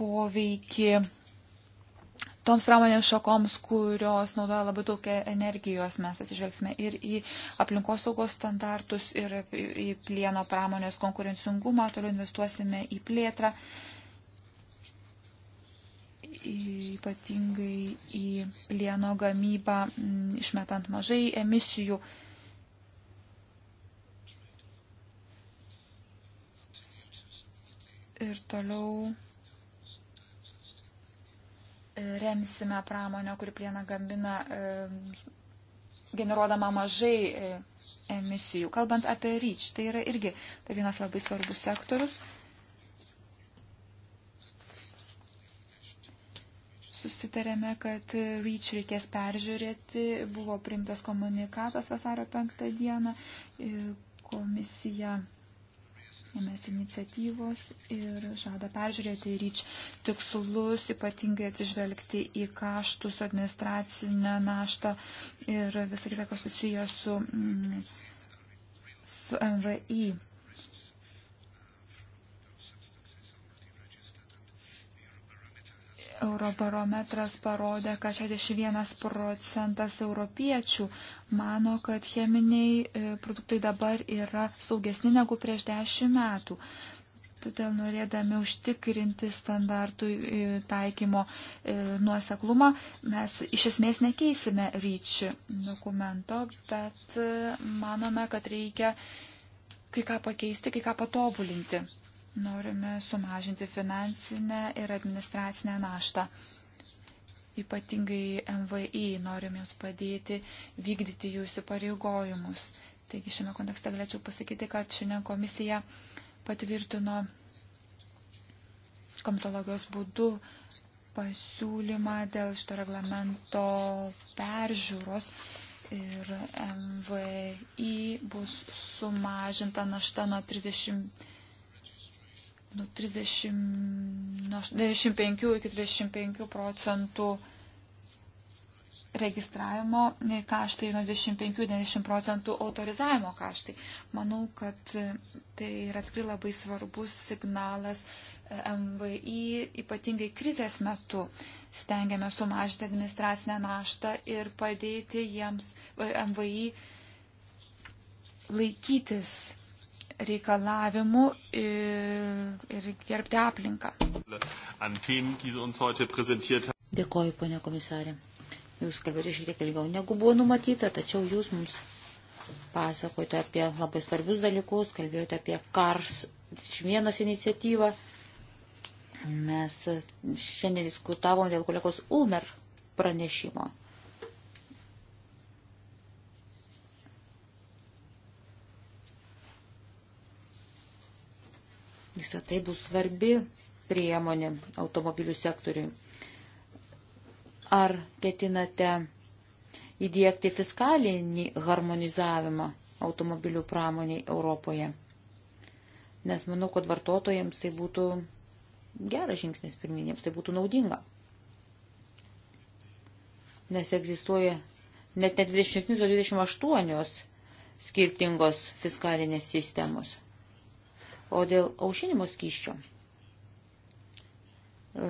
Speaker 4: poveikį toms pramonės šakoms, kurios naudoja labai daug energijos, mes atsižvelgsime ir į aplinkosaugos standartus, ir į plieno pramonės konkurencingumą, toliau investuosime į plėtrą, ypatingai į plieno gamybą, mm, išmetant mažai emisijų. ir toliau e, remsime pramonę, kuri plieną gamina, e, generuodama mažai e, emisijų. Kalbant apie ryč, tai yra irgi tai vienas labai svarbus sektorius. Susitarėme, kad ryč reikės peržiūrėti. Buvo priimtas komunikatas vasario penktą dieną. Komisija ėmėsi iniciatyvos ir žada peržiūrėti ryč tikslus, ypatingai atsižvelgti į kaštus, administracinę naštą ir visą kitą, kas susijęs su, mm, su MVI. Eurobarometras parodė, kad 61 procentas europiečių mano, kad cheminiai e, produktai dabar yra saugesni negu prieš 10 metų. Todėl norėdami užtikrinti standartų e, taikymo e, nuoseklumą, mes iš esmės nekeisime ryčių dokumento, bet manome, kad reikia kai ką pakeisti, kai ką patobulinti. Norime sumažinti finansinę ir administracinę naštą. Ypatingai MVI norim jums padėti vykdyti jų įsipareigojimus. Taigi šiame kontekste galėčiau pasakyti, kad šiandien komisija patvirtino komitologijos būdu pasiūlymą dėl šito reglamento peržiūros ir MVI bus sumažinta našta nuo 30 nuo 35 iki 35 procentų registravimo kaštai, nuo 25-90 procentų autorizavimo kaštai. Manau, kad tai yra tikrai labai svarbus signalas e, MVI, ypatingai krizės metu. Stengiame sumažinti administracinę naštą ir padėti jiems e, MVI laikytis reikalavimų ir, ir gerbti aplinką. Dėkoju, ponia
Speaker 2: komisarė. Jūs kalbėjote šiek tiek ilgiau negu buvo numatyta, tačiau jūs mums pasakojate apie labai svarbius dalykus, kalbėjote apie Kars vienas iniciatyvą. Mes šiandien diskutavom dėl kolegos Umer pranešimo. Visą tai bus svarbi priemonė automobilių sektoriui. Ar ketinate įdėkti fiskalinį harmonizavimą automobilių pramoniai Europoje? Nes manau, kad vartotojams tai būtų geras žingsnis pirminėms, tai būtų naudinga. Nes egzistuoja net ne 27, o 28 skirtingos fiskalinės sistemos. O dėl aušinimo skyščio. E,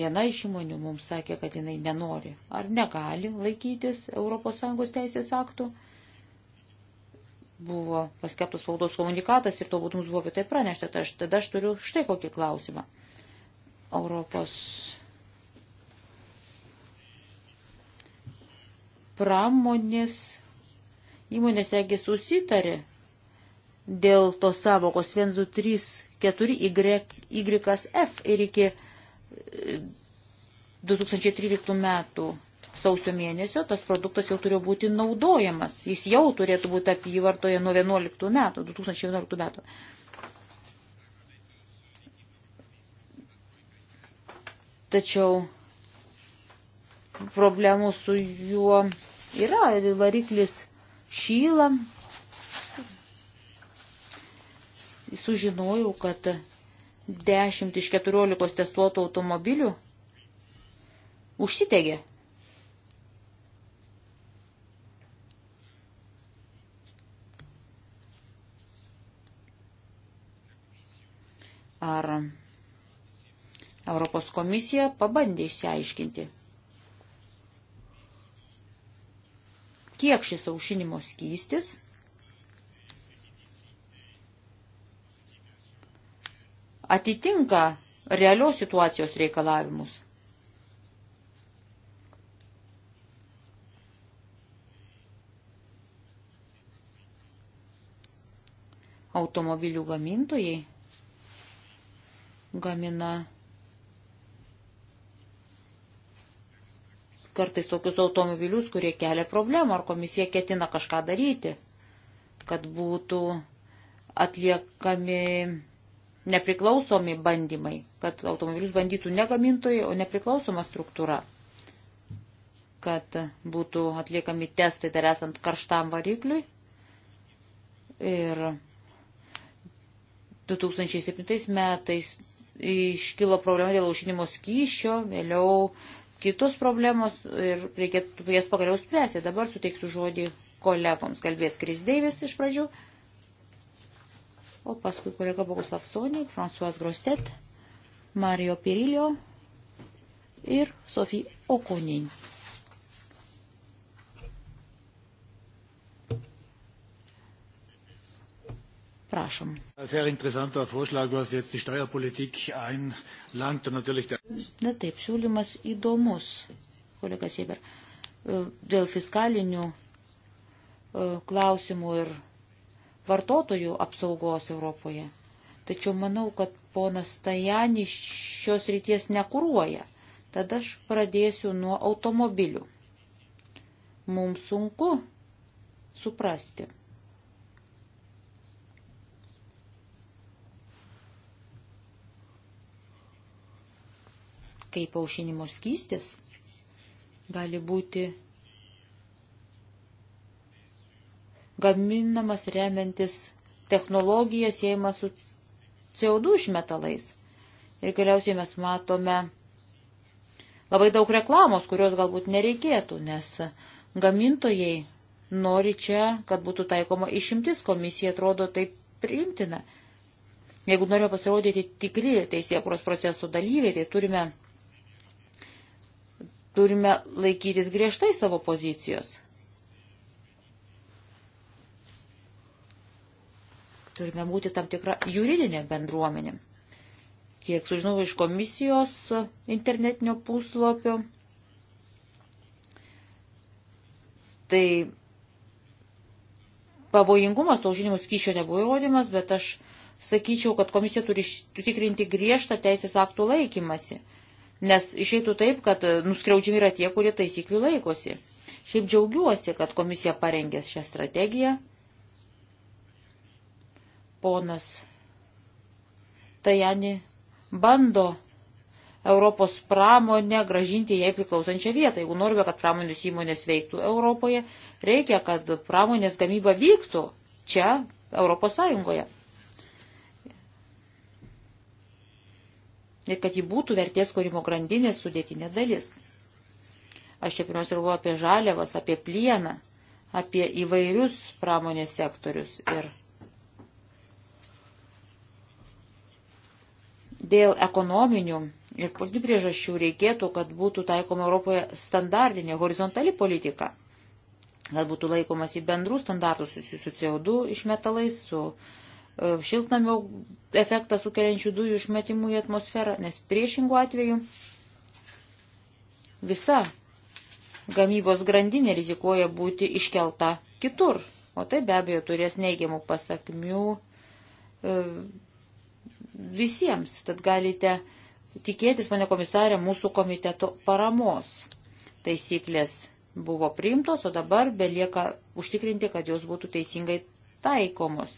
Speaker 2: viena iš įmonių mums sakė, kad jinai nenori ar negali laikytis ES teisės aktų. Buvo paskelbtas spaudos komunikatas ir to būtų mums buvo apie tai pranešta. Tai aš, tada aš turiu štai kokį klausimą. Europos pramonės įmonės, jeigu susitarė dėl tos savokos 1, 2, 3, 4, y, YF ir iki 2013 e, metų sausio mėnesio tas produktas jau turėjo būti naudojamas. Jis jau turėtų būti apyvartoje nuo 11 metų, 2011 metų. Tačiau problemų su juo yra, variklis šyla, sužinojau, kad 10 iš 14 testuotų automobilių užsitegė. Ar Europos komisija pabandė išsiaiškinti, kiek šis aušinimo skystis atitinka realios situacijos reikalavimus. Automobilių gamintojai gamina kartais tokius automobilius, kurie kelia problemą, ar komisija ketina kažką daryti, kad būtų atliekami nepriklausomi bandymai, kad automobilius bandytų ne gamintojai, o nepriklausoma struktūra, kad būtų atliekami testai dar esant karštam varikliui. Ir 2007 metais iškilo problema dėl aušinimo skyšio, vėliau kitos problemos ir reikėtų jas pagaliau spręsti. Dabar suteiksiu žodį kolegoms. Kalbės Kris Deivis iš pradžių. Uh, o paskui kolega Boguslav Sonik, Fransuas Grostet, Mario Pirilio ir Sofija Okonin. Prašom. Na taip, siūlymas įdomus, kolega Sieber, dėl fiskalinių e, klausimų ir vartotojų apsaugos Europoje. Tačiau manau, kad ponas Tajani šios ryties nekūruoja. Tada aš pradėsiu nuo automobilių. Mums sunku suprasti. Kaip aušinimo skystis gali būti gaminamas remiantis technologija siejama su CO2 išmetalais. Ir galiausiai mes matome labai daug reklamos, kurios galbūt nereikėtų, nes gamintojai nori čia, kad būtų taikoma išimtis, komisija atrodo taip priimtina. Jeigu norime pasirodyti tikri teisėkuros proceso dalyviai, tai turime, turime laikytis griežtai savo pozicijos. Turime būti tam tikrą juridinę bendruomenę. Kiek sužinau iš komisijos internetinio puslapio, tai pavojingumas to žinimų skyšio nebuvo įrodymas, bet aš sakyčiau, kad komisija turi tikrinti griežtą teisės aktų laikymasi, nes išeitų taip, kad nuskriaudžiami yra tie, kurie taisyklių laikosi. Šiaip džiaugiuosi, kad komisija parengė šią strategiją ponas Tajani bando Europos pramonę gražinti jai priklausančią vietą. Jeigu norime, kad pramonės įmonės veiktų Europoje, reikia, kad pramonės gamyba vyktų čia, Europos Sąjungoje. Ir kad ji būtų vertės kūrimo grandinės sudėtinė dalis. Aš čia pirmiausia galvoju apie žaliavas, apie plieną, apie įvairius pramonės sektorius ir Dėl ekonominių ir politinių priežasčių reikėtų, kad būtų taikoma Europoje standartinė horizontali politika. Kad būtų laikomasi bendrų standartų susijusių su CO2 išmetalais, su e, šiltnamio efektą sukeliančių dujų išmetimų į atmosferą, nes priešingų atveju visa gamybos grandinė rizikuoja būti iškelta kitur, o tai be abejo turės neigiamų pasakmių e, visiems. Tad galite tikėtis, pane komisarė, mūsų komiteto paramos. Taisyklės buvo priimtos, o dabar belieka užtikrinti, kad jos būtų teisingai taikomos.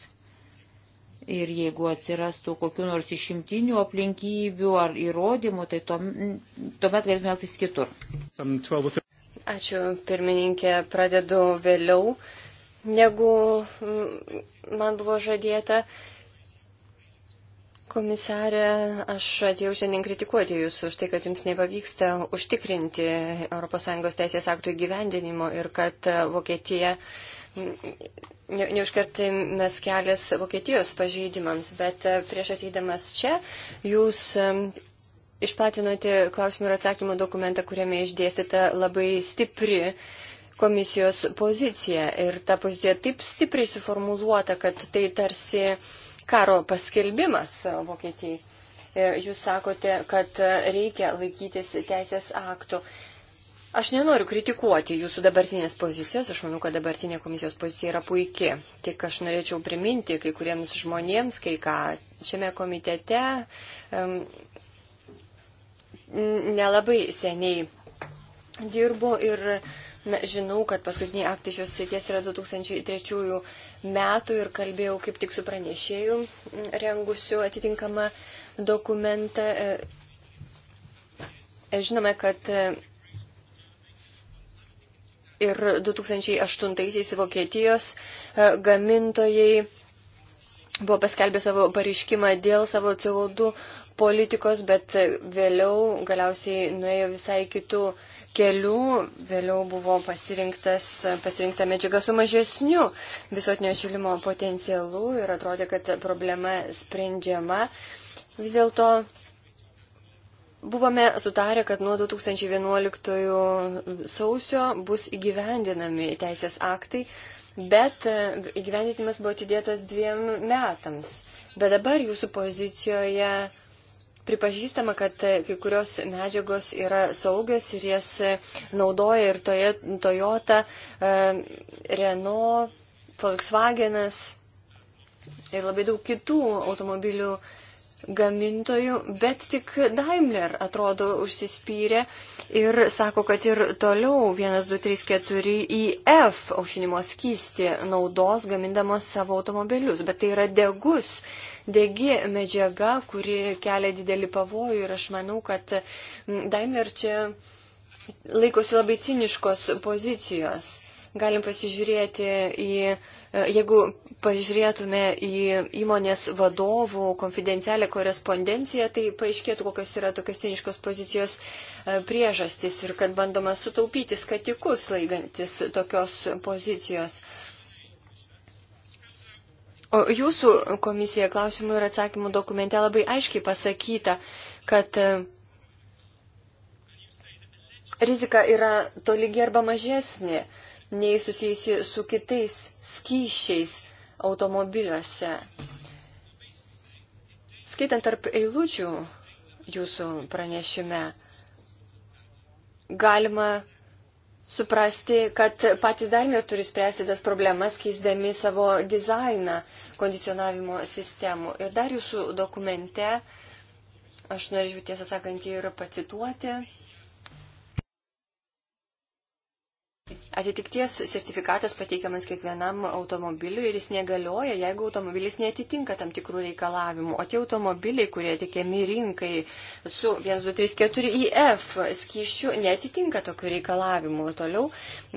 Speaker 2: Ir jeigu atsirastų kokiu nors išimtinių aplinkybių
Speaker 3: ar įrodymų, tai tuomet galėtume elgtis kitur. Ačiū, pirmininkė, pradedu vėliau negu man buvo žadėta. Komisarė, aš atėjau šiandien kritikuoti Jūs už tai, kad Jums nepavyksta užtikrinti ES teisės aktų įgyvendinimo ir kad e, Vokietija mm, neužkertimas kelias Vokietijos pažeidimams, bet e, prieš ateidamas čia Jūs e, išplatinote klausimų ir atsakymų dokumentą, kuriame išdėstėte labai stipri komisijos pozicija ir ta pozicija taip stipriai suformuluota, kad tai tarsi karo paskelbimas e, Vokietijai. Ir e, jūs sakote, kad e, reikia laikytis teisės aktų. Aš nenoriu kritikuoti jūsų dabartinės pozicijos, aš manau, kad dabartinė komisijos pozicija yra puikia. Tik aš norėčiau priminti kai kuriems žmonėms, kai ką šiame komitete um, nelabai seniai dirbo ir na, žinau, kad paskutiniai aktai šios srities yra 2003 metų ir kalbėjau kaip tik su pranešėju rengusiu atitinkamą dokumentą. E, e, žinome, kad e, ir 2008-aisiais Vokietijos gamintojai buvo paskelbę savo pareiškimą dėl savo CO2 politikos, bet vėliau galiausiai nuėjo visai kitų kelių, vėliau buvo pasirinkta medžiaga su mažesniu visuotinio šilimo potencialu ir atrodė, kad problema sprendžiama. Vis dėlto buvome sutarę, kad nuo 2011 sausio bus įgyvendinami teisės aktai, bet įgyvendinimas buvo atidėtas dviem metams. Bet dabar jūsų pozicijoje Pripažįstama, kad e, kai kurios medžiagos yra saugios ir jas e, naudoja ir toje, Toyota, e, Renault, Volkswagenas ir labai daug kitų automobilių gamintojų, bet tik Daimler atrodo užsispyrė ir sako, kad ir toliau 1234 IF aušinimo skysti naudos gamindamos savo automobilius, bet tai yra degus, degi medžiaga, kuri kelia didelį pavojų ir aš manau, kad Daimler čia laikosi labai ciniškos pozicijos galim pasižiūrėti į, e, jeigu pažiūrėtume į įmonės vadovų konfidencialią korespondenciją, tai paaiškėtų, kokios yra tokios ciniškos pozicijos e, priežastis ir kad bandoma sutaupyti skatikus laikantis tokios pozicijos. O jūsų komisija klausimų ir atsakymų dokumente labai aiškiai pasakyta, kad e, rizika yra tolygi arba mažesnė nei susijusi su kitais skyšiais automobiliuose. Skaitant tarp eilučių jūsų pranešime, galima suprasti, kad patys daimler turi spręsti tas problemas, keisdami savo dizainą kondicionavimo sistemų. Ir dar jūsų dokumente, aš norėčiau tiesą sakant, ir pacituoti Atitikties sertifikatas pateikiamas kiekvienam automobiliu ir jis negalioja, jeigu automobilis netitinka tam tikrų reikalavimų. O tie automobiliai, kurie tiekiami rinkai su 1234IF skyšiu, netitinka tokių reikalavimų. Toliau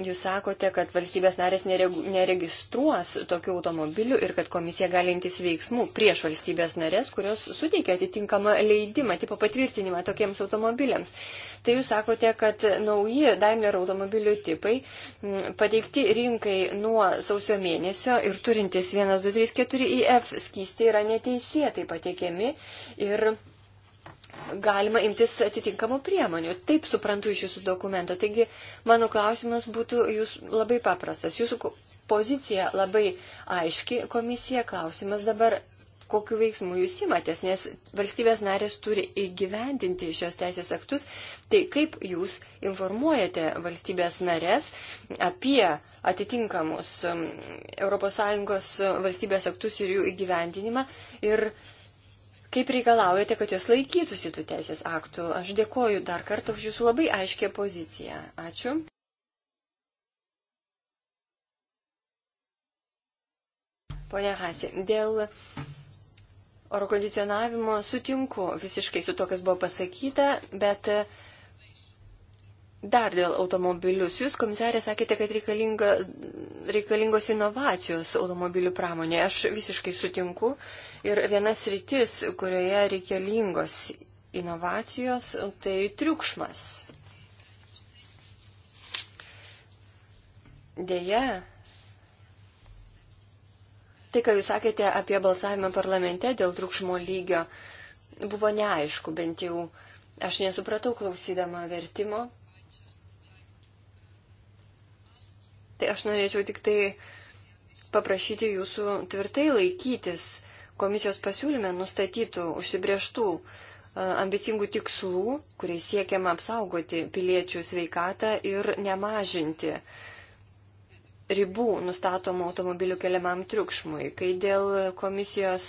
Speaker 3: jūs sakote, kad valstybės narės neregistruos tokių automobilių ir kad komisija gali imtis veiksmų prieš valstybės narės, kurios suteikia atitinkamą leidimą, tipo patvirtinimą tokiems automobiliams. Tai jūs sakote, kad nauji Daimler automobilių tipai pateikti rinkai nuo sausio mėnesio ir turintys 1234 IF skysti yra neteisėtai patiekiami ir galima imtis atitinkamų priemonių. Taip suprantu iš jūsų dokumento. Taigi mano klausimas būtų jūs labai paprastas. Jūsų pozicija labai aiški, komisija klausimas dabar kokiu veiksmu jūs įmatės, nes valstybės narės turi įgyvendinti šios teisės aktus, tai kaip jūs informuojate valstybės narės apie atitinkamus um, ES valstybės aktus ir jų įgyvendinimą ir kaip reikalaujate, kad jos laikytųsi tų teisės aktų. Aš dėkoju dar kartą už jūsų labai aiškę poziciją. Ačiū. Pone Hasi, dėl oro kondicionavimo sutinku visiškai su to, kas buvo pasakyta, bet e, dar dėl automobilius. Jūs, komisarė, sakėte, kad reikalinga, reikalingos inovacijos automobilių pramonėje. Aš visiškai sutinku. Ir vienas rytis, kurioje reikalingos inovacijos, tai triukšmas. Deja, Tai, ką Jūs sakėte apie balsavimą parlamente dėl triukšmo lygio, buvo neaišku, bent jau aš nesupratau klausydama vertimo. Tai aš norėčiau tik tai paprašyti jūsų tvirtai laikytis komisijos pasiūlyme nustatytų užsibrieštų ambicingų tikslų, kuriais siekiama apsaugoti piliečių sveikatą ir nemažinti uh, ribų nustatomų automobilių keliamam triukšmui, kai dėl komisijos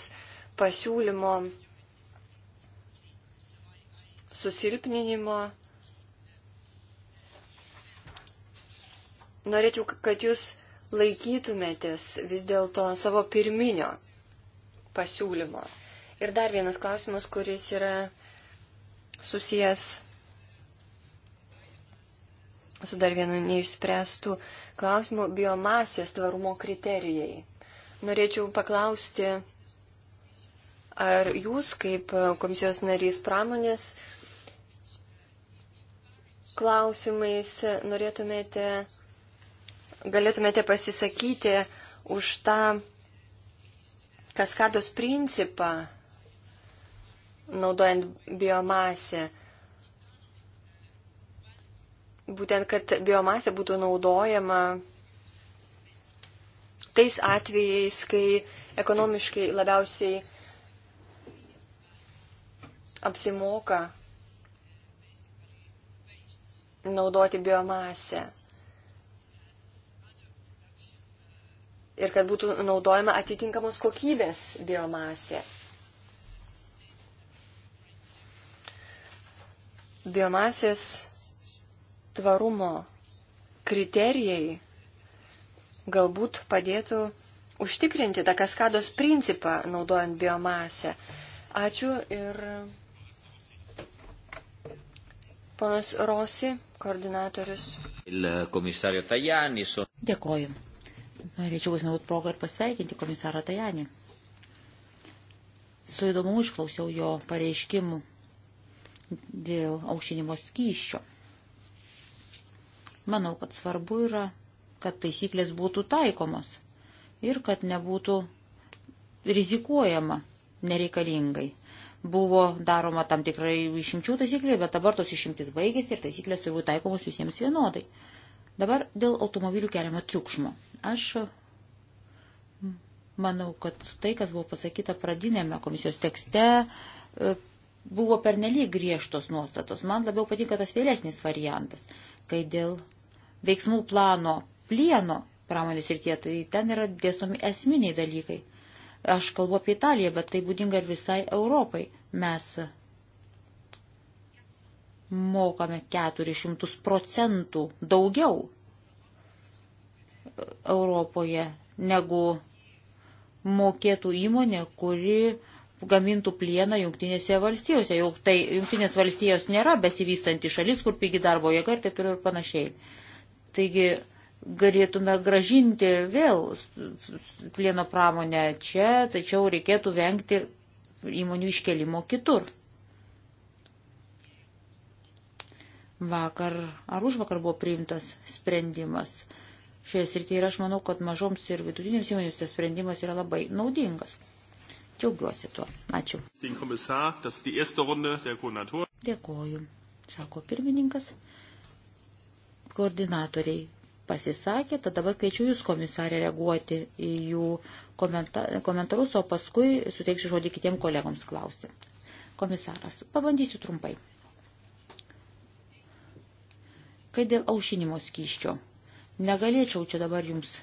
Speaker 3: pasiūlymo susilpninimo norėčiau, kad jūs laikytumėtės vis dėlto savo pirminio pasiūlymo. Ir dar vienas klausimas, kuris yra susijęs su dar vienu neišspręstu klausimo biomasės tvarumo kriterijai. Norėčiau paklausti, ar jūs kaip komisijos narys pramonės klausimais norėtumėte, galėtumėte pasisakyti už tą kaskados principą, naudojant biomasę būtent, kad biomasė būtų naudojama tais atvejais, kai ekonomiškai labiausiai apsimoka naudoti biomasę. Ir kad būtų naudojama atitinkamos kokybės biomasė. Biomasės tvarumo kriterijai galbūt padėtų užtikrinti tą kaskados principą naudojant biomasę. Ačiū ir ponas Rosi, koordinatorius. Dėkoju.
Speaker 2: Norėčiau pasinaudoti progą ir pasveikinti komisarą Tajanį. Su įdomu išklausiau jo pareiškimų dėl aušinimo skyščio. Manau, kad svarbu yra, kad taisyklės būtų taikomos ir kad nebūtų rizikuojama nereikalingai. Buvo daroma tam tikrai išimčių taisyklė, bet dabar tos išimtis baigėsi ir taisyklės turi būti taikomos visiems vienodai. Dabar dėl automobilių keliamo triukšmo. Aš manau, kad tai, kas buvo pasakyta pradinėme komisijos tekste, e, buvo pernelyg griežtos nuostatos. Man labiau patinka tas vėlesnis variantas, kai dėl veiksmų plano plieno pramonės rytie, tai ten yra dėstomi esminiai dalykai. Aš kalbu apie Italiją, bet tai būdinga ir visai Europai. Mes mokame 400 procentų daugiau Europoje negu mokėtų įmonė, kuri gamintų plieną jungtinėse valstijose. Juk tai jungtinės valstijos nėra besivystanti šalis, kur pigi darbo jėga ir taip toliau ir panašiai. Uh, Taigi galėtume gražinti vėl plieno pramonę čia, tačiau reikėtų vengti įmonių iškelimo kitur. Vakar ar už vakar buvo priimtas sprendimas šioje srityje ir aš manau, kad mažoms ir vidutinėms įmonėms tas sprendimas yra labai naudingas. Džiaugiuosi tuo. Ačiū. Dėkoju, sako pirmininkas. Koordinatoriai pasisakė, tad dabar kviečiu Jūs, komisarė, reaguoti į jų komentarus, o paskui suteiksiu žodį kitiem kolegoms klausti. Komisaras, pabandysiu trumpai. Kai dėl aušinimo skyščio, negalėčiau čia dabar Jums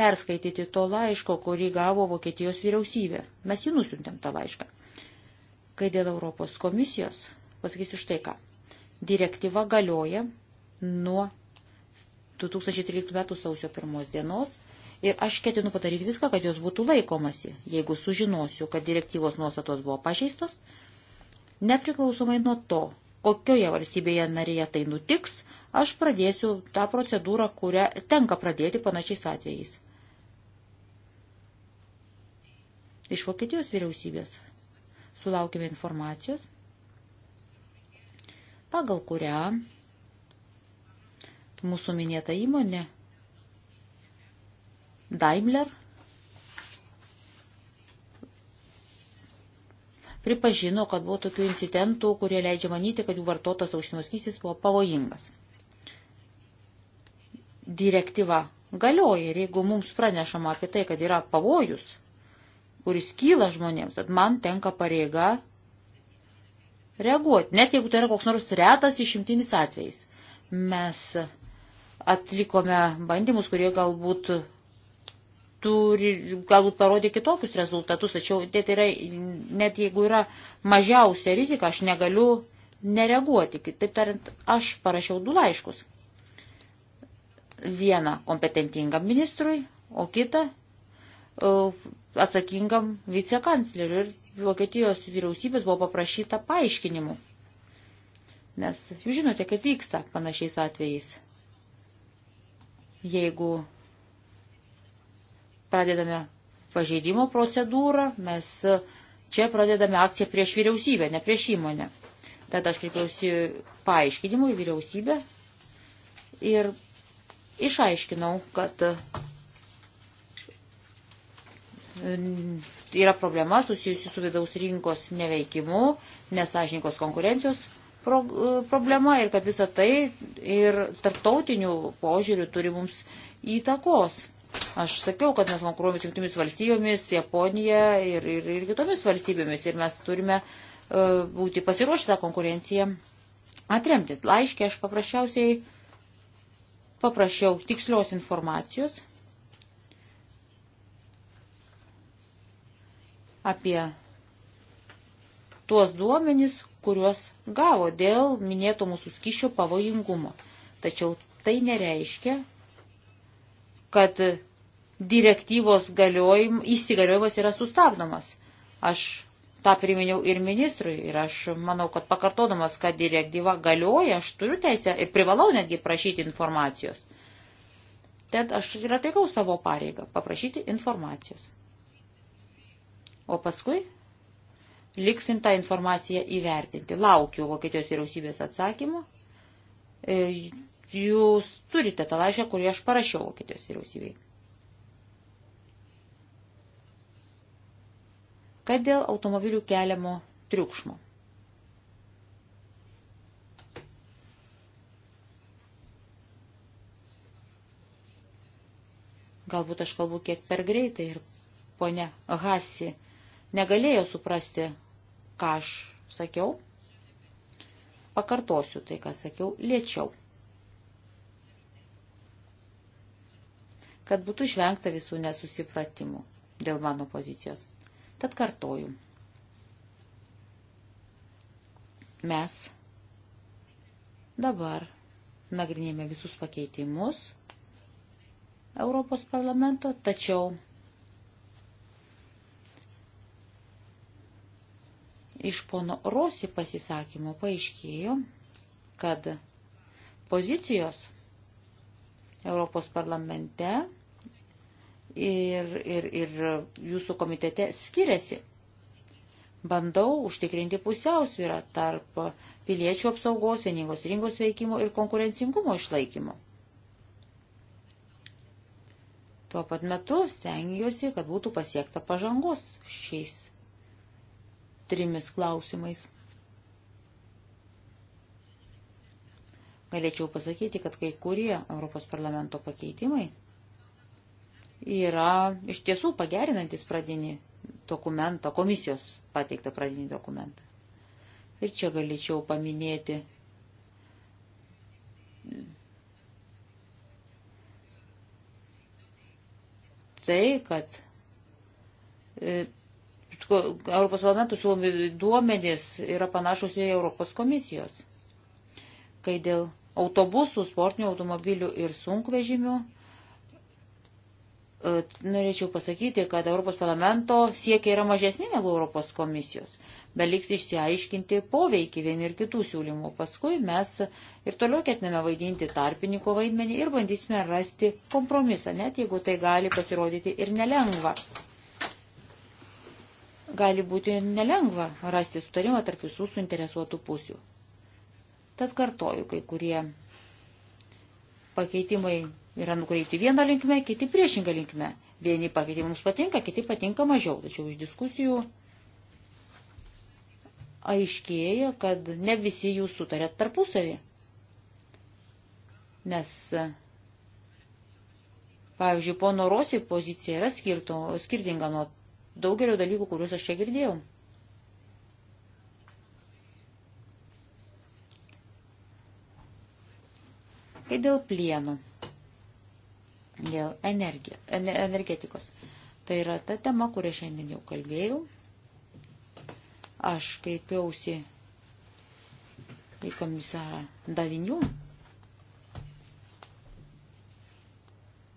Speaker 2: perskaityti to laiško, kurį gavo Vokietijos vyriausybė. Mes jį nusintėm tą laišką. Kai dėl Europos komisijos, pasakysiu štai ką, direktyva galioja nuo 2013 metų sausio pirmos dienos ir aš ketinu padaryti viską, kad jos būtų laikomasi, jeigu sužinosiu, kad direktyvos nuostatos buvo pažeistos, nepriklausomai nuo to, kokioje valstybėje narėje tai nutiks, aš pradėsiu tą procedūrą, kurią tenka pradėti panašiais atvejais. Iš Vokietijos vyriausybės sulaukime informacijos, pagal kurią Mūsų minėta įmonė Daimler pripažino, kad buvo tokių incidentų, kurie leidžia manyti, kad jų vartotas aušinoskystis buvo pavojingas. Direktyva galioja ir jeigu mums pranešama apie tai, kad yra pavojus, kuris kyla žmonėms, tad man tenka pareiga reaguoti, net jeigu tai yra koks nors retas išimtinis atvejs. Mes atlikome bandymus, kurie galbūt turi, galbūt parodė kitokius rezultatus, tačiau tai, tai yra, net jeigu yra mažiausia rizika, aš negaliu nereaguoti. Kitaip tariant, aš parašiau du laiškus. Vieną kompetentingam ministrui, o kitą e, atsakingam vicekancleriui. Ir Vokietijos vyriausybės buvo paprašyta paaiškinimų. Nes jūs žinote, kaip vyksta panašiais atvejais. Jeigu pradedame pažeidimo procedūrą, mes čia pradedame akciją prieš vyriausybę, ne prieš įmonę. Tad aš kreipiausi paaiškinimu į vyriausybę ir išaiškinau, kad yra problema susijusi su vidaus rinkos neveikimu, nesažininkos konkurencijos pro, problema ir kad visa tai ir tarptautinių požiūrių turi mums įtakos. Aš sakiau, kad mes konkuruojame su jungtimis valstybėmis, Japonija ir, ir, ir kitomis valstybėmis ir mes turime uh, būti pasiruošę tą konkurenciją atremti. Laiškė aš paprasčiausiai paprašiau tikslios informacijos apie tuos duomenys, kuriuos gavo dėl minėto mūsų skyšio pavojingumo. Tačiau tai nereiškia, kad direktyvos galiojim, įsigaliojimas yra sustabdomas. Aš tą priminiau ir ministrui ir aš manau, kad pakartodamas, kad direktyva galioja, aš turiu teisę ir privalau netgi prašyti informacijos. Tad aš ir atlikau savo pareigą paprašyti informacijos. O paskui liksim tą informaciją įvertinti. Laukiu Vokietijos vyriausybės atsakymo. E, jūs turite tą laišką, kurį aš parašiau Vokietijos vyriausybei. Kad dėl automobilių keliamo triukšmo. Galbūt aš kalbu kiek per greitai ir ponia Hasi negalėjo suprasti, ką aš sakiau. Pakartosiu tai, ką sakiau, lėčiau. Kad būtų išvengta visų nesusipratimų dėl mano pozicijos. Tad kartoju. Mes dabar nagrinėjame visus pakeitimus Europos parlamento, tačiau Iš pono Rosi pasisakymo paaiškėjo, kad pozicijos Europos parlamente ir, ir, ir jūsų komitete skiriasi. Bandau užtikrinti pusiausvyrą tarp piliečių apsaugos, vieningos rinkos veikimo ir konkurencingumo išlaikymo. Tuo pat metu stengiuosi, kad būtų pasiekta pažangos šiais trimis klausimais. Galėčiau pasakyti, kad kai kurie Europos parlamento pakeitimai yra iš tiesų pagerinantis pradinį dokumentą, komisijos pateiktą pradinį dokumentą. Ir čia galėčiau paminėti tai, kad e, Europos parlamentų siūlomi duomenys yra panašus į Europos komisijos. Kai dėl autobusų, sportinių automobilių ir sunkvežimių, e, norėčiau pasakyti, kad Europos parlamento siekia yra mažesni negu Europos komisijos. Beliks išsiaiškinti poveikį vieni ir kitų siūlymų. Paskui mes ir toliau ketiname vaidinti tarpininko vaidmenį ir bandysime rasti kompromisą, net jeigu tai gali pasirodyti ir nelengva gali būti nelengva rasti sutarimą tarp visų suinteresuotų pusių. Tad kartoju, kai kurie pakeitimai yra nukreipti vieną linkmę, kiti priešingą linkmę. Vieni pakeitimai mums patinka, kiti patinka mažiau. Tačiau iš diskusijų aiškėja, kad ne visi jūs sutarėt tarpusavį. Nes, pavyzdžiui, pono Rosi pozicija yra skirto, skirtinga nuo daugelio dalykų, kuriuos aš čia girdėjau. Kai dėl plieno, dėl energi, energetikos. Tai yra ta tema, kurią šiandien jau kalbėjau. Aš kreipiausi į komisarą davinių.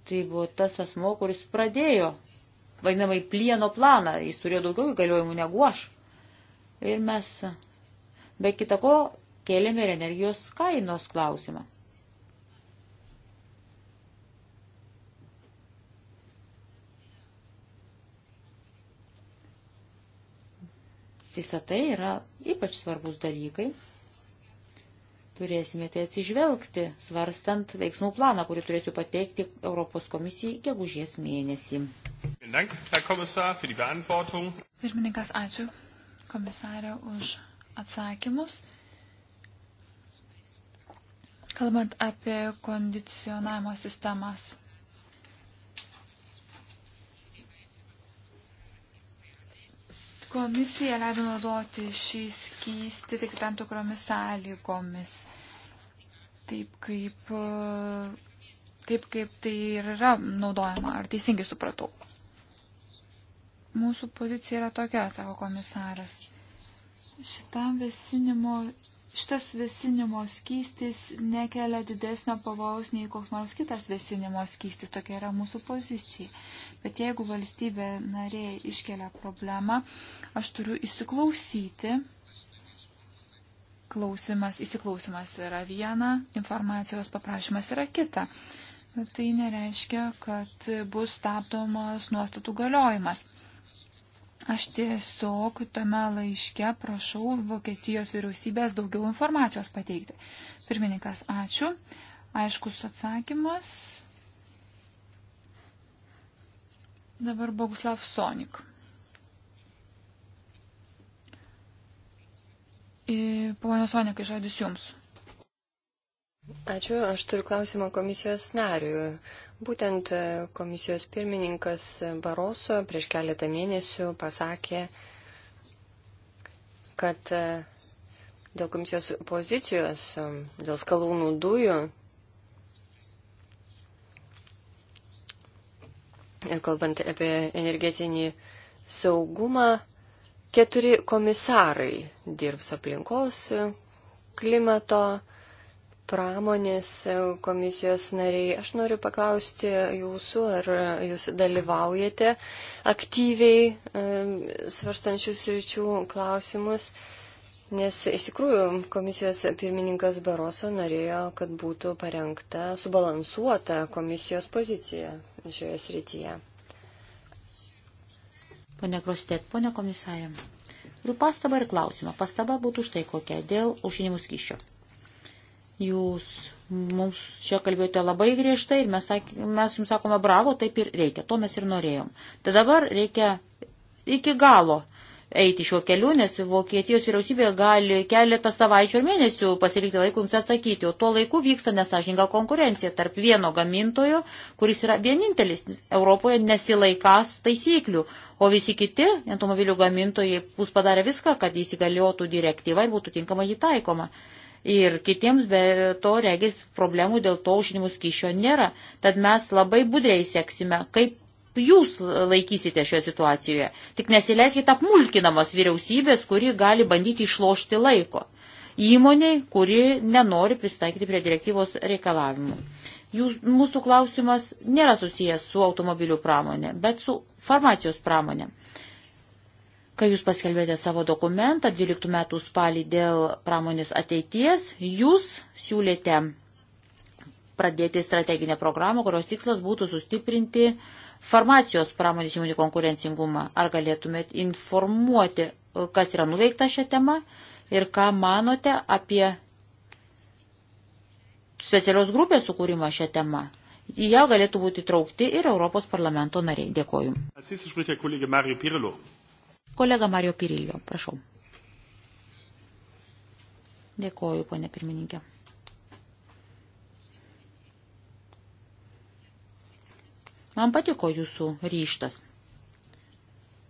Speaker 2: Tai buvo tas asmo, kuris pradėjo vadinamai plieno planą. Jis turėjo daugiau įgaliojimų negu aš. Ir mes, be kitako, kėlėme ir energijos kainos klausimą. Visą tai yra ypač svarbus dalykai turėsime tai atsižvelgti, svarstant veiksmų planą, kurį turėsiu pateikti Europos komisijai gegužės mėnesį.
Speaker 4: Pirmininkas, ačiū komisarė už atsakymus. Kalbant apie kondicionavimo sistemas. Komisija leido naudoti šį skystį tik tam tikromis sąlygomis taip kaip, e, taip kaip tai ir yra naudojama. Ar teisingai supratau? Mūsų pozicija yra tokia, sako komisaras. Šitam vesinimo šitas vėsinimo skystis nekelia didesnio pavojaus nei koks nors kitas vėsinimo skystis, tokia yra mūsų pozicija. Bet jeigu valstybė narė iškelia problemą, aš turiu įsiklausyti klausimas, įsiklausimas yra viena, informacijos paprašymas yra kita. Bet tai nereiškia, kad bus stabdomas nuostatų galiojimas. Aš tiesiog tame laiške prašau Vokietijos vyriausybės daugiau informacijos pateikti. Pirmininkas, ačiū. Aiškus atsakymas. Dabar Boguslav Sonik. Pone Sonikai, žodis Jums.
Speaker 3: Ačiū. Aš turiu klausimą komisijos nariui. Būtent e, komisijos pirmininkas Baroso prieš keletą mėnesių pasakė, kad e, dėl komisijos pozicijos, e, dėl skalūnų dujų ir kalbant apie energetinį saugumą, Keturi komisarai dirbs aplinkos, klimato, pramonės komisijos nariai. Aš noriu paklausti jūsų, ar jūs dalyvaujate aktyviai svarstančius ryčių klausimus, nes iš tikrųjų komisijos pirmininkas Baroso norėjo, kad būtų parengta subalansuota komisijos pozicija šioje srityje. Pone
Speaker 2: Krostet, pone komisarė. Turiu pastabą ir klausimą. Pastaba būtų štai kokia dėl aušinimų skyščio. Jūs mums čia kalbėjote labai griežtai ir mes, mes jums sakome bravo, taip ir reikia, to mes ir norėjom. Tai dabar reikia iki galo eiti šiuo keliu, nes Vokietijos vyriausybė gali keletą savaičių ar mėnesių pasilikti laikų jums atsakyti, o tuo laiku vyksta nesažinga konkurencija tarp vieno gamintojo, kuris yra vienintelis Europoje nesilaikas taisyklių, o visi kiti automobilių gamintojai bus padarę viską, kad įsigaliotų direktyva ir būtų tinkamai jį taikoma. Ir kitiems be to regis problemų dėl to užinimus kišio nėra. Tad mes labai budriai seksime, kaip jūs laikysite šioje situacijoje. Tik nesileiskite apmulkinamas vyriausybės, kuri gali bandyti išlošti laiko. Įmoniai, kuri nenori pristaikyti prie direktyvos reikalavimų. Jūs, mūsų klausimas nėra susijęs su automobilių pramonė, bet su farmacijos pramonė. Kai jūs paskelbėte savo dokumentą 12 metų spalį dėl pramonės ateities, jūs siūlėte pradėti strateginę programą, kurios tikslas būtų sustiprinti uh, farmacijos pramonės įmonių konkurencingumą. Ar galėtumėt informuoti, kas yra nuveikta šią temą ir ką manote apie specialios grupės sukūrimą šią temą? Į ją galėtų būti traukti ir Europos parlamento nariai. Dėkoju. Kolega Mario Pirilio, prašau. Dėkoju, ponė pirmininkė. Man patiko jūsų ryštas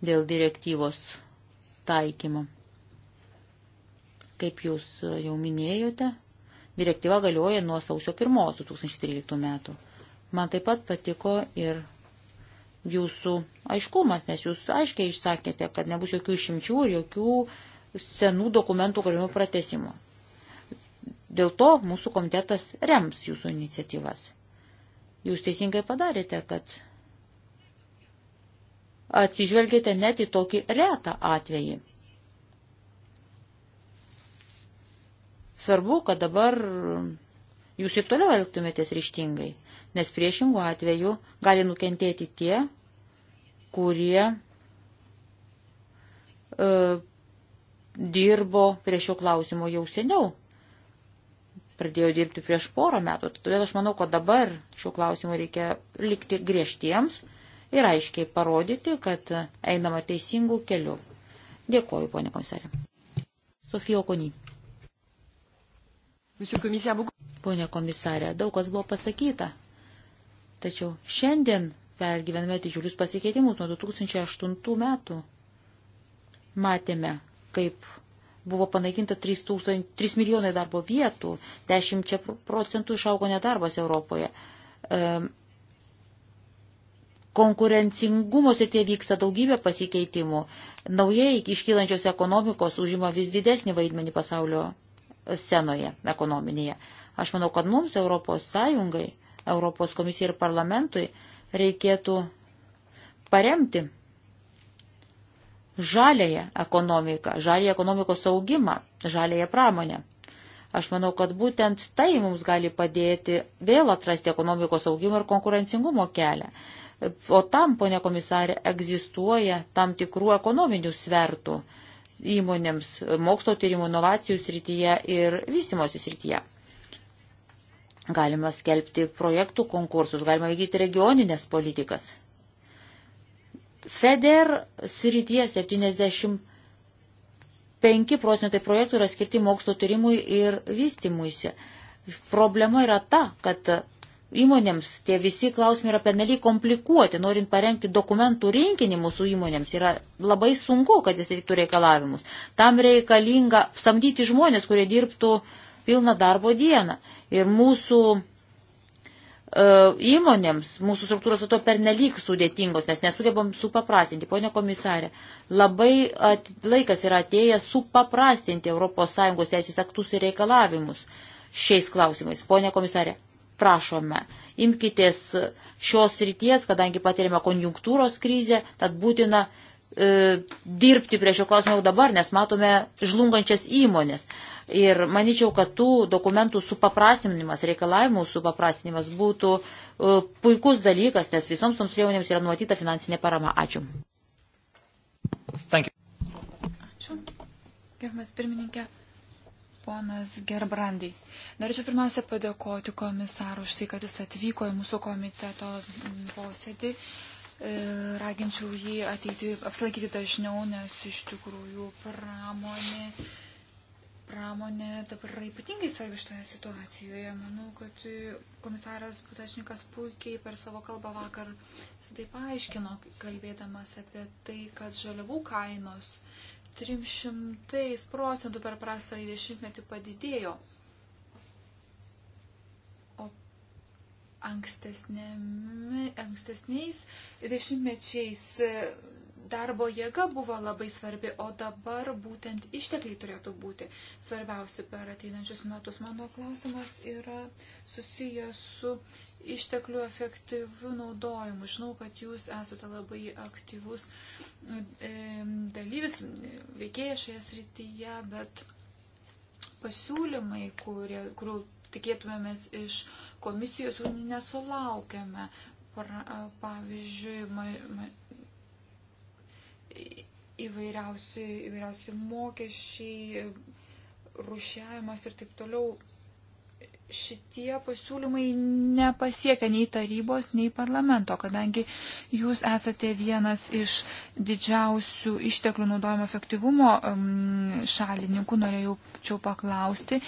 Speaker 2: dėl direktyvos taikymo. Kaip jūs jau minėjote, direktyva galioja nuo sausio 1 2013 metų. Man taip pat patiko ir jūsų aiškumas, nes jūs aiškiai išsakėte, kad nebus jokių išimčių ir jokių senų dokumentų galimų pratesimų. Dėl to mūsų komitetas rems jūsų iniciatyvas. Jūs teisingai padarėte, kad atsižvelgėte net į tokį retą atvejį. Svarbu, kad dabar jūs ir toliau elgtumėtės ryštingai, nes priešingų atveju gali nukentėti tie, kurie e, dirbo prie šio klausimo jau seniau pradėjo dirbti prieš porą metų. Todėl aš manau, kad dabar šiuo klausimu reikia likti griežtiems ir aiškiai parodyti, kad einama teisingų kelių. Dėkuoju, ponė komisarė. Sofija Okony. Pone komisarė, daug kas buvo pasakyta. Tačiau šiandien pergyvename didžiulius pasikeitimus nuo 2008 metų. Matėme, kaip buvo panaikinta 3, tūkstant, 3 milijonai darbo vietų, 10 procentų išaugo nedarbas Europoje. Konkurencingumo srityje vyksta daugybė pasikeitimų. Naujai iškylančios ekonomikos užima vis didesnį vaidmenį pasaulio scenoje ekonominėje. Aš manau, kad mums, Europos Sąjungai, Europos komisijai ir parlamentui reikėtų paremti žalėje ekonomiką, žalėje ekonomikos augimą, žalėje pramonę. Aš manau, kad būtent tai mums gali padėti vėl atrasti ekonomikos augimo ir konkurencingumo kelią. O tam, ponė komisarė, egzistuoja tam tikrų ekonominių svertų įmonėms mokslo tyrimų inovacijų srityje ir vystimosi srityje. Galima skelbti projektų konkursus, galima vykdyti regioninės politikas. FEDER srityje 75 procentai projektų yra skirti mokslo tyrimui ir vystimuisi. Problema yra ta, kad įmonėms tie visi klausimai yra peneliai komplikuoti. Norint parengti dokumentų rinkinį mūsų įmonėms yra labai sunku, kad jis atitiktų reikalavimus. Tam reikalinga samdyti žmonės, kurie dirbtų pilną darbo dieną. Ir mūsų E, įmonėms mūsų struktūros su to pernelyg sudėtingos, nes nesugebam supaprastinti. Pone komisarė, labai at, laikas yra atėjęs supaprastinti ES teisės aktus ir reikalavimus šiais klausimais. Pone komisarė, prašome, imkitės šios ryties, kadangi patiriame konjunktūros krizę, tad būtina E, dirbti prie šio klausimo jau dabar, nes matome žlungančias įmonės. Ir manyčiau, kad tų dokumentų supaprastinimas, reikalavimų supaprastinimas būtų e, puikus dalykas, nes visoms toms priemonėms yra numatyta finansinė parama. Ačiū.
Speaker 4: Ačiū. Gerbiamas pirmininkė, ponas Gerbrandai. Norėčiau pirmiausia padėkoti komisaru už tai, kad jis atvyko į mūsų komiteto posėdį. Uh, E, raginčiau jį ateiti, apsilankyti dažniau, nes iš tikrųjų pramonė, pramonė dabar yra ypatingai svarbi šitoje situacijoje. Manau, kad komisaras Putašnikas puikiai per savo kalbą vakar tai paaiškino, kalbėdamas apie tai, kad žaliavų kainos 300 procentų per prastarąjį dešimtmetį padidėjo. ankstesniais dešimtmečiais e, darbo jėga buvo labai svarbi, o dabar būtent ištekliai turėtų būti svarbiausi per ateinančius metus. Mano klausimas yra susijęs su išteklių efektyviu naudojimu. Žinau, kad jūs esate labai aktyvus e, dalyvis, veikėjas šioje srityje, bet pasiūlymai, kurie, kurių tikėtumėmės iš komisijos, jų nesulaukėme. Pavyzdžiui, ma, ma, įvairiausi, įvairiausi mokesčiai, rušiavimas ir taip toliau šitie pasiūlymai nepasiekia nei tarybos, nei parlamento, kadangi jūs esate vienas iš didžiausių išteklių naudojimo efektyvumo um, šalininkų. Norėjau čia paklausti,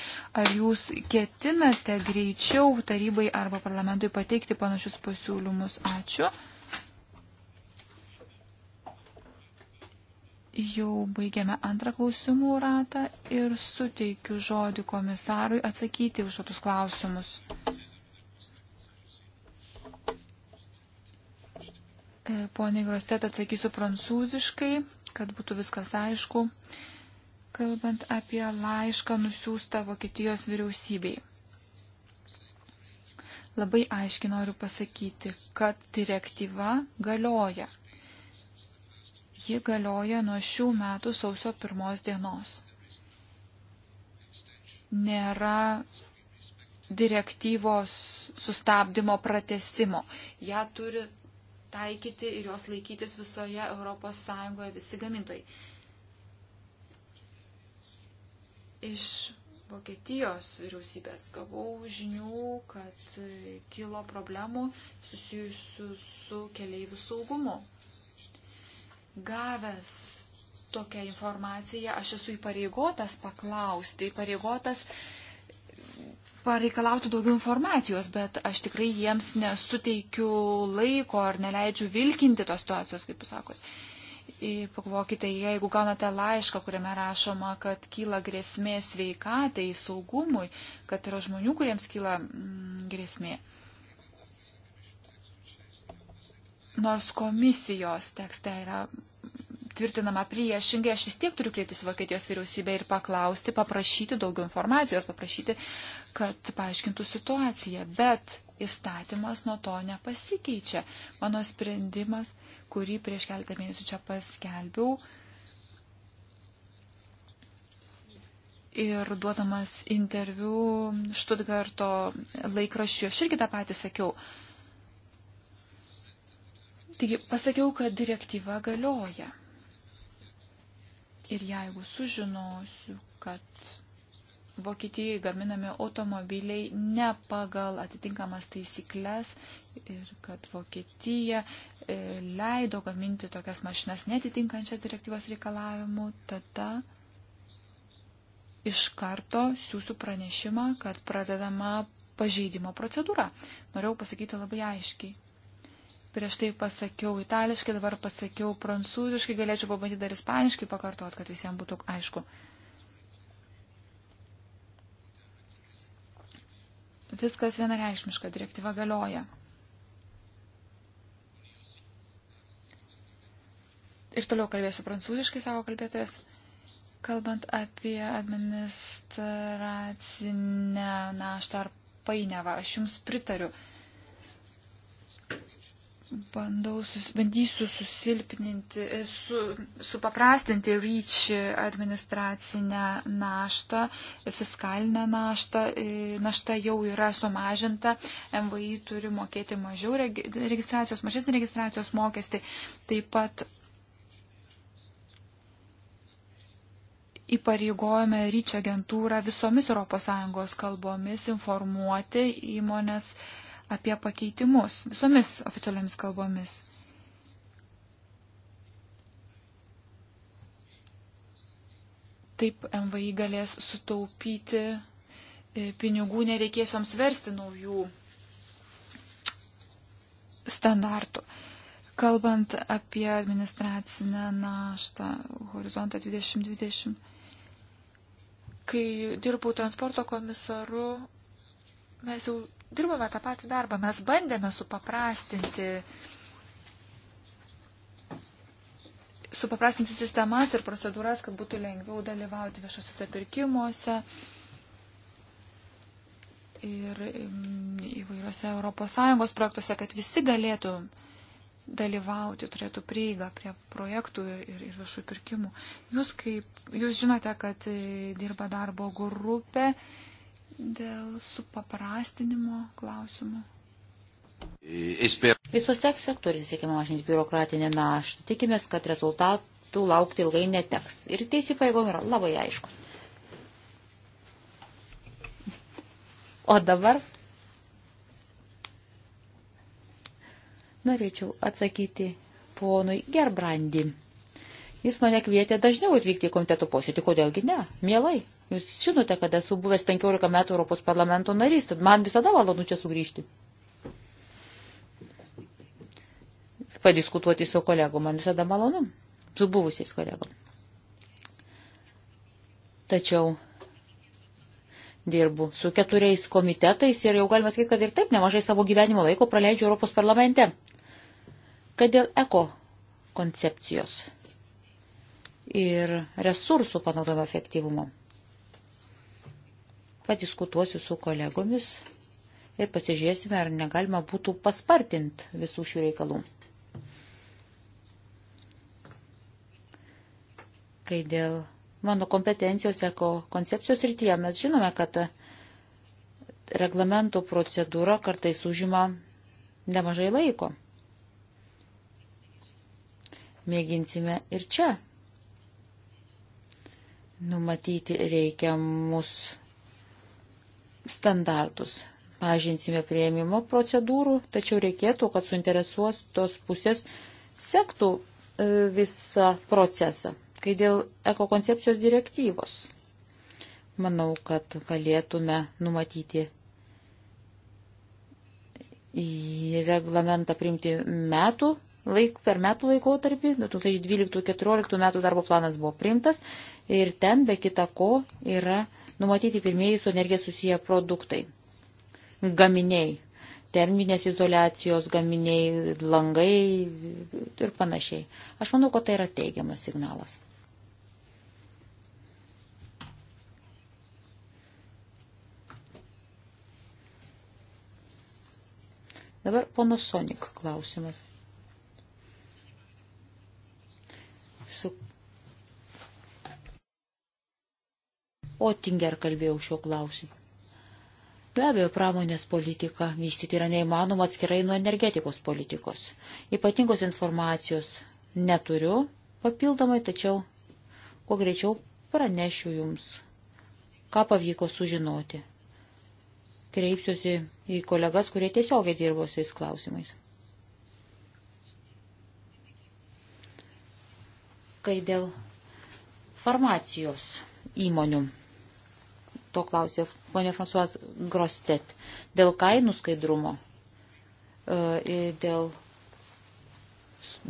Speaker 4: ar jūs ketinate greičiau tarybai arba parlamentui pateikti panašius pasiūlymus. Ačiū. Jau baigiame antrą klausimų ratą ir suteikiu žodį komisarui atsakyti už šitus klausimus. E, Pone Grostet atsakysiu prancūziškai, kad būtų viskas aišku, kalbant apie laišką nusiųstą Vokietijos vyriausybei. Labai aiškiai noriu pasakyti, kad direktyva galioja Ji galioja nuo šių metų sausio pirmos dienos. Nėra direktyvos sustabdymo pratesimo. Ja turi taikyti ir jos laikytis visoje Europos Sąjungoje visi gamintojai. Iš Vokietijos vyriausybės gavau žinių, kad kilo problemų susijusių su keleivių saugumu gavęs tokią informaciją, aš esu įpareigotas paklausti, įpareigotas pareikalauti daugiau informacijos, bet aš tikrai jiems nesuteikiu laiko ar neleidžiu vilkinti tos situacijos, kaip jūs sakote. Pagalvokite, jeigu gaunate laišką, kuriame rašoma, kad kyla grėsmė sveikatai, saugumui, kad yra žmonių, kuriems kyla mm, grėsmė. Mm, nors komisijos tekste yra tvirtinama priešingai, aš vis tiek turiu kreiptis į Vokietijos vyriausybę ir paklausti, paprašyti daugiau informacijos, paprašyti, kad paaiškintų situaciją. Bet įstatymas nuo to nepasikeičia. Mano sprendimas, kurį prieš keletą mėnesių čia paskelbiau, ir duodamas interviu Štutgarto laikraščiu, aš irgi tą patį sakiau, Taigi pasakiau, kad direktyva galioja. Ir jeigu sužinosiu, kad Vokietijoje gaminami automobiliai ne pagal atitinkamas taisyklės ir kad Vokietija e, leido gaminti tokias mašinas netitinkančią direktyvos reikalavimų, tada iš karto siūsiu pranešimą, kad pradedama pažeidimo procedūra. Norėjau pasakyti labai aiškiai. Prieš tai pasakiau itališkai, dabar pasakiau prancūziškai, galėčiau pabandyti dar ispaniškai pakartot, kad visiems būtų aišku. Viskas vienareikšmiška, direktyva galioja. Ir toliau kalbėsiu prancūziškai, savo kalbėtojas. Kalbant apie administracinę naštą ar painiavą, aš jums pritariu. Uh, bandau, sus, bandysiu susilpninti, su, supaprastinti REACH administracinę naštą, fiskalinę naštą. Našta jau yra sumažinta, MVI turi mokėti mažiau registracijos, mažesnį registracijos mokestį. Taip pat įpareigojame ryčio agentūrą visomis ES kalbomis informuoti įmonės apie pakeitimus visomis oficialiomis kalbomis. Taip MVI galės sutaupyti e, pinigų, nereikės joms versti naujų standartų. Kalbant apie administracinę naštą, horizontą 2020, kai dirbau transporto komisaru, mes jau dirbame tą patį darbą, mes bandėme supaprastinti, supaprastinti sistemas ir procedūras, kad būtų lengviau dalyvauti viešosiuose pirkimuose ir mm, įvairiuose ES projektuose, kad visi galėtų dalyvauti, turėtų prieigą prie projektų ir, ir viešų pirkimų. Jūs, kaip, jūs žinote, kad dirba darbo grupė dėl supaprastinimo klausimų.
Speaker 2: Visose sektoriuose siekime mažinti biurokratinę naštą. Tikimės, kad rezultatų laukti ilgai neteks. Ir tie įsipareigojimai yra labai aiškus. O dabar norėčiau atsakyti ponui Gerbrandi. Jis mane kvietė dažniau atvykti į komitetų posėdį, kodėlgi ne, mielai. Jūs žinote, kad esu buvęs 15 metų Europos parlamento narys, tad man visada malonu čia sugrįžti. Padiskutuoti su kolegom, man visada malonu, su buvusiais kolegom. Tačiau dirbu su keturiais komitetais ir jau galima sakyti, kad ir taip nemažai savo gyvenimo laiko praleidžiu Europos parlamente. Kad dėl eko koncepcijos ir resursų panaudojimo efektyvumo padiskutuosiu su kolegomis ir pasižiūrėsime, ar negalima būtų paspartinti visų šių reikalų. Kai dėl mano kompetencijos eko koncepcijos rytyje mes žinome, kad reglamento procedūra kartais užima nemažai laiko. Mėginsime ir čia numatyti reikiamus standartus. Mažinsime prieimimo procedūrų, tačiau reikėtų, kad suinteresuos tos pusės sektų e, visą procesą. Kai dėl ekokoncepcijos direktyvos, manau, kad galėtume numatyti į reglamentą priimti metų laik, per metų laikotarpį, 2012-2014 metų darbo planas buvo priimtas ir ten be kita ko yra numatyti pirmieji su energija susiję produktai, gaminiai, terminės izolacijos gaminiai, langai ir panašiai. Aš manau, kad tai yra teigiamas signalas. Dabar pono Sonik klausimas. Su Otinger kalbėjau šio klausimu. Be abejo, pramonės politika vystyti yra neįmanoma atskirai nuo energetikos politikos. Ypatingos informacijos neturiu papildomai, tačiau kuo greičiau pranešiu jums, ką pavyko sužinoti. Kreipsiuosi į kolegas, kurie tiesiogiai dirbo su jais klausimais. Kai dėl farmacijos įmonių to klausė ponė Fransuas Grostet. Dėl kainų skaidrumo, e, dėl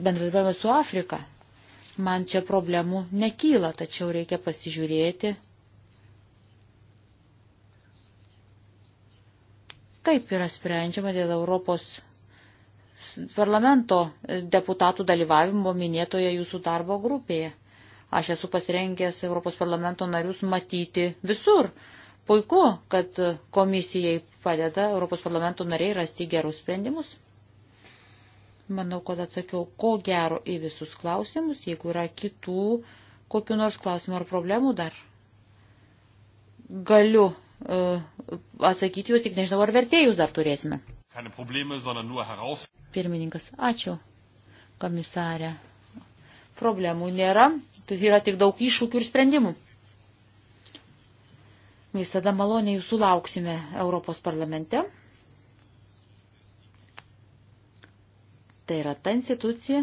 Speaker 2: bendradarbiavimo su Afrika, man čia problemų nekyla, tačiau reikia pasižiūrėti, kaip yra sprendžiama dėl Europos parlamento e, deputatų dalyvavimo minėtoje jūsų darbo grupėje. Aš esu pasirengęs Europos parlamento narius matyti visur, Puiku, kad komisijai padeda Europos parlamento nariai rasti gerus sprendimus. Manau, kad atsakiau, ko gero į visus klausimus, jeigu yra kitų kokiu nors klausimu ar problemų dar. Galiu uh, atsakyti jūs, tik nežinau, ar vertėjus dar turėsime.
Speaker 1: Probleme, heraus...
Speaker 2: Pirmininkas, ačiū, komisarė. Problemų nėra, tai yra tik daug iššūkių ir sprendimų. Visada maloniai jūsų lauksime Europos parlamente. Tai yra ta institucija,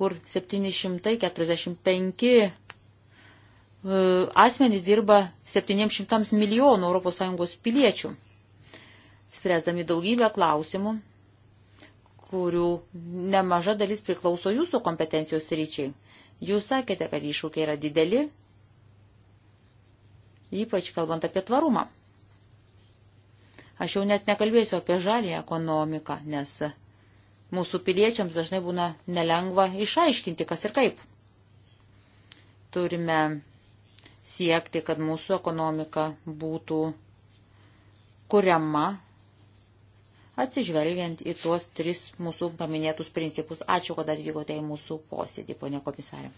Speaker 2: kur 745 e, asmenys dirba 700 milijonų ES piliečių, spręsdami daugybę klausimų, kurių nemaža dalis priklauso jūsų kompetencijos ryčiai. Jūs sakėte, kad iššūkiai yra dideli, ypač kalbant apie tvarumą. Aš jau net nekalbėsiu apie žalį ekonomiką, nes mūsų piliečiams dažnai būna nelengva išaiškinti, kas ir kaip. Turime siekti, kad mūsų ekonomika būtų kuriama atsižvelgiant į tuos tris mūsų paminėtus principus. Ačiū, kad atvykote į mūsų posėdį, ponė komisarė.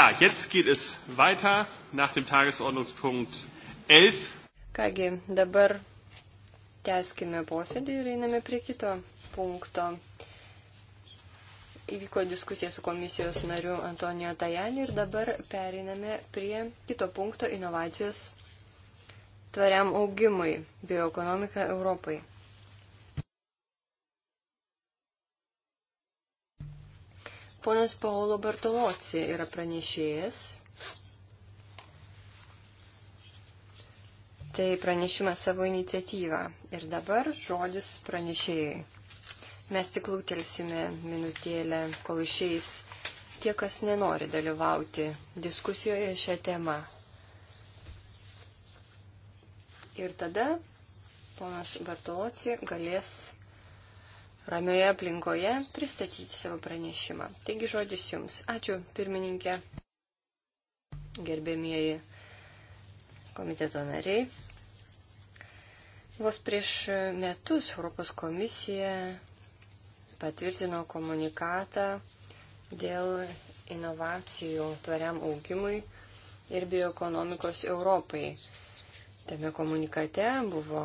Speaker 1: Ja, jetzt geht es weiter nach dem Tagesordnungspunkt 11.
Speaker 3: Kągi, dabar tęskime posėdį ir einame prie kito punkto. Įvyko diskusija su komisijos nariu Antonijo Tajani ir dabar pereiname prie kito punkto inovacijos tvariam augimui, bioekonomika Europai. Ponas Paulo Bartoloci yra pranešėjas. Tai pranešimas savo iniciatyvą. Ir dabar žodis pranešėjai. Mes tik lūkelsime minutėlę, kol išeis tie, kas nenori dalyvauti diskusijoje šią temą. Ir tada ponas Bartoloci galės ramioje aplinkoje pristatyti savo pranešimą. Taigi žodis Jums. Ačiū, pirmininkė, gerbėmieji komiteto nariai. Vos prieš metus Europos komisija patvirtino komunikatą dėl inovacijų tvariam augimui ir bioekonomikos Europai. Tame komunikate buvo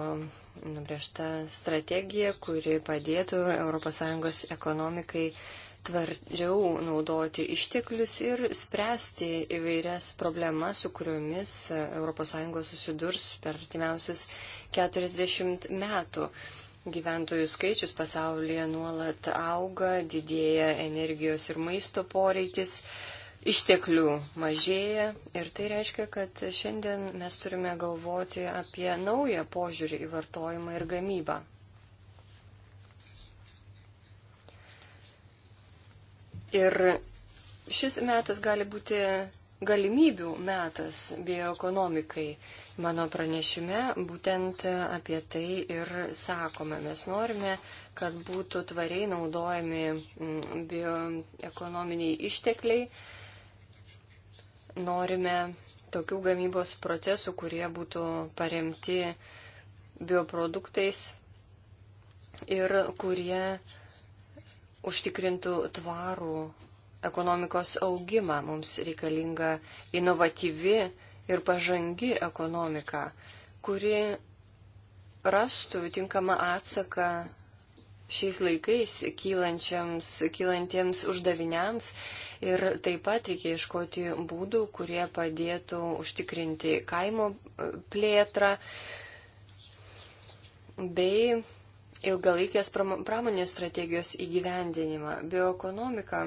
Speaker 3: nubriežta strategija, kuri padėtų ES ekonomikai tvariau naudoti išteklius ir spręsti įvairias problemas, su kuriomis ES susidurs per artimiausius 40 metų. Gyventojų skaičius pasaulyje nuolat auga, didėja energijos ir maisto poreikis, išteklių mažėja ir tai reiškia, kad šiandien mes turime galvoti apie naują požiūrį į vartojimą ir gamybą. Ir šis metas gali būti galimybių metas bioekonomikai. Mano pranešime būtent apie tai ir sakome. Mes norime, kad būtų tvariai naudojami mm, bioekonominiai ištekliai norime tokių gamybos procesų, kurie būtų paremti bioproduktais ir kurie užtikrintų tvarų ekonomikos augimą. Mums reikalinga inovatyvi ir pažangi ekonomika, kuri rastų tinkamą atsaką šiais laikais kylantiems uždaviniams ir taip pat reikia iškoti būdų, kurie padėtų užtikrinti kaimo e, plėtrą bei ilgalaikės pramonės strategijos įgyvendinimą. Bioekonomika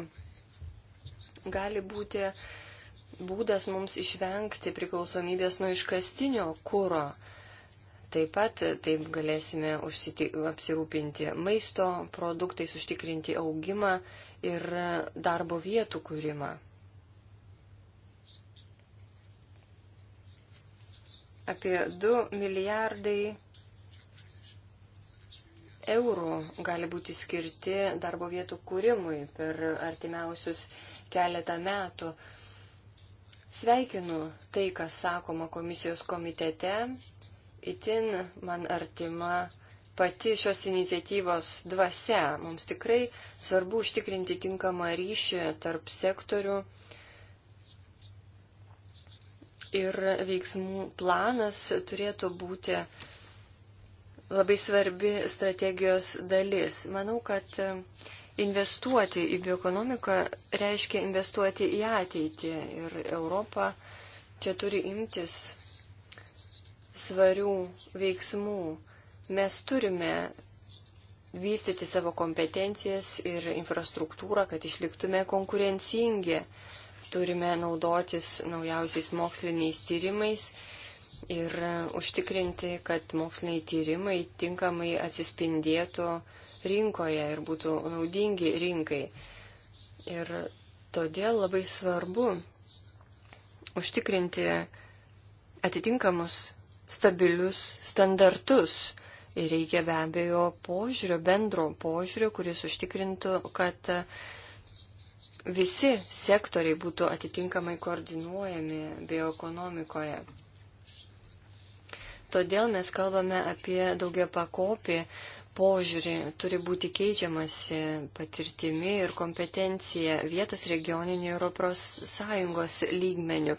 Speaker 3: gali būti būdas mums išvengti priklausomybės nuo iškastinio kūro. Taip pat taip galėsime užsiti, apsirūpinti maisto produktais, užtikrinti augimą ir darbo vietų kūrimą. Apie 2 milijardai eurų gali būti skirti darbo vietų kūrimui per artimiausius keletą metų. Sveikinu tai, kas sakoma komisijos komitete itin man artima pati šios iniciatyvos dvasia. Mums tikrai svarbu užtikrinti tinkamą ryšį tarp sektorių. Ir veiksmų planas turėtų būti labai svarbi strategijos dalis. Manau, kad investuoti į bioekonomiką reiškia investuoti į ateitį. Ir Europa čia turi imtis svarių veiksmų. Mes turime vystyti savo kompetencijas ir infrastruktūrą, kad išliktume konkurencingi. Turime naudotis naujausiais moksliniais tyrimais ir uh, užtikrinti, kad moksliniai tyrimai tinkamai atsispindėtų rinkoje ir būtų naudingi rinkai. Ir todėl labai svarbu užtikrinti atitinkamus stabilius standartus. Ir reikia be abejo požiūrio, bendro požiūrio, kuris užtikrintų, kad visi sektoriai būtų atitinkamai koordinuojami bioekonomikoje. Todėl mes kalbame apie daugia pakopį požiūrį, turi būti keičiamasi patirtimi ir kompetencija vietos regioninių Europos Sąjungos lygmenių.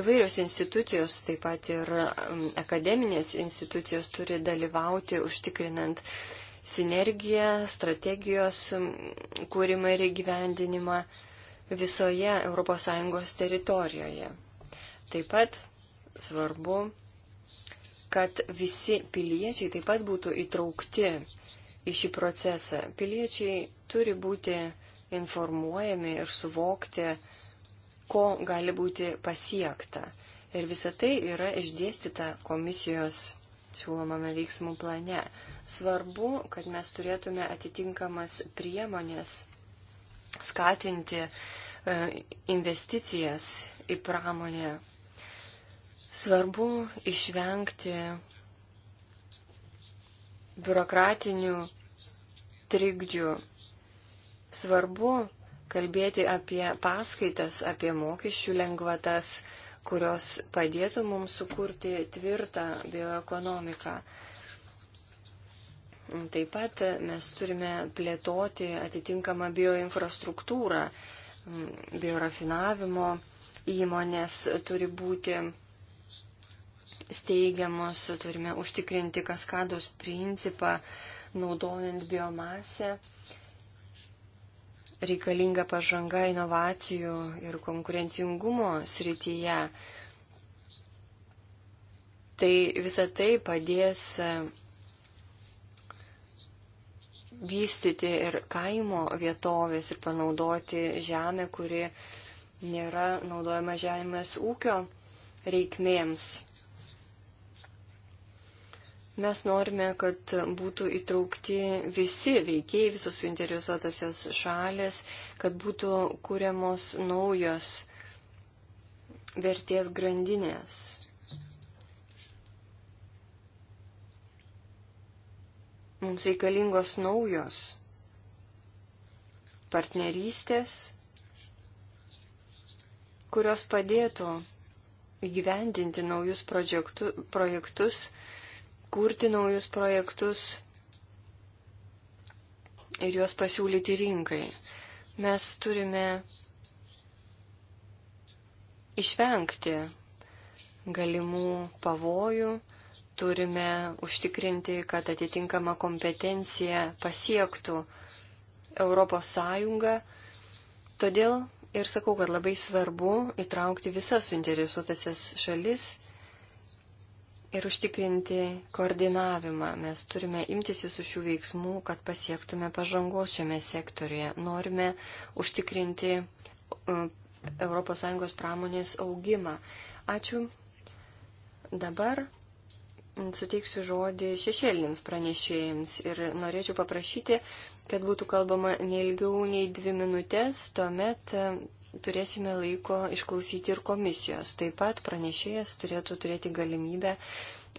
Speaker 3: Įvairios institucijos, taip pat ir um, akademinės institucijos turi dalyvauti užtikrinant sinergiją, strategijos um, kūrimą ir įgyvendinimą visoje Europos Sąjungos teritorijoje. Taip pat svarbu kad visi piliečiai taip pat būtų įtraukti į šį procesą. Piliečiai turi būti informuojami ir suvokti, ko gali būti pasiekta. Ir visa tai yra išdėstyta komisijos siūlomame veiksmų plane. Svarbu, kad mes turėtume atitinkamas priemonės skatinti e, investicijas į pramonę. Svarbu išvengti biurokratinių trikdžių. Svarbu kalbėti apie paskaitas, apie mokesčių lengvatas, kurios padėtų mums sukurti tvirtą bioekonomiką. Taip pat mes turime plėtoti atitinkamą bioinfrastruktūrą, biorafinavimo įmonės turi būti steigiamos, turime užtikrinti kaskados principą, naudojant biomasę. Reikalinga pažanga inovacijų ir konkurencingumo srityje. Tai visa tai padės e, vystyti ir kaimo vietovės ir panaudoti žemę, kuri nėra naudojama žemės ūkio reikmėms. Mes norime, kad būtų įtraukti visi veikėjai, visos suinteresuotasios šalės, kad būtų kūriamos naujos vertės grandinės. Mums reikalingos naujos partnerystės, kurios padėtų įgyvendinti naujus projektu, projektus kurti naujus projektus ir juos pasiūlyti rinkai. Mes turime išvengti galimų pavojų, turime užtikrinti, kad atitinkama kompetencija pasiektų Europos Sąjungą. Todėl ir sakau, kad labai svarbu įtraukti visas suinteresuotasias šalis ir užtikrinti koordinavimą. Mes turime imtis visų šių veiksmų, kad pasiektume pažangos šiame sektorėje. Norime užtikrinti uh, ES pramonės augimą. Ačiū. Dabar suteiksiu žodį šešėlinims pranešėjams ir norėčiau paprašyti, kad būtų kalbama neilgiau nei dvi minutės, tuomet turėsime laiko išklausyti ir komisijos. Taip pat pranešėjas turėtų turėti galimybę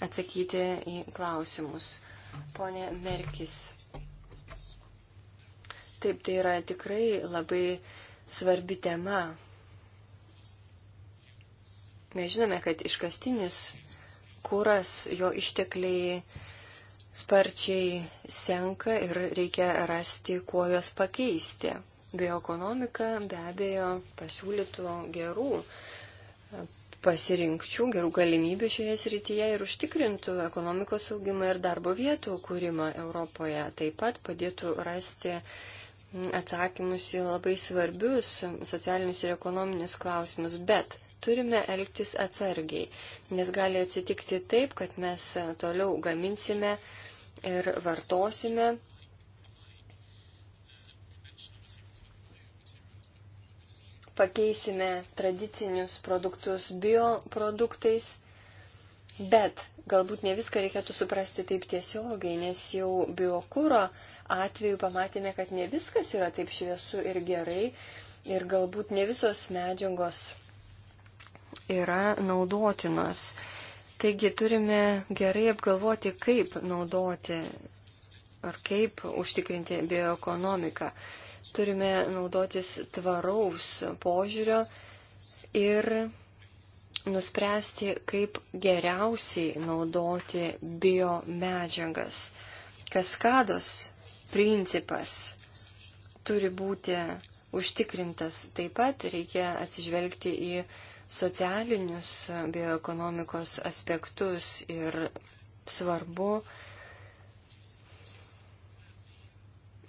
Speaker 3: atsakyti į klausimus. Pone Merkis. Taip, tai yra tikrai labai svarbi tema. Mes žinome, kad iškastinis kūras, jo ištekliai sparčiai senka ir reikia rasti, kuo juos pakeisti bioekonomika be abejo pasiūlytų gerų pasirinkčių, gerų galimybių šioje srityje ir užtikrintų ekonomikos augimą ir darbo vietų kūrimą Europoje. Taip pat padėtų rasti atsakymus į labai svarbius socialinius ir ekonominius klausimus, bet turime elgtis atsargiai, nes gali atsitikti taip, kad mes toliau gaminsime ir vartosime pakeisime tradicinius produktus bioproduktais, bet galbūt ne viską reikėtų suprasti taip tiesiogiai, nes jau biokūro atveju pamatėme, kad ne viskas yra taip šviesu ir gerai ir galbūt ne visos medžiagos yra naudotinos. Taigi turime gerai apgalvoti, kaip naudoti ar kaip užtikrinti bioekonomiką turime naudotis tvaraus požiūrio ir nuspręsti, kaip geriausiai naudoti biomedžiagas. Kaskados principas turi būti užtikrintas. Taip pat reikia atsižvelgti į socialinius bioekonomikos aspektus ir svarbu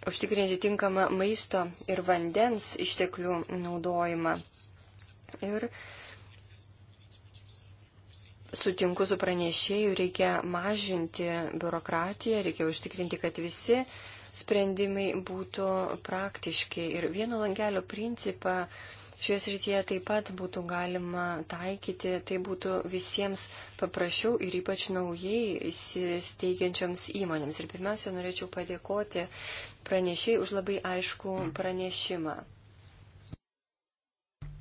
Speaker 3: užtikrinti tinkamą maisto ir vandens išteklių naudojimą. Ir sutinku su pranešėju, reikia mažinti biurokratiją, reikia užtikrinti, kad visi sprendimai būtų praktiški. Ir vieno langelio principą šioje srityje taip pat būtų galima taikyti, tai būtų visiems paprasčiau ir ypač naujai įsisteigiančioms įmonėms. Ir pirmiausia, norėčiau padėkoti pranešiai už labai aišku pranešimą.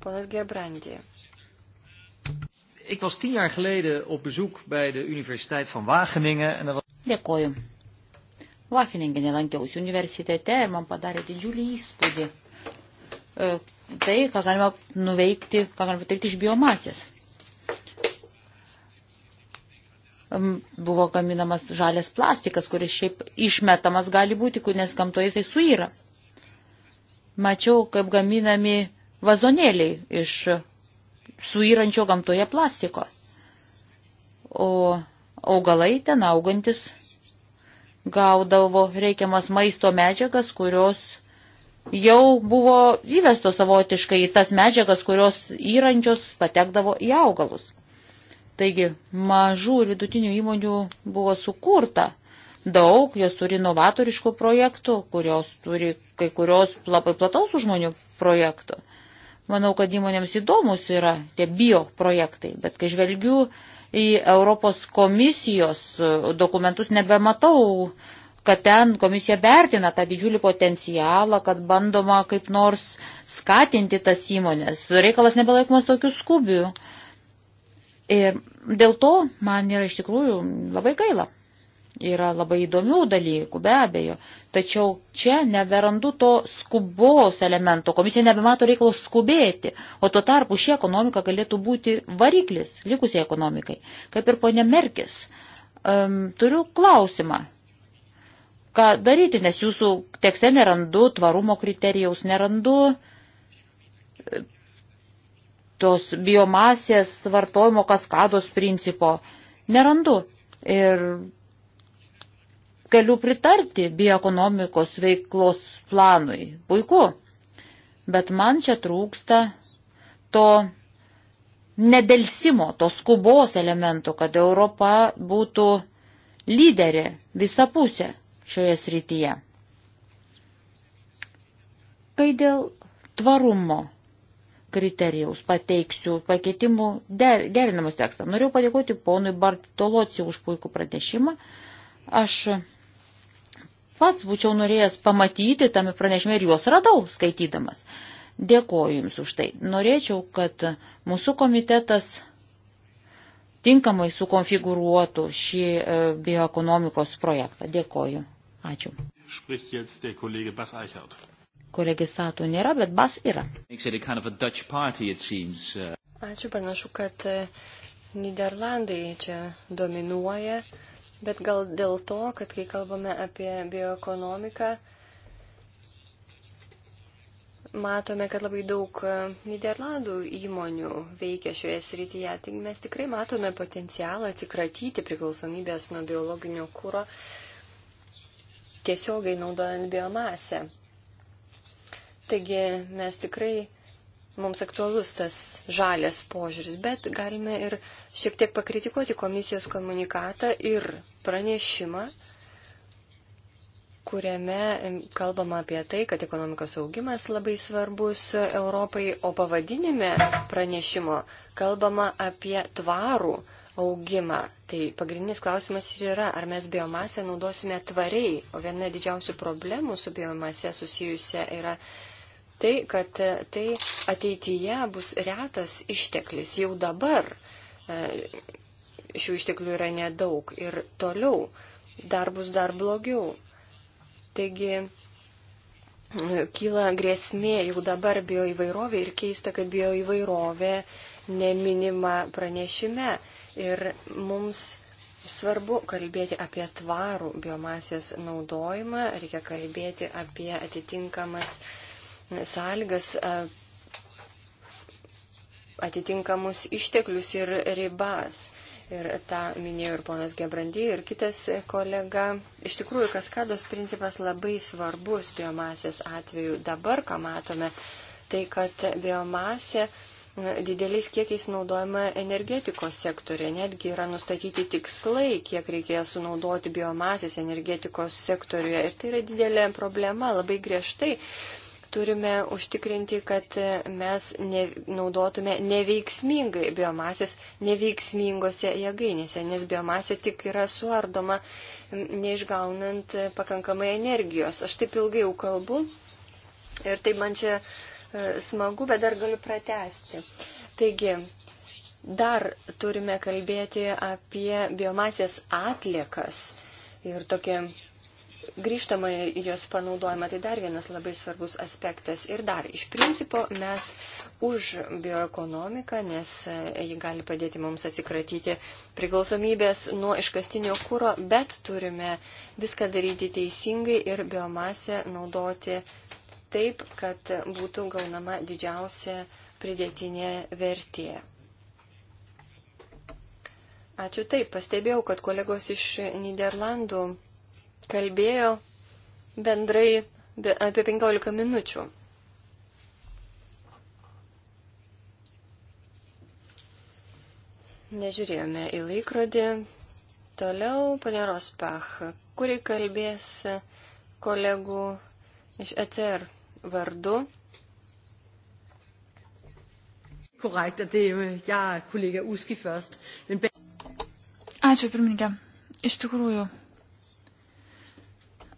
Speaker 3: Ponas Gerbrandi.
Speaker 4: Ik was tien jaar geleden op bezoek bij de Universiteit van Wageningen. En was... Dėkoju.
Speaker 3: Vageningene
Speaker 2: lankiausi universitete ir man padarė didžiulį įspūdį. E, tai, ką galima nuveikti, ką galima pateikti iš biomasės. buvo gaminamas žalės plastikas, kuris šiaip išmetamas gali būti, nes gamtoje jisai suyra. Mačiau, kaip gaminami vazonėliai iš suyrančio gamtoje plastiko. O augalai ten augantis gaudavo reikiamas maisto medžiagas, kurios jau buvo įvestos savotiškai į tas medžiagas, kurios įrančios patekdavo į augalus. Taigi mažų ir vidutinių įmonių buvo sukurta daug, jos turi novatoriškų projektų, kurios turi kai kurios labai plataus žmonių projektų. Manau, kad įmonėms įdomus yra tie bio projektai, bet kai žvelgiu į Europos komisijos e, dokumentus, nebematau, kad ten komisija vertina tą didžiulį potencialą, kad bandoma kaip nors skatinti tas įmonės. Reikalas nebelaikomas tokių skubių. Uh, Ir dėl to man yra iš tikrųjų labai gaila. Yra labai įdomių dalykų, be abejo. Tačiau čia neberandu to skubos elemento. Komisija nebemato reikalo skubėti. O tuo tarpu ši ekonomika galėtų būti variklis likusiai ekonomikai. Kaip ir ponė Merkis. Um, turiu klausimą. Ką daryti, nes jūsų tekste nerandu, tvarumo kriterijaus nerandu tos biomasės vartojimo kaskados principo nerandu. Ir galiu pritarti bioekonomikos veiklos planui. Puiku. Bet man čia trūksta to nedelsimo, to skubos elemento, kad Europa būtų lyderė visapusė šioje srityje. Kai dėl tvarumo kriterijaus pateiksiu pakeitimų der, gerinamus tekstą. Noriu padėkoti ponui Bartolociu už puikų pranešimą. Aš pats būčiau norėjęs pamatyti tame pranešime ir juos radau skaitydamas. Dėkoju Jums už tai. Norėčiau, kad mūsų komitetas tinkamai sukonfigūruotų šį e, bioekonomikos projektą. Dėkoju. Ačiū.
Speaker 1: Spricht jetzt der Kollege Bas Eichhardt
Speaker 2: kolegės Satų nėra, bet Bas yra.
Speaker 1: Uh.
Speaker 3: Ačiū, panašu, kad e, Niderlandai čia dominuoja, bet gal dėl to, kad kai kalbame apie bioekonomiką, matome, kad labai daug e, Niderlandų įmonių veikia šioje srityje. Taigi mes tikrai matome potencialą atsikratyti priklausomybės nuo biologinio kūro tiesiogiai naudojant biomasę. Taigi mes tikrai, mums aktualus tas žalės požiūris, bet galime ir šiek tiek pakritikuoti komisijos komunikatą ir pranešimą, kuriame kalbama apie tai, kad ekonomikos augimas labai svarbus Europai, o pavadinime pranešimo kalbama apie tvarų augimą. Tai pagrindinis klausimas ir yra, ar mes biomasę naudosime tvariai, o viena didžiausių problemų su biomase susijusia yra tai, kad e, tai ateityje bus retas išteklis. Jau dabar e, šių išteklių yra nedaug ir toliau dar bus dar blogiau. Taigi e, kyla grėsmė jau dabar bioįvairovė ir keista, kad bioįvairovė neminima pranešime. Ir mums svarbu kalbėti apie tvarų biomasės naudojimą, reikia kalbėti apie atitinkamas uh, sąlygas, e, atitinkamus išteklius ir ribas. Ir tą minėjo ir ponas Gebrandy, ir kitas kolega. Iš tikrųjų, kaskados principas labai svarbus biomasės atveju. Dabar, ką matome, tai kad biomasė dideliais kiekiais naudojama energetikos sektorė. Netgi yra nustatyti tikslai, kiek reikėjo sunaudoti biomasės energetikos sektoriuje. Ir tai yra didelė problema, labai griežtai turime užtikrinti, kad mes ne, naudotume neveiksmingai biomasės neveiksmingose jėgainėse, nes biomasė tik yra suardoma, neišgaunant pakankamai energijos. Aš taip ilgai jau kalbu ir taip man čia e, smagu, bet dar galiu pratesti. Taigi, dar turime kalbėti apie biomasės atliekas ir tokia grįžtamai jos panaudojimą, tai dar vienas labai svarbus aspektas. Ir dar, iš principo, mes už bioekonomiką, nes e, ji gali padėti mums atsikratyti priklausomybės nuo iškastinio kūro, bet turime viską daryti teisingai ir biomasę naudoti taip, kad būtų gaunama didžiausia pridėtinė vertė. Ačiū taip, pastebėjau, kad kolegos iš Niderlandų kalbėjo bendrai apie 15 minučių. Nežiūrėjome į laikrodį. Toliau ponė Rospach, kuri kalbės kolegų iš ECR vardu. Korrekt, at det er jeg er kollega Uski først. Men...
Speaker 4: Ačiū, pirmininkė. Iš tikrųjų,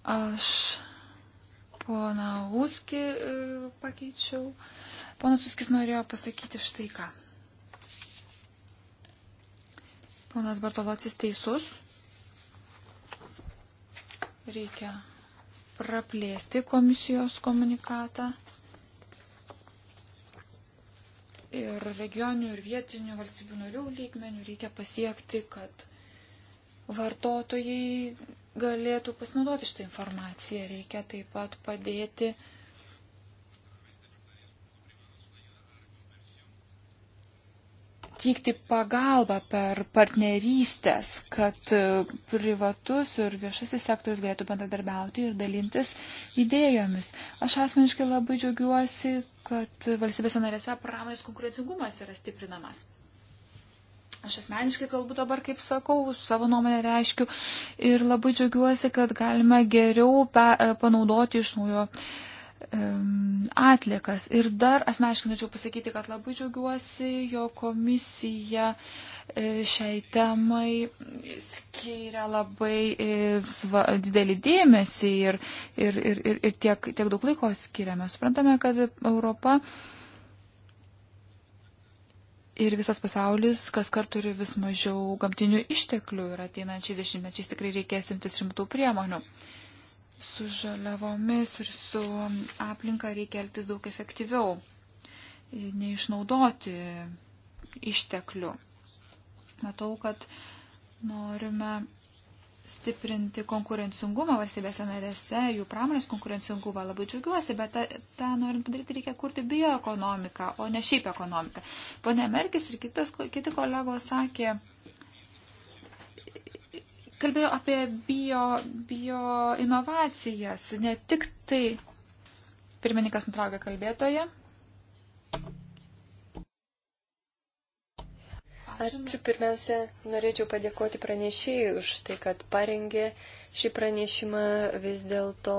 Speaker 4: Aš poną Uskį e, pakeičiau. Ponas Uskis norėjo pasakyti štai ką. Ponas Bartolocis teisus. Reikia praplėsti komisijos komunikatą ir regioninių ir vietinių valstybių narių lygmenių reikia pasiekti, kad vartotojai galėtų pasinaudoti šitą informaciją. Reikia taip pat padėti teikti pagalbą per partnerystės, kad privatus ir viešasis sektorius galėtų bendradarbiauti ir dalintis idėjomis. Aš asmeniškai labai džiaugiuosi, kad valstybėse narėse pramonės konkurencingumas yra stiprinamas. Aš asmeniškai kalbu dabar, kaip sakau, savo nuomonę reiškiu ir labai džiaugiuosi, kad galime geriau pe, e, panaudoti iš naujo um, atlikas. Ir dar asmeniškai norėčiau pasakyti, kad labai džiaugiuosi, jo komisija e, šiai temai skiria labai e, sva, didelį dėmesį ir, ir, ir, ir, ir tiek, tiek daug laiko skiriame. Suprantame, kad Europa. Uh, Ir visas pasaulis kas kart turi vis mažiau gamtinių išteklių ir ateinančiais dešimtmečiais tikrai reikės imtis rimtų priemonių. Su žaliavomis ir su aplinka reikia elgtis daug efektyviau, neišnaudoti išteklių. Matau, kad norime stiprinti konkurencingumą valstybėse narėse, jų pramonės konkurencingumą. Labai džiaugiuosi, bet tą, tą norint padaryti reikia kurti bioekonomiką, o ne šiaip ekonomiką. Pone Merkis ir kitas, kiti kolegos sakė, kalbėjo apie bio, bio inovacijas, ne tik tai pirmininkas nutraukė kalbėtoje.
Speaker 3: Ačiū. Pirmiausia, norėčiau padėkoti pranešėjai už tai, kad parengė šį pranešimą vis dėlto.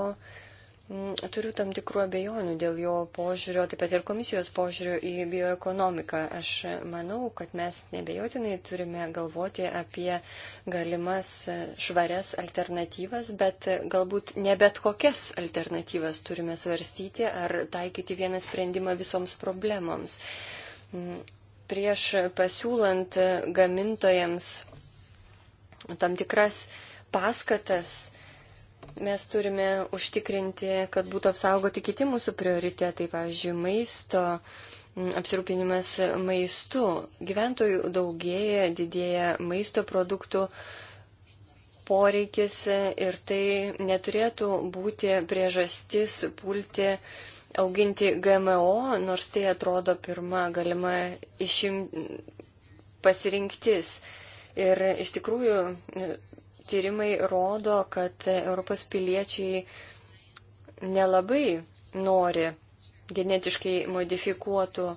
Speaker 3: Turiu tam tikrų abejonių dėl jo požiūrio, taip pat ir komisijos požiūrio į bioekonomiką. Aš manau, kad mes nebejotinai turime galvoti apie galimas švarias alternatyvas, bet galbūt ne bet kokias alternatyvas turime svarstyti ar taikyti vieną sprendimą visoms problemams prieš pasiūlant gamintojams tam tikras paskatas, mes turime užtikrinti, kad būtų apsaugoti kiti mūsų prioritetai, pavyzdžiui, maisto, apsirūpinimas maistu. Gyventojų daugėja, didėja maisto produktų poreikis ir tai neturėtų būti priežastis pulti auginti GMO, nors tai atrodo pirma galima išim pasirinktis. Ir iš tikrųjų tyrimai rodo, kad Europos piliečiai nelabai nori genetiškai modifikuotų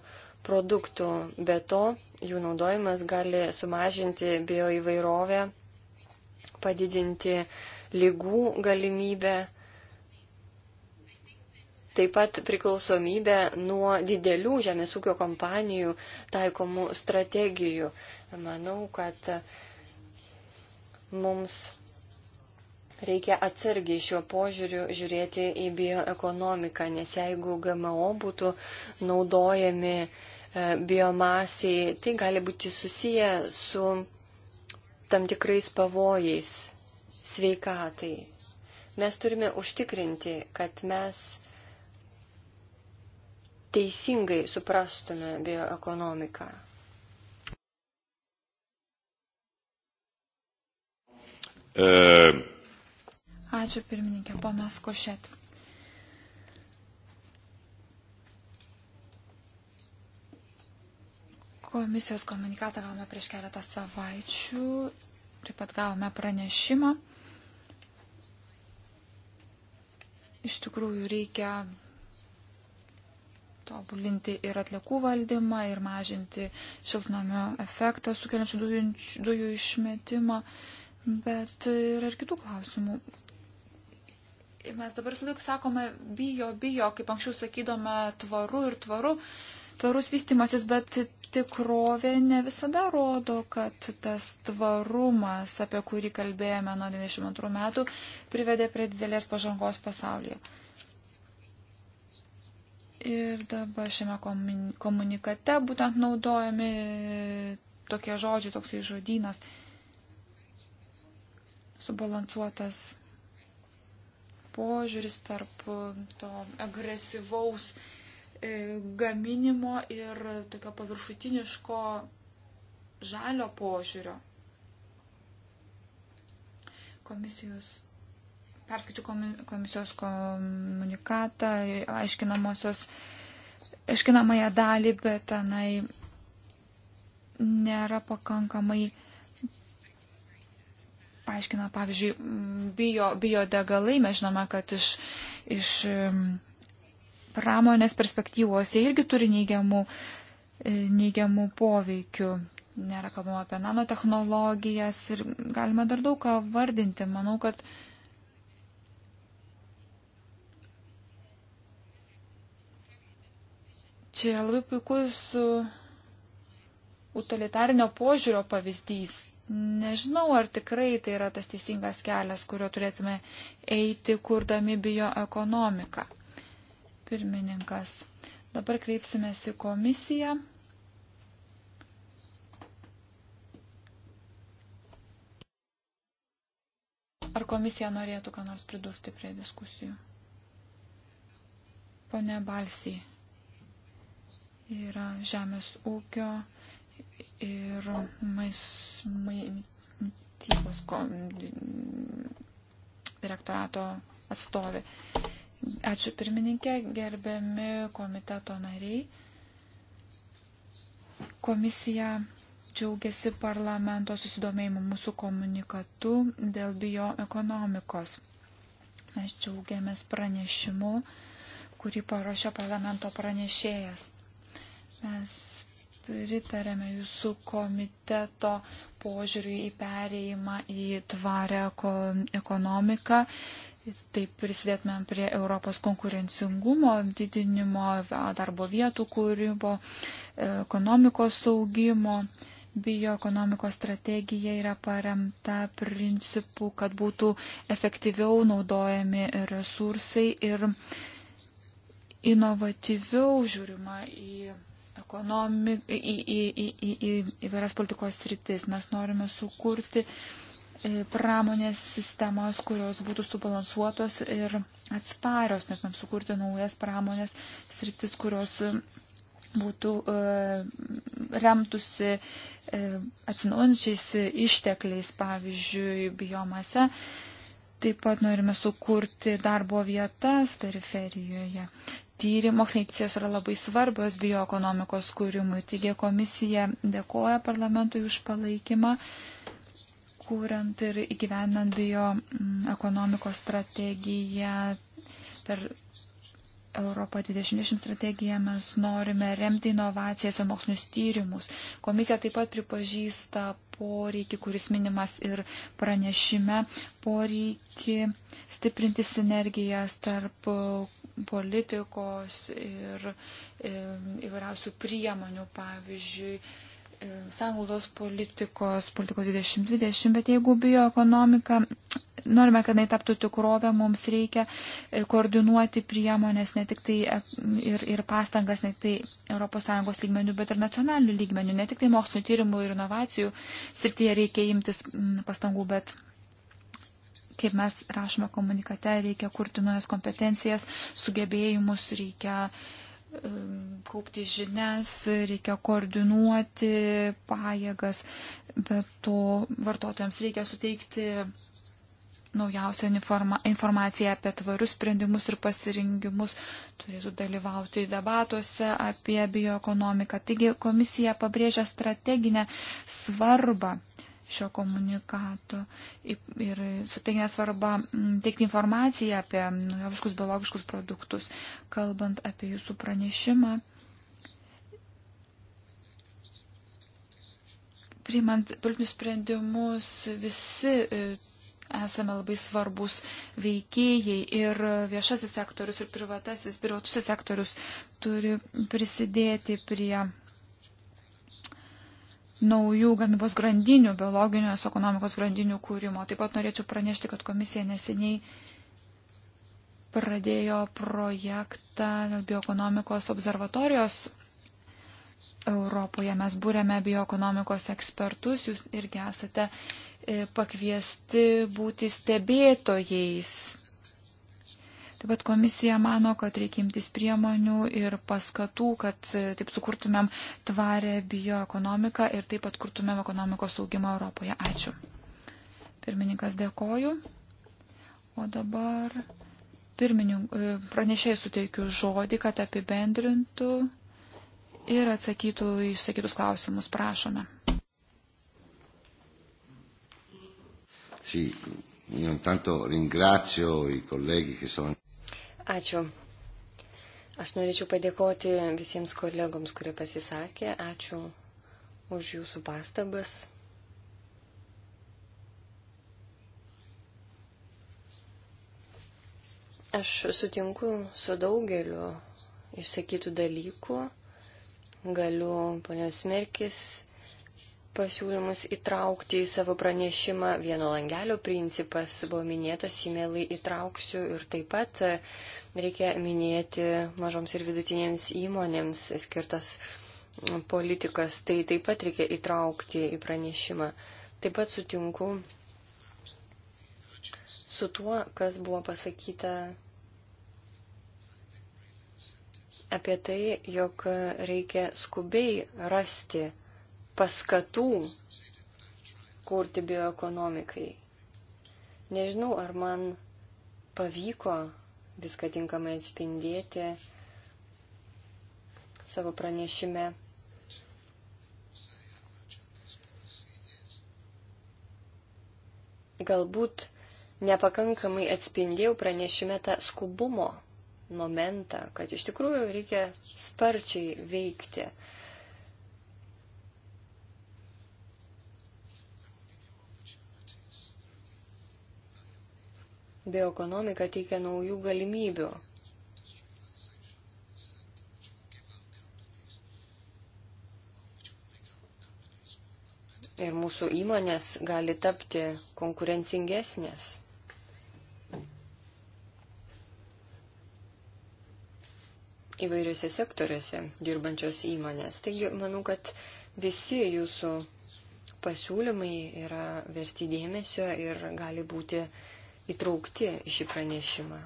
Speaker 3: produktų, be to jų naudojimas gali sumažinti bioįvairovę, padidinti lygų galimybę taip pat priklausomybę nuo didelių žemės ūkio kompanijų taikomų strategijų. Manau, kad mums reikia atsargiai šiuo požiūriu žiūrėti į bioekonomiką, nes jeigu GMO būtų naudojami e, biomasiai, tai gali būti susiję su tam tikrais pavojais sveikatai. Mes turime užtikrinti, kad mes teisingai suprastume bioekonomiką. E... Ačiū pirmininkė, ponas
Speaker 4: Košet. Komisijos komunikatą gavome prieš keletą savaičių, taip pat gavome pranešimą. Iš tikrųjų reikia tobulinti ir atliekų valdymą, ir mažinti šiltnamio efektą sukeliančių dujų, dujų išmetimą, bet yra ir kitų klausimų. Mes dabar visą laiką sakome, bijo, bijo, kaip anksčiau sakydome, tvaru ir tvaru, tvarus vystimasis, bet tikrovė ne visada rodo, kad tas tvarumas, apie kurį kalbėjome nuo 92 metų, privedė prie didelės pažangos pasaulyje. Ir dabar šiame komunikate būtent naudojami tokie žodžiai, toksai žodynas, subalansuotas požiūris tarp to agresyvaus e, gaminimo ir tokio paviršutiniško žalio požiūrio. Komisijos Perskaičiu komisijos komunikatą, aiškinamosios, aiškinamąją dalį, bet tenai nėra pakankamai paaiškina, pavyzdžiui, bio, biodegalai, mes žinome, kad iš, iš pramonės perspektyvos jie irgi turi neigiamų, e, neigiamų poveikių. Nėra kalbama apie nanotehnologijas ir galima dar daug ką vardinti. Manau, kad Čia labai puikus e, utilitarinio požiūrio pavyzdys. Nežinau, ar tikrai tai yra tas teisingas kelias, kurio turėtume eiti, kurdami bioekonomiką. Pirmininkas. Dabar kreipsimės į komisiją. Ar komisija norėtų ką nors pridurti prie diskusijų? Pone Balsiai yra žemės ūkio ir mais, maitybos direktorato atstovė. Ačiū pirmininkė, gerbiami komiteto nariai. Komisija džiaugiasi parlamento susidomėjimu mūsų komunikatu dėl bioekonomikos. Mes džiaugiamės pranešimu, kurį paruošė parlamento pranešėjas. Mes pritarėme jūsų komiteto požiūriui į perėjimą į tvarę ekonomiką. Taip prisidėtumėm prie Europos konkurencingumo didinimo, darbo vietų kūrimo, ekonomikos saugimo. Bioekonomikos strategija yra paremta principu, kad būtų efektyviau naudojami resursai ir inovatyviau žiūrima į ekonomi, į, į, į, į, į įvairias politikos sritis. Mes norime sukurti e, pramonės sistemos, kurios būtų subalansuotos ir atsparios, nes mums sukurti naujas pramonės sritis, kurios e, būtų e, remtusi atsinaujančiais ištekliais, pavyzdžiui, biomase. Taip pat norime sukurti darbo vietas periferijoje tyrim, moksliniai tyrimas yra labai svarbios bioekonomikos kūrimui. Taigi komisija dėkoja parlamentui už palaikymą, kuriant ir įgyvenant bioekonomikos mm, strategiją per Europą 2020 strategiją mes norime remti inovacijas ir mokslinius tyrimus. Komisija taip pat pripažįsta poreikį, kuris minimas ir pranešime, poreikį stiprinti sinergijas tarp politikos ir e, įvairiausių priemonių, pavyzdžiui, e, sąnaudos politikos, politikos 2020, bet jeigu bioekonomika, norime, kad jinai taptų tikrovę, mums reikia e, koordinuoti priemonės ne tik tai ir, ir pastangas, ne tik tai ES lygmenių, bet ir nacionalinių lygmenių, ne tik tai mokslinio tyrimų ir inovacijų srityje reikia imtis pastangų, bet kaip mes rašome komunikate, reikia kurti naujas kompetencijas, sugebėjimus, reikia um, kaupti žinias, reikia koordinuoti pajėgas, bet to vartotojams reikia suteikti naujausią informaciją apie tvarius sprendimus ir pasirinkimus, turėtų dalyvauti debatuose apie bioekonomiką. Taigi komisija pabrėžia strateginę svarbą šio komunikato ir suteikia svarba mm, teikti informaciją apie naujoviškus biologiškus produktus, kalbant apie jūsų pranešimą. Priimant politinius sprendimus, visi e, esame labai svarbus veikėjai ir viešasis sektorius ir privatasis, privatusis sektorius turi prisidėti prie naujų gamybos grandinių, biologinės ekonomikos grandinių kūrimo. Taip pat norėčiau pranešti, kad komisija neseniai pradėjo projektą bioekonomikos observatorijos Europoje. Mes būrėme bioekonomikos ekspertus, jūs irgi esate e, pakviesti būti stebėtojais Taip pat komisija mano, kad reikia imtis priemonių ir paskatų, kad e, taip sukurtumėm tvarę bioekonomiką ir taip pat kurtumėm ekonomikos augimą Europoje. Ačiū. Pirmininkas dėkoju. O dabar e, pranešėjai suteikiu žodį, kad apibendrintų ir atsakytų į išsakytus klausimus. Prašome.
Speaker 3: Sì, io intanto ringrazio i colleghi che sono. Ačiū. Aš norėčiau padėkoti visiems kolegoms, kurie pasisakė. Ačiū už jūsų pastabas. Aš sutinku su daugeliu išsakytų dalykų. Galiu ponios Merkis pasiūlymus įtraukti į savo pranešimą. Vieno langelio principas buvo minėtas, jį mielai įtrauksiu ir taip pat e, reikia minėti mažoms ir vidutinėms įmonėms skirtas politikas, tai taip pat reikia įtraukti į pranešimą. Taip pat sutinku su tuo, kas buvo pasakyta apie tai, jog reikia skubiai rasti paskatų kurti bioekonomikai. Nežinau, ar man pavyko viską tinkamai atspindėti savo pranešime. Galbūt nepakankamai atspindėjau pranešime tą skubumo momentą, kad iš tikrųjų reikia sparčiai veikti. bioekonomika teikia naujų galimybių. Ir mūsų įmonės gali tapti konkurencingesnės. Įvairiuose sektoriuose dirbančios įmonės. Taigi, manau, kad visi jūsų pasiūlymai yra verti dėmesio ir gali būti uh, įtraukti į šį pranešimą.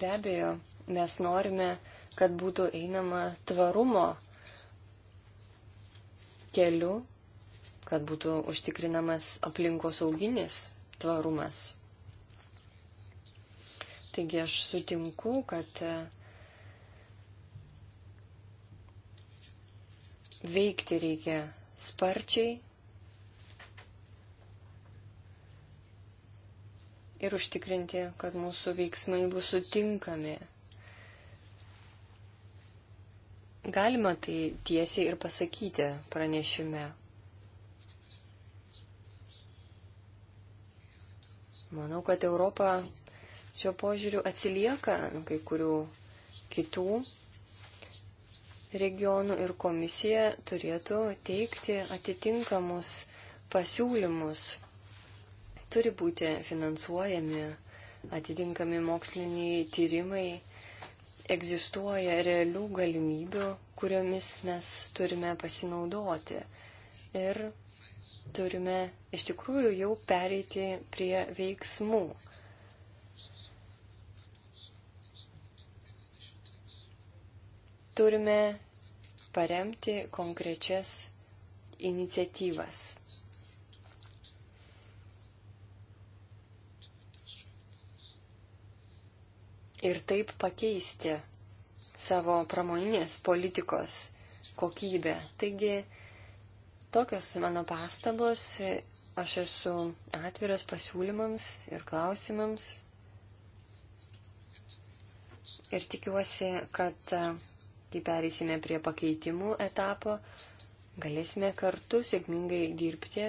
Speaker 3: Be abejo, mes norime, kad būtų einama tvarumo keliu, kad būtų užtikrinamas aplinkos auginis tvarumas. Taigi aš sutinku, kad Veikti reikia sparčiai ir užtikrinti, kad mūsų veiksmai bus sutinkami. Galima tai tiesiai ir pasakyti pranešime. Manau, kad Europa šiuo požiūriu atsilieka nuo kai kurių kitų regionų ir komisija turėtų teikti atitinkamus pasiūlymus. Turi būti finansuojami atitinkami moksliniai tyrimai. Egzistuoja realių galimybių, kuriomis mes turime pasinaudoti. Ir turime iš tikrųjų jau pereiti prie veiksmų. Turime paremti konkrečias iniciatyvas. Ir taip pakeisti savo pramoninės politikos kokybę. Taigi, tokios mano pastabos, aš esu atviras pasiūlymams ir klausimams. Ir tikiuosi, kad tai perėsime prie pakeitimų etapo, galėsime kartu sėkmingai dirbti,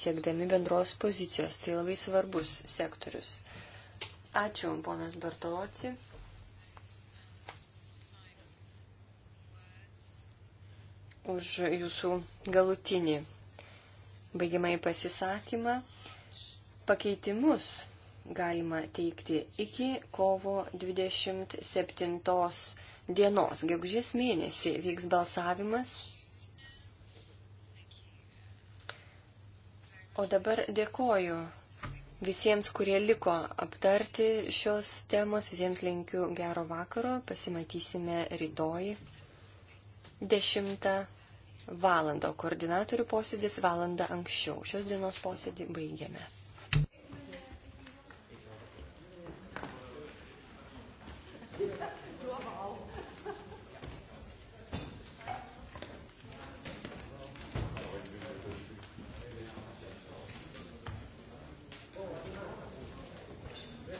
Speaker 3: siekdami bendros pozicijos. Tai labai svarbus sektorius. Ačiū, ponas Bartoloci. už jūsų galutinį baigiamai pasisakymą. Pakeitimus galima teikti iki kovo 27 dienos, gegužės mėnesį, vyks balsavimas. O dabar dėkoju visiems, kurie liko aptarti šios temos, visiems linkiu gero vakaro, pasimatysime rytoj 10 valandą, koordinatorių posėdis valandą anksčiau. Šios dienos posėdį baigiame.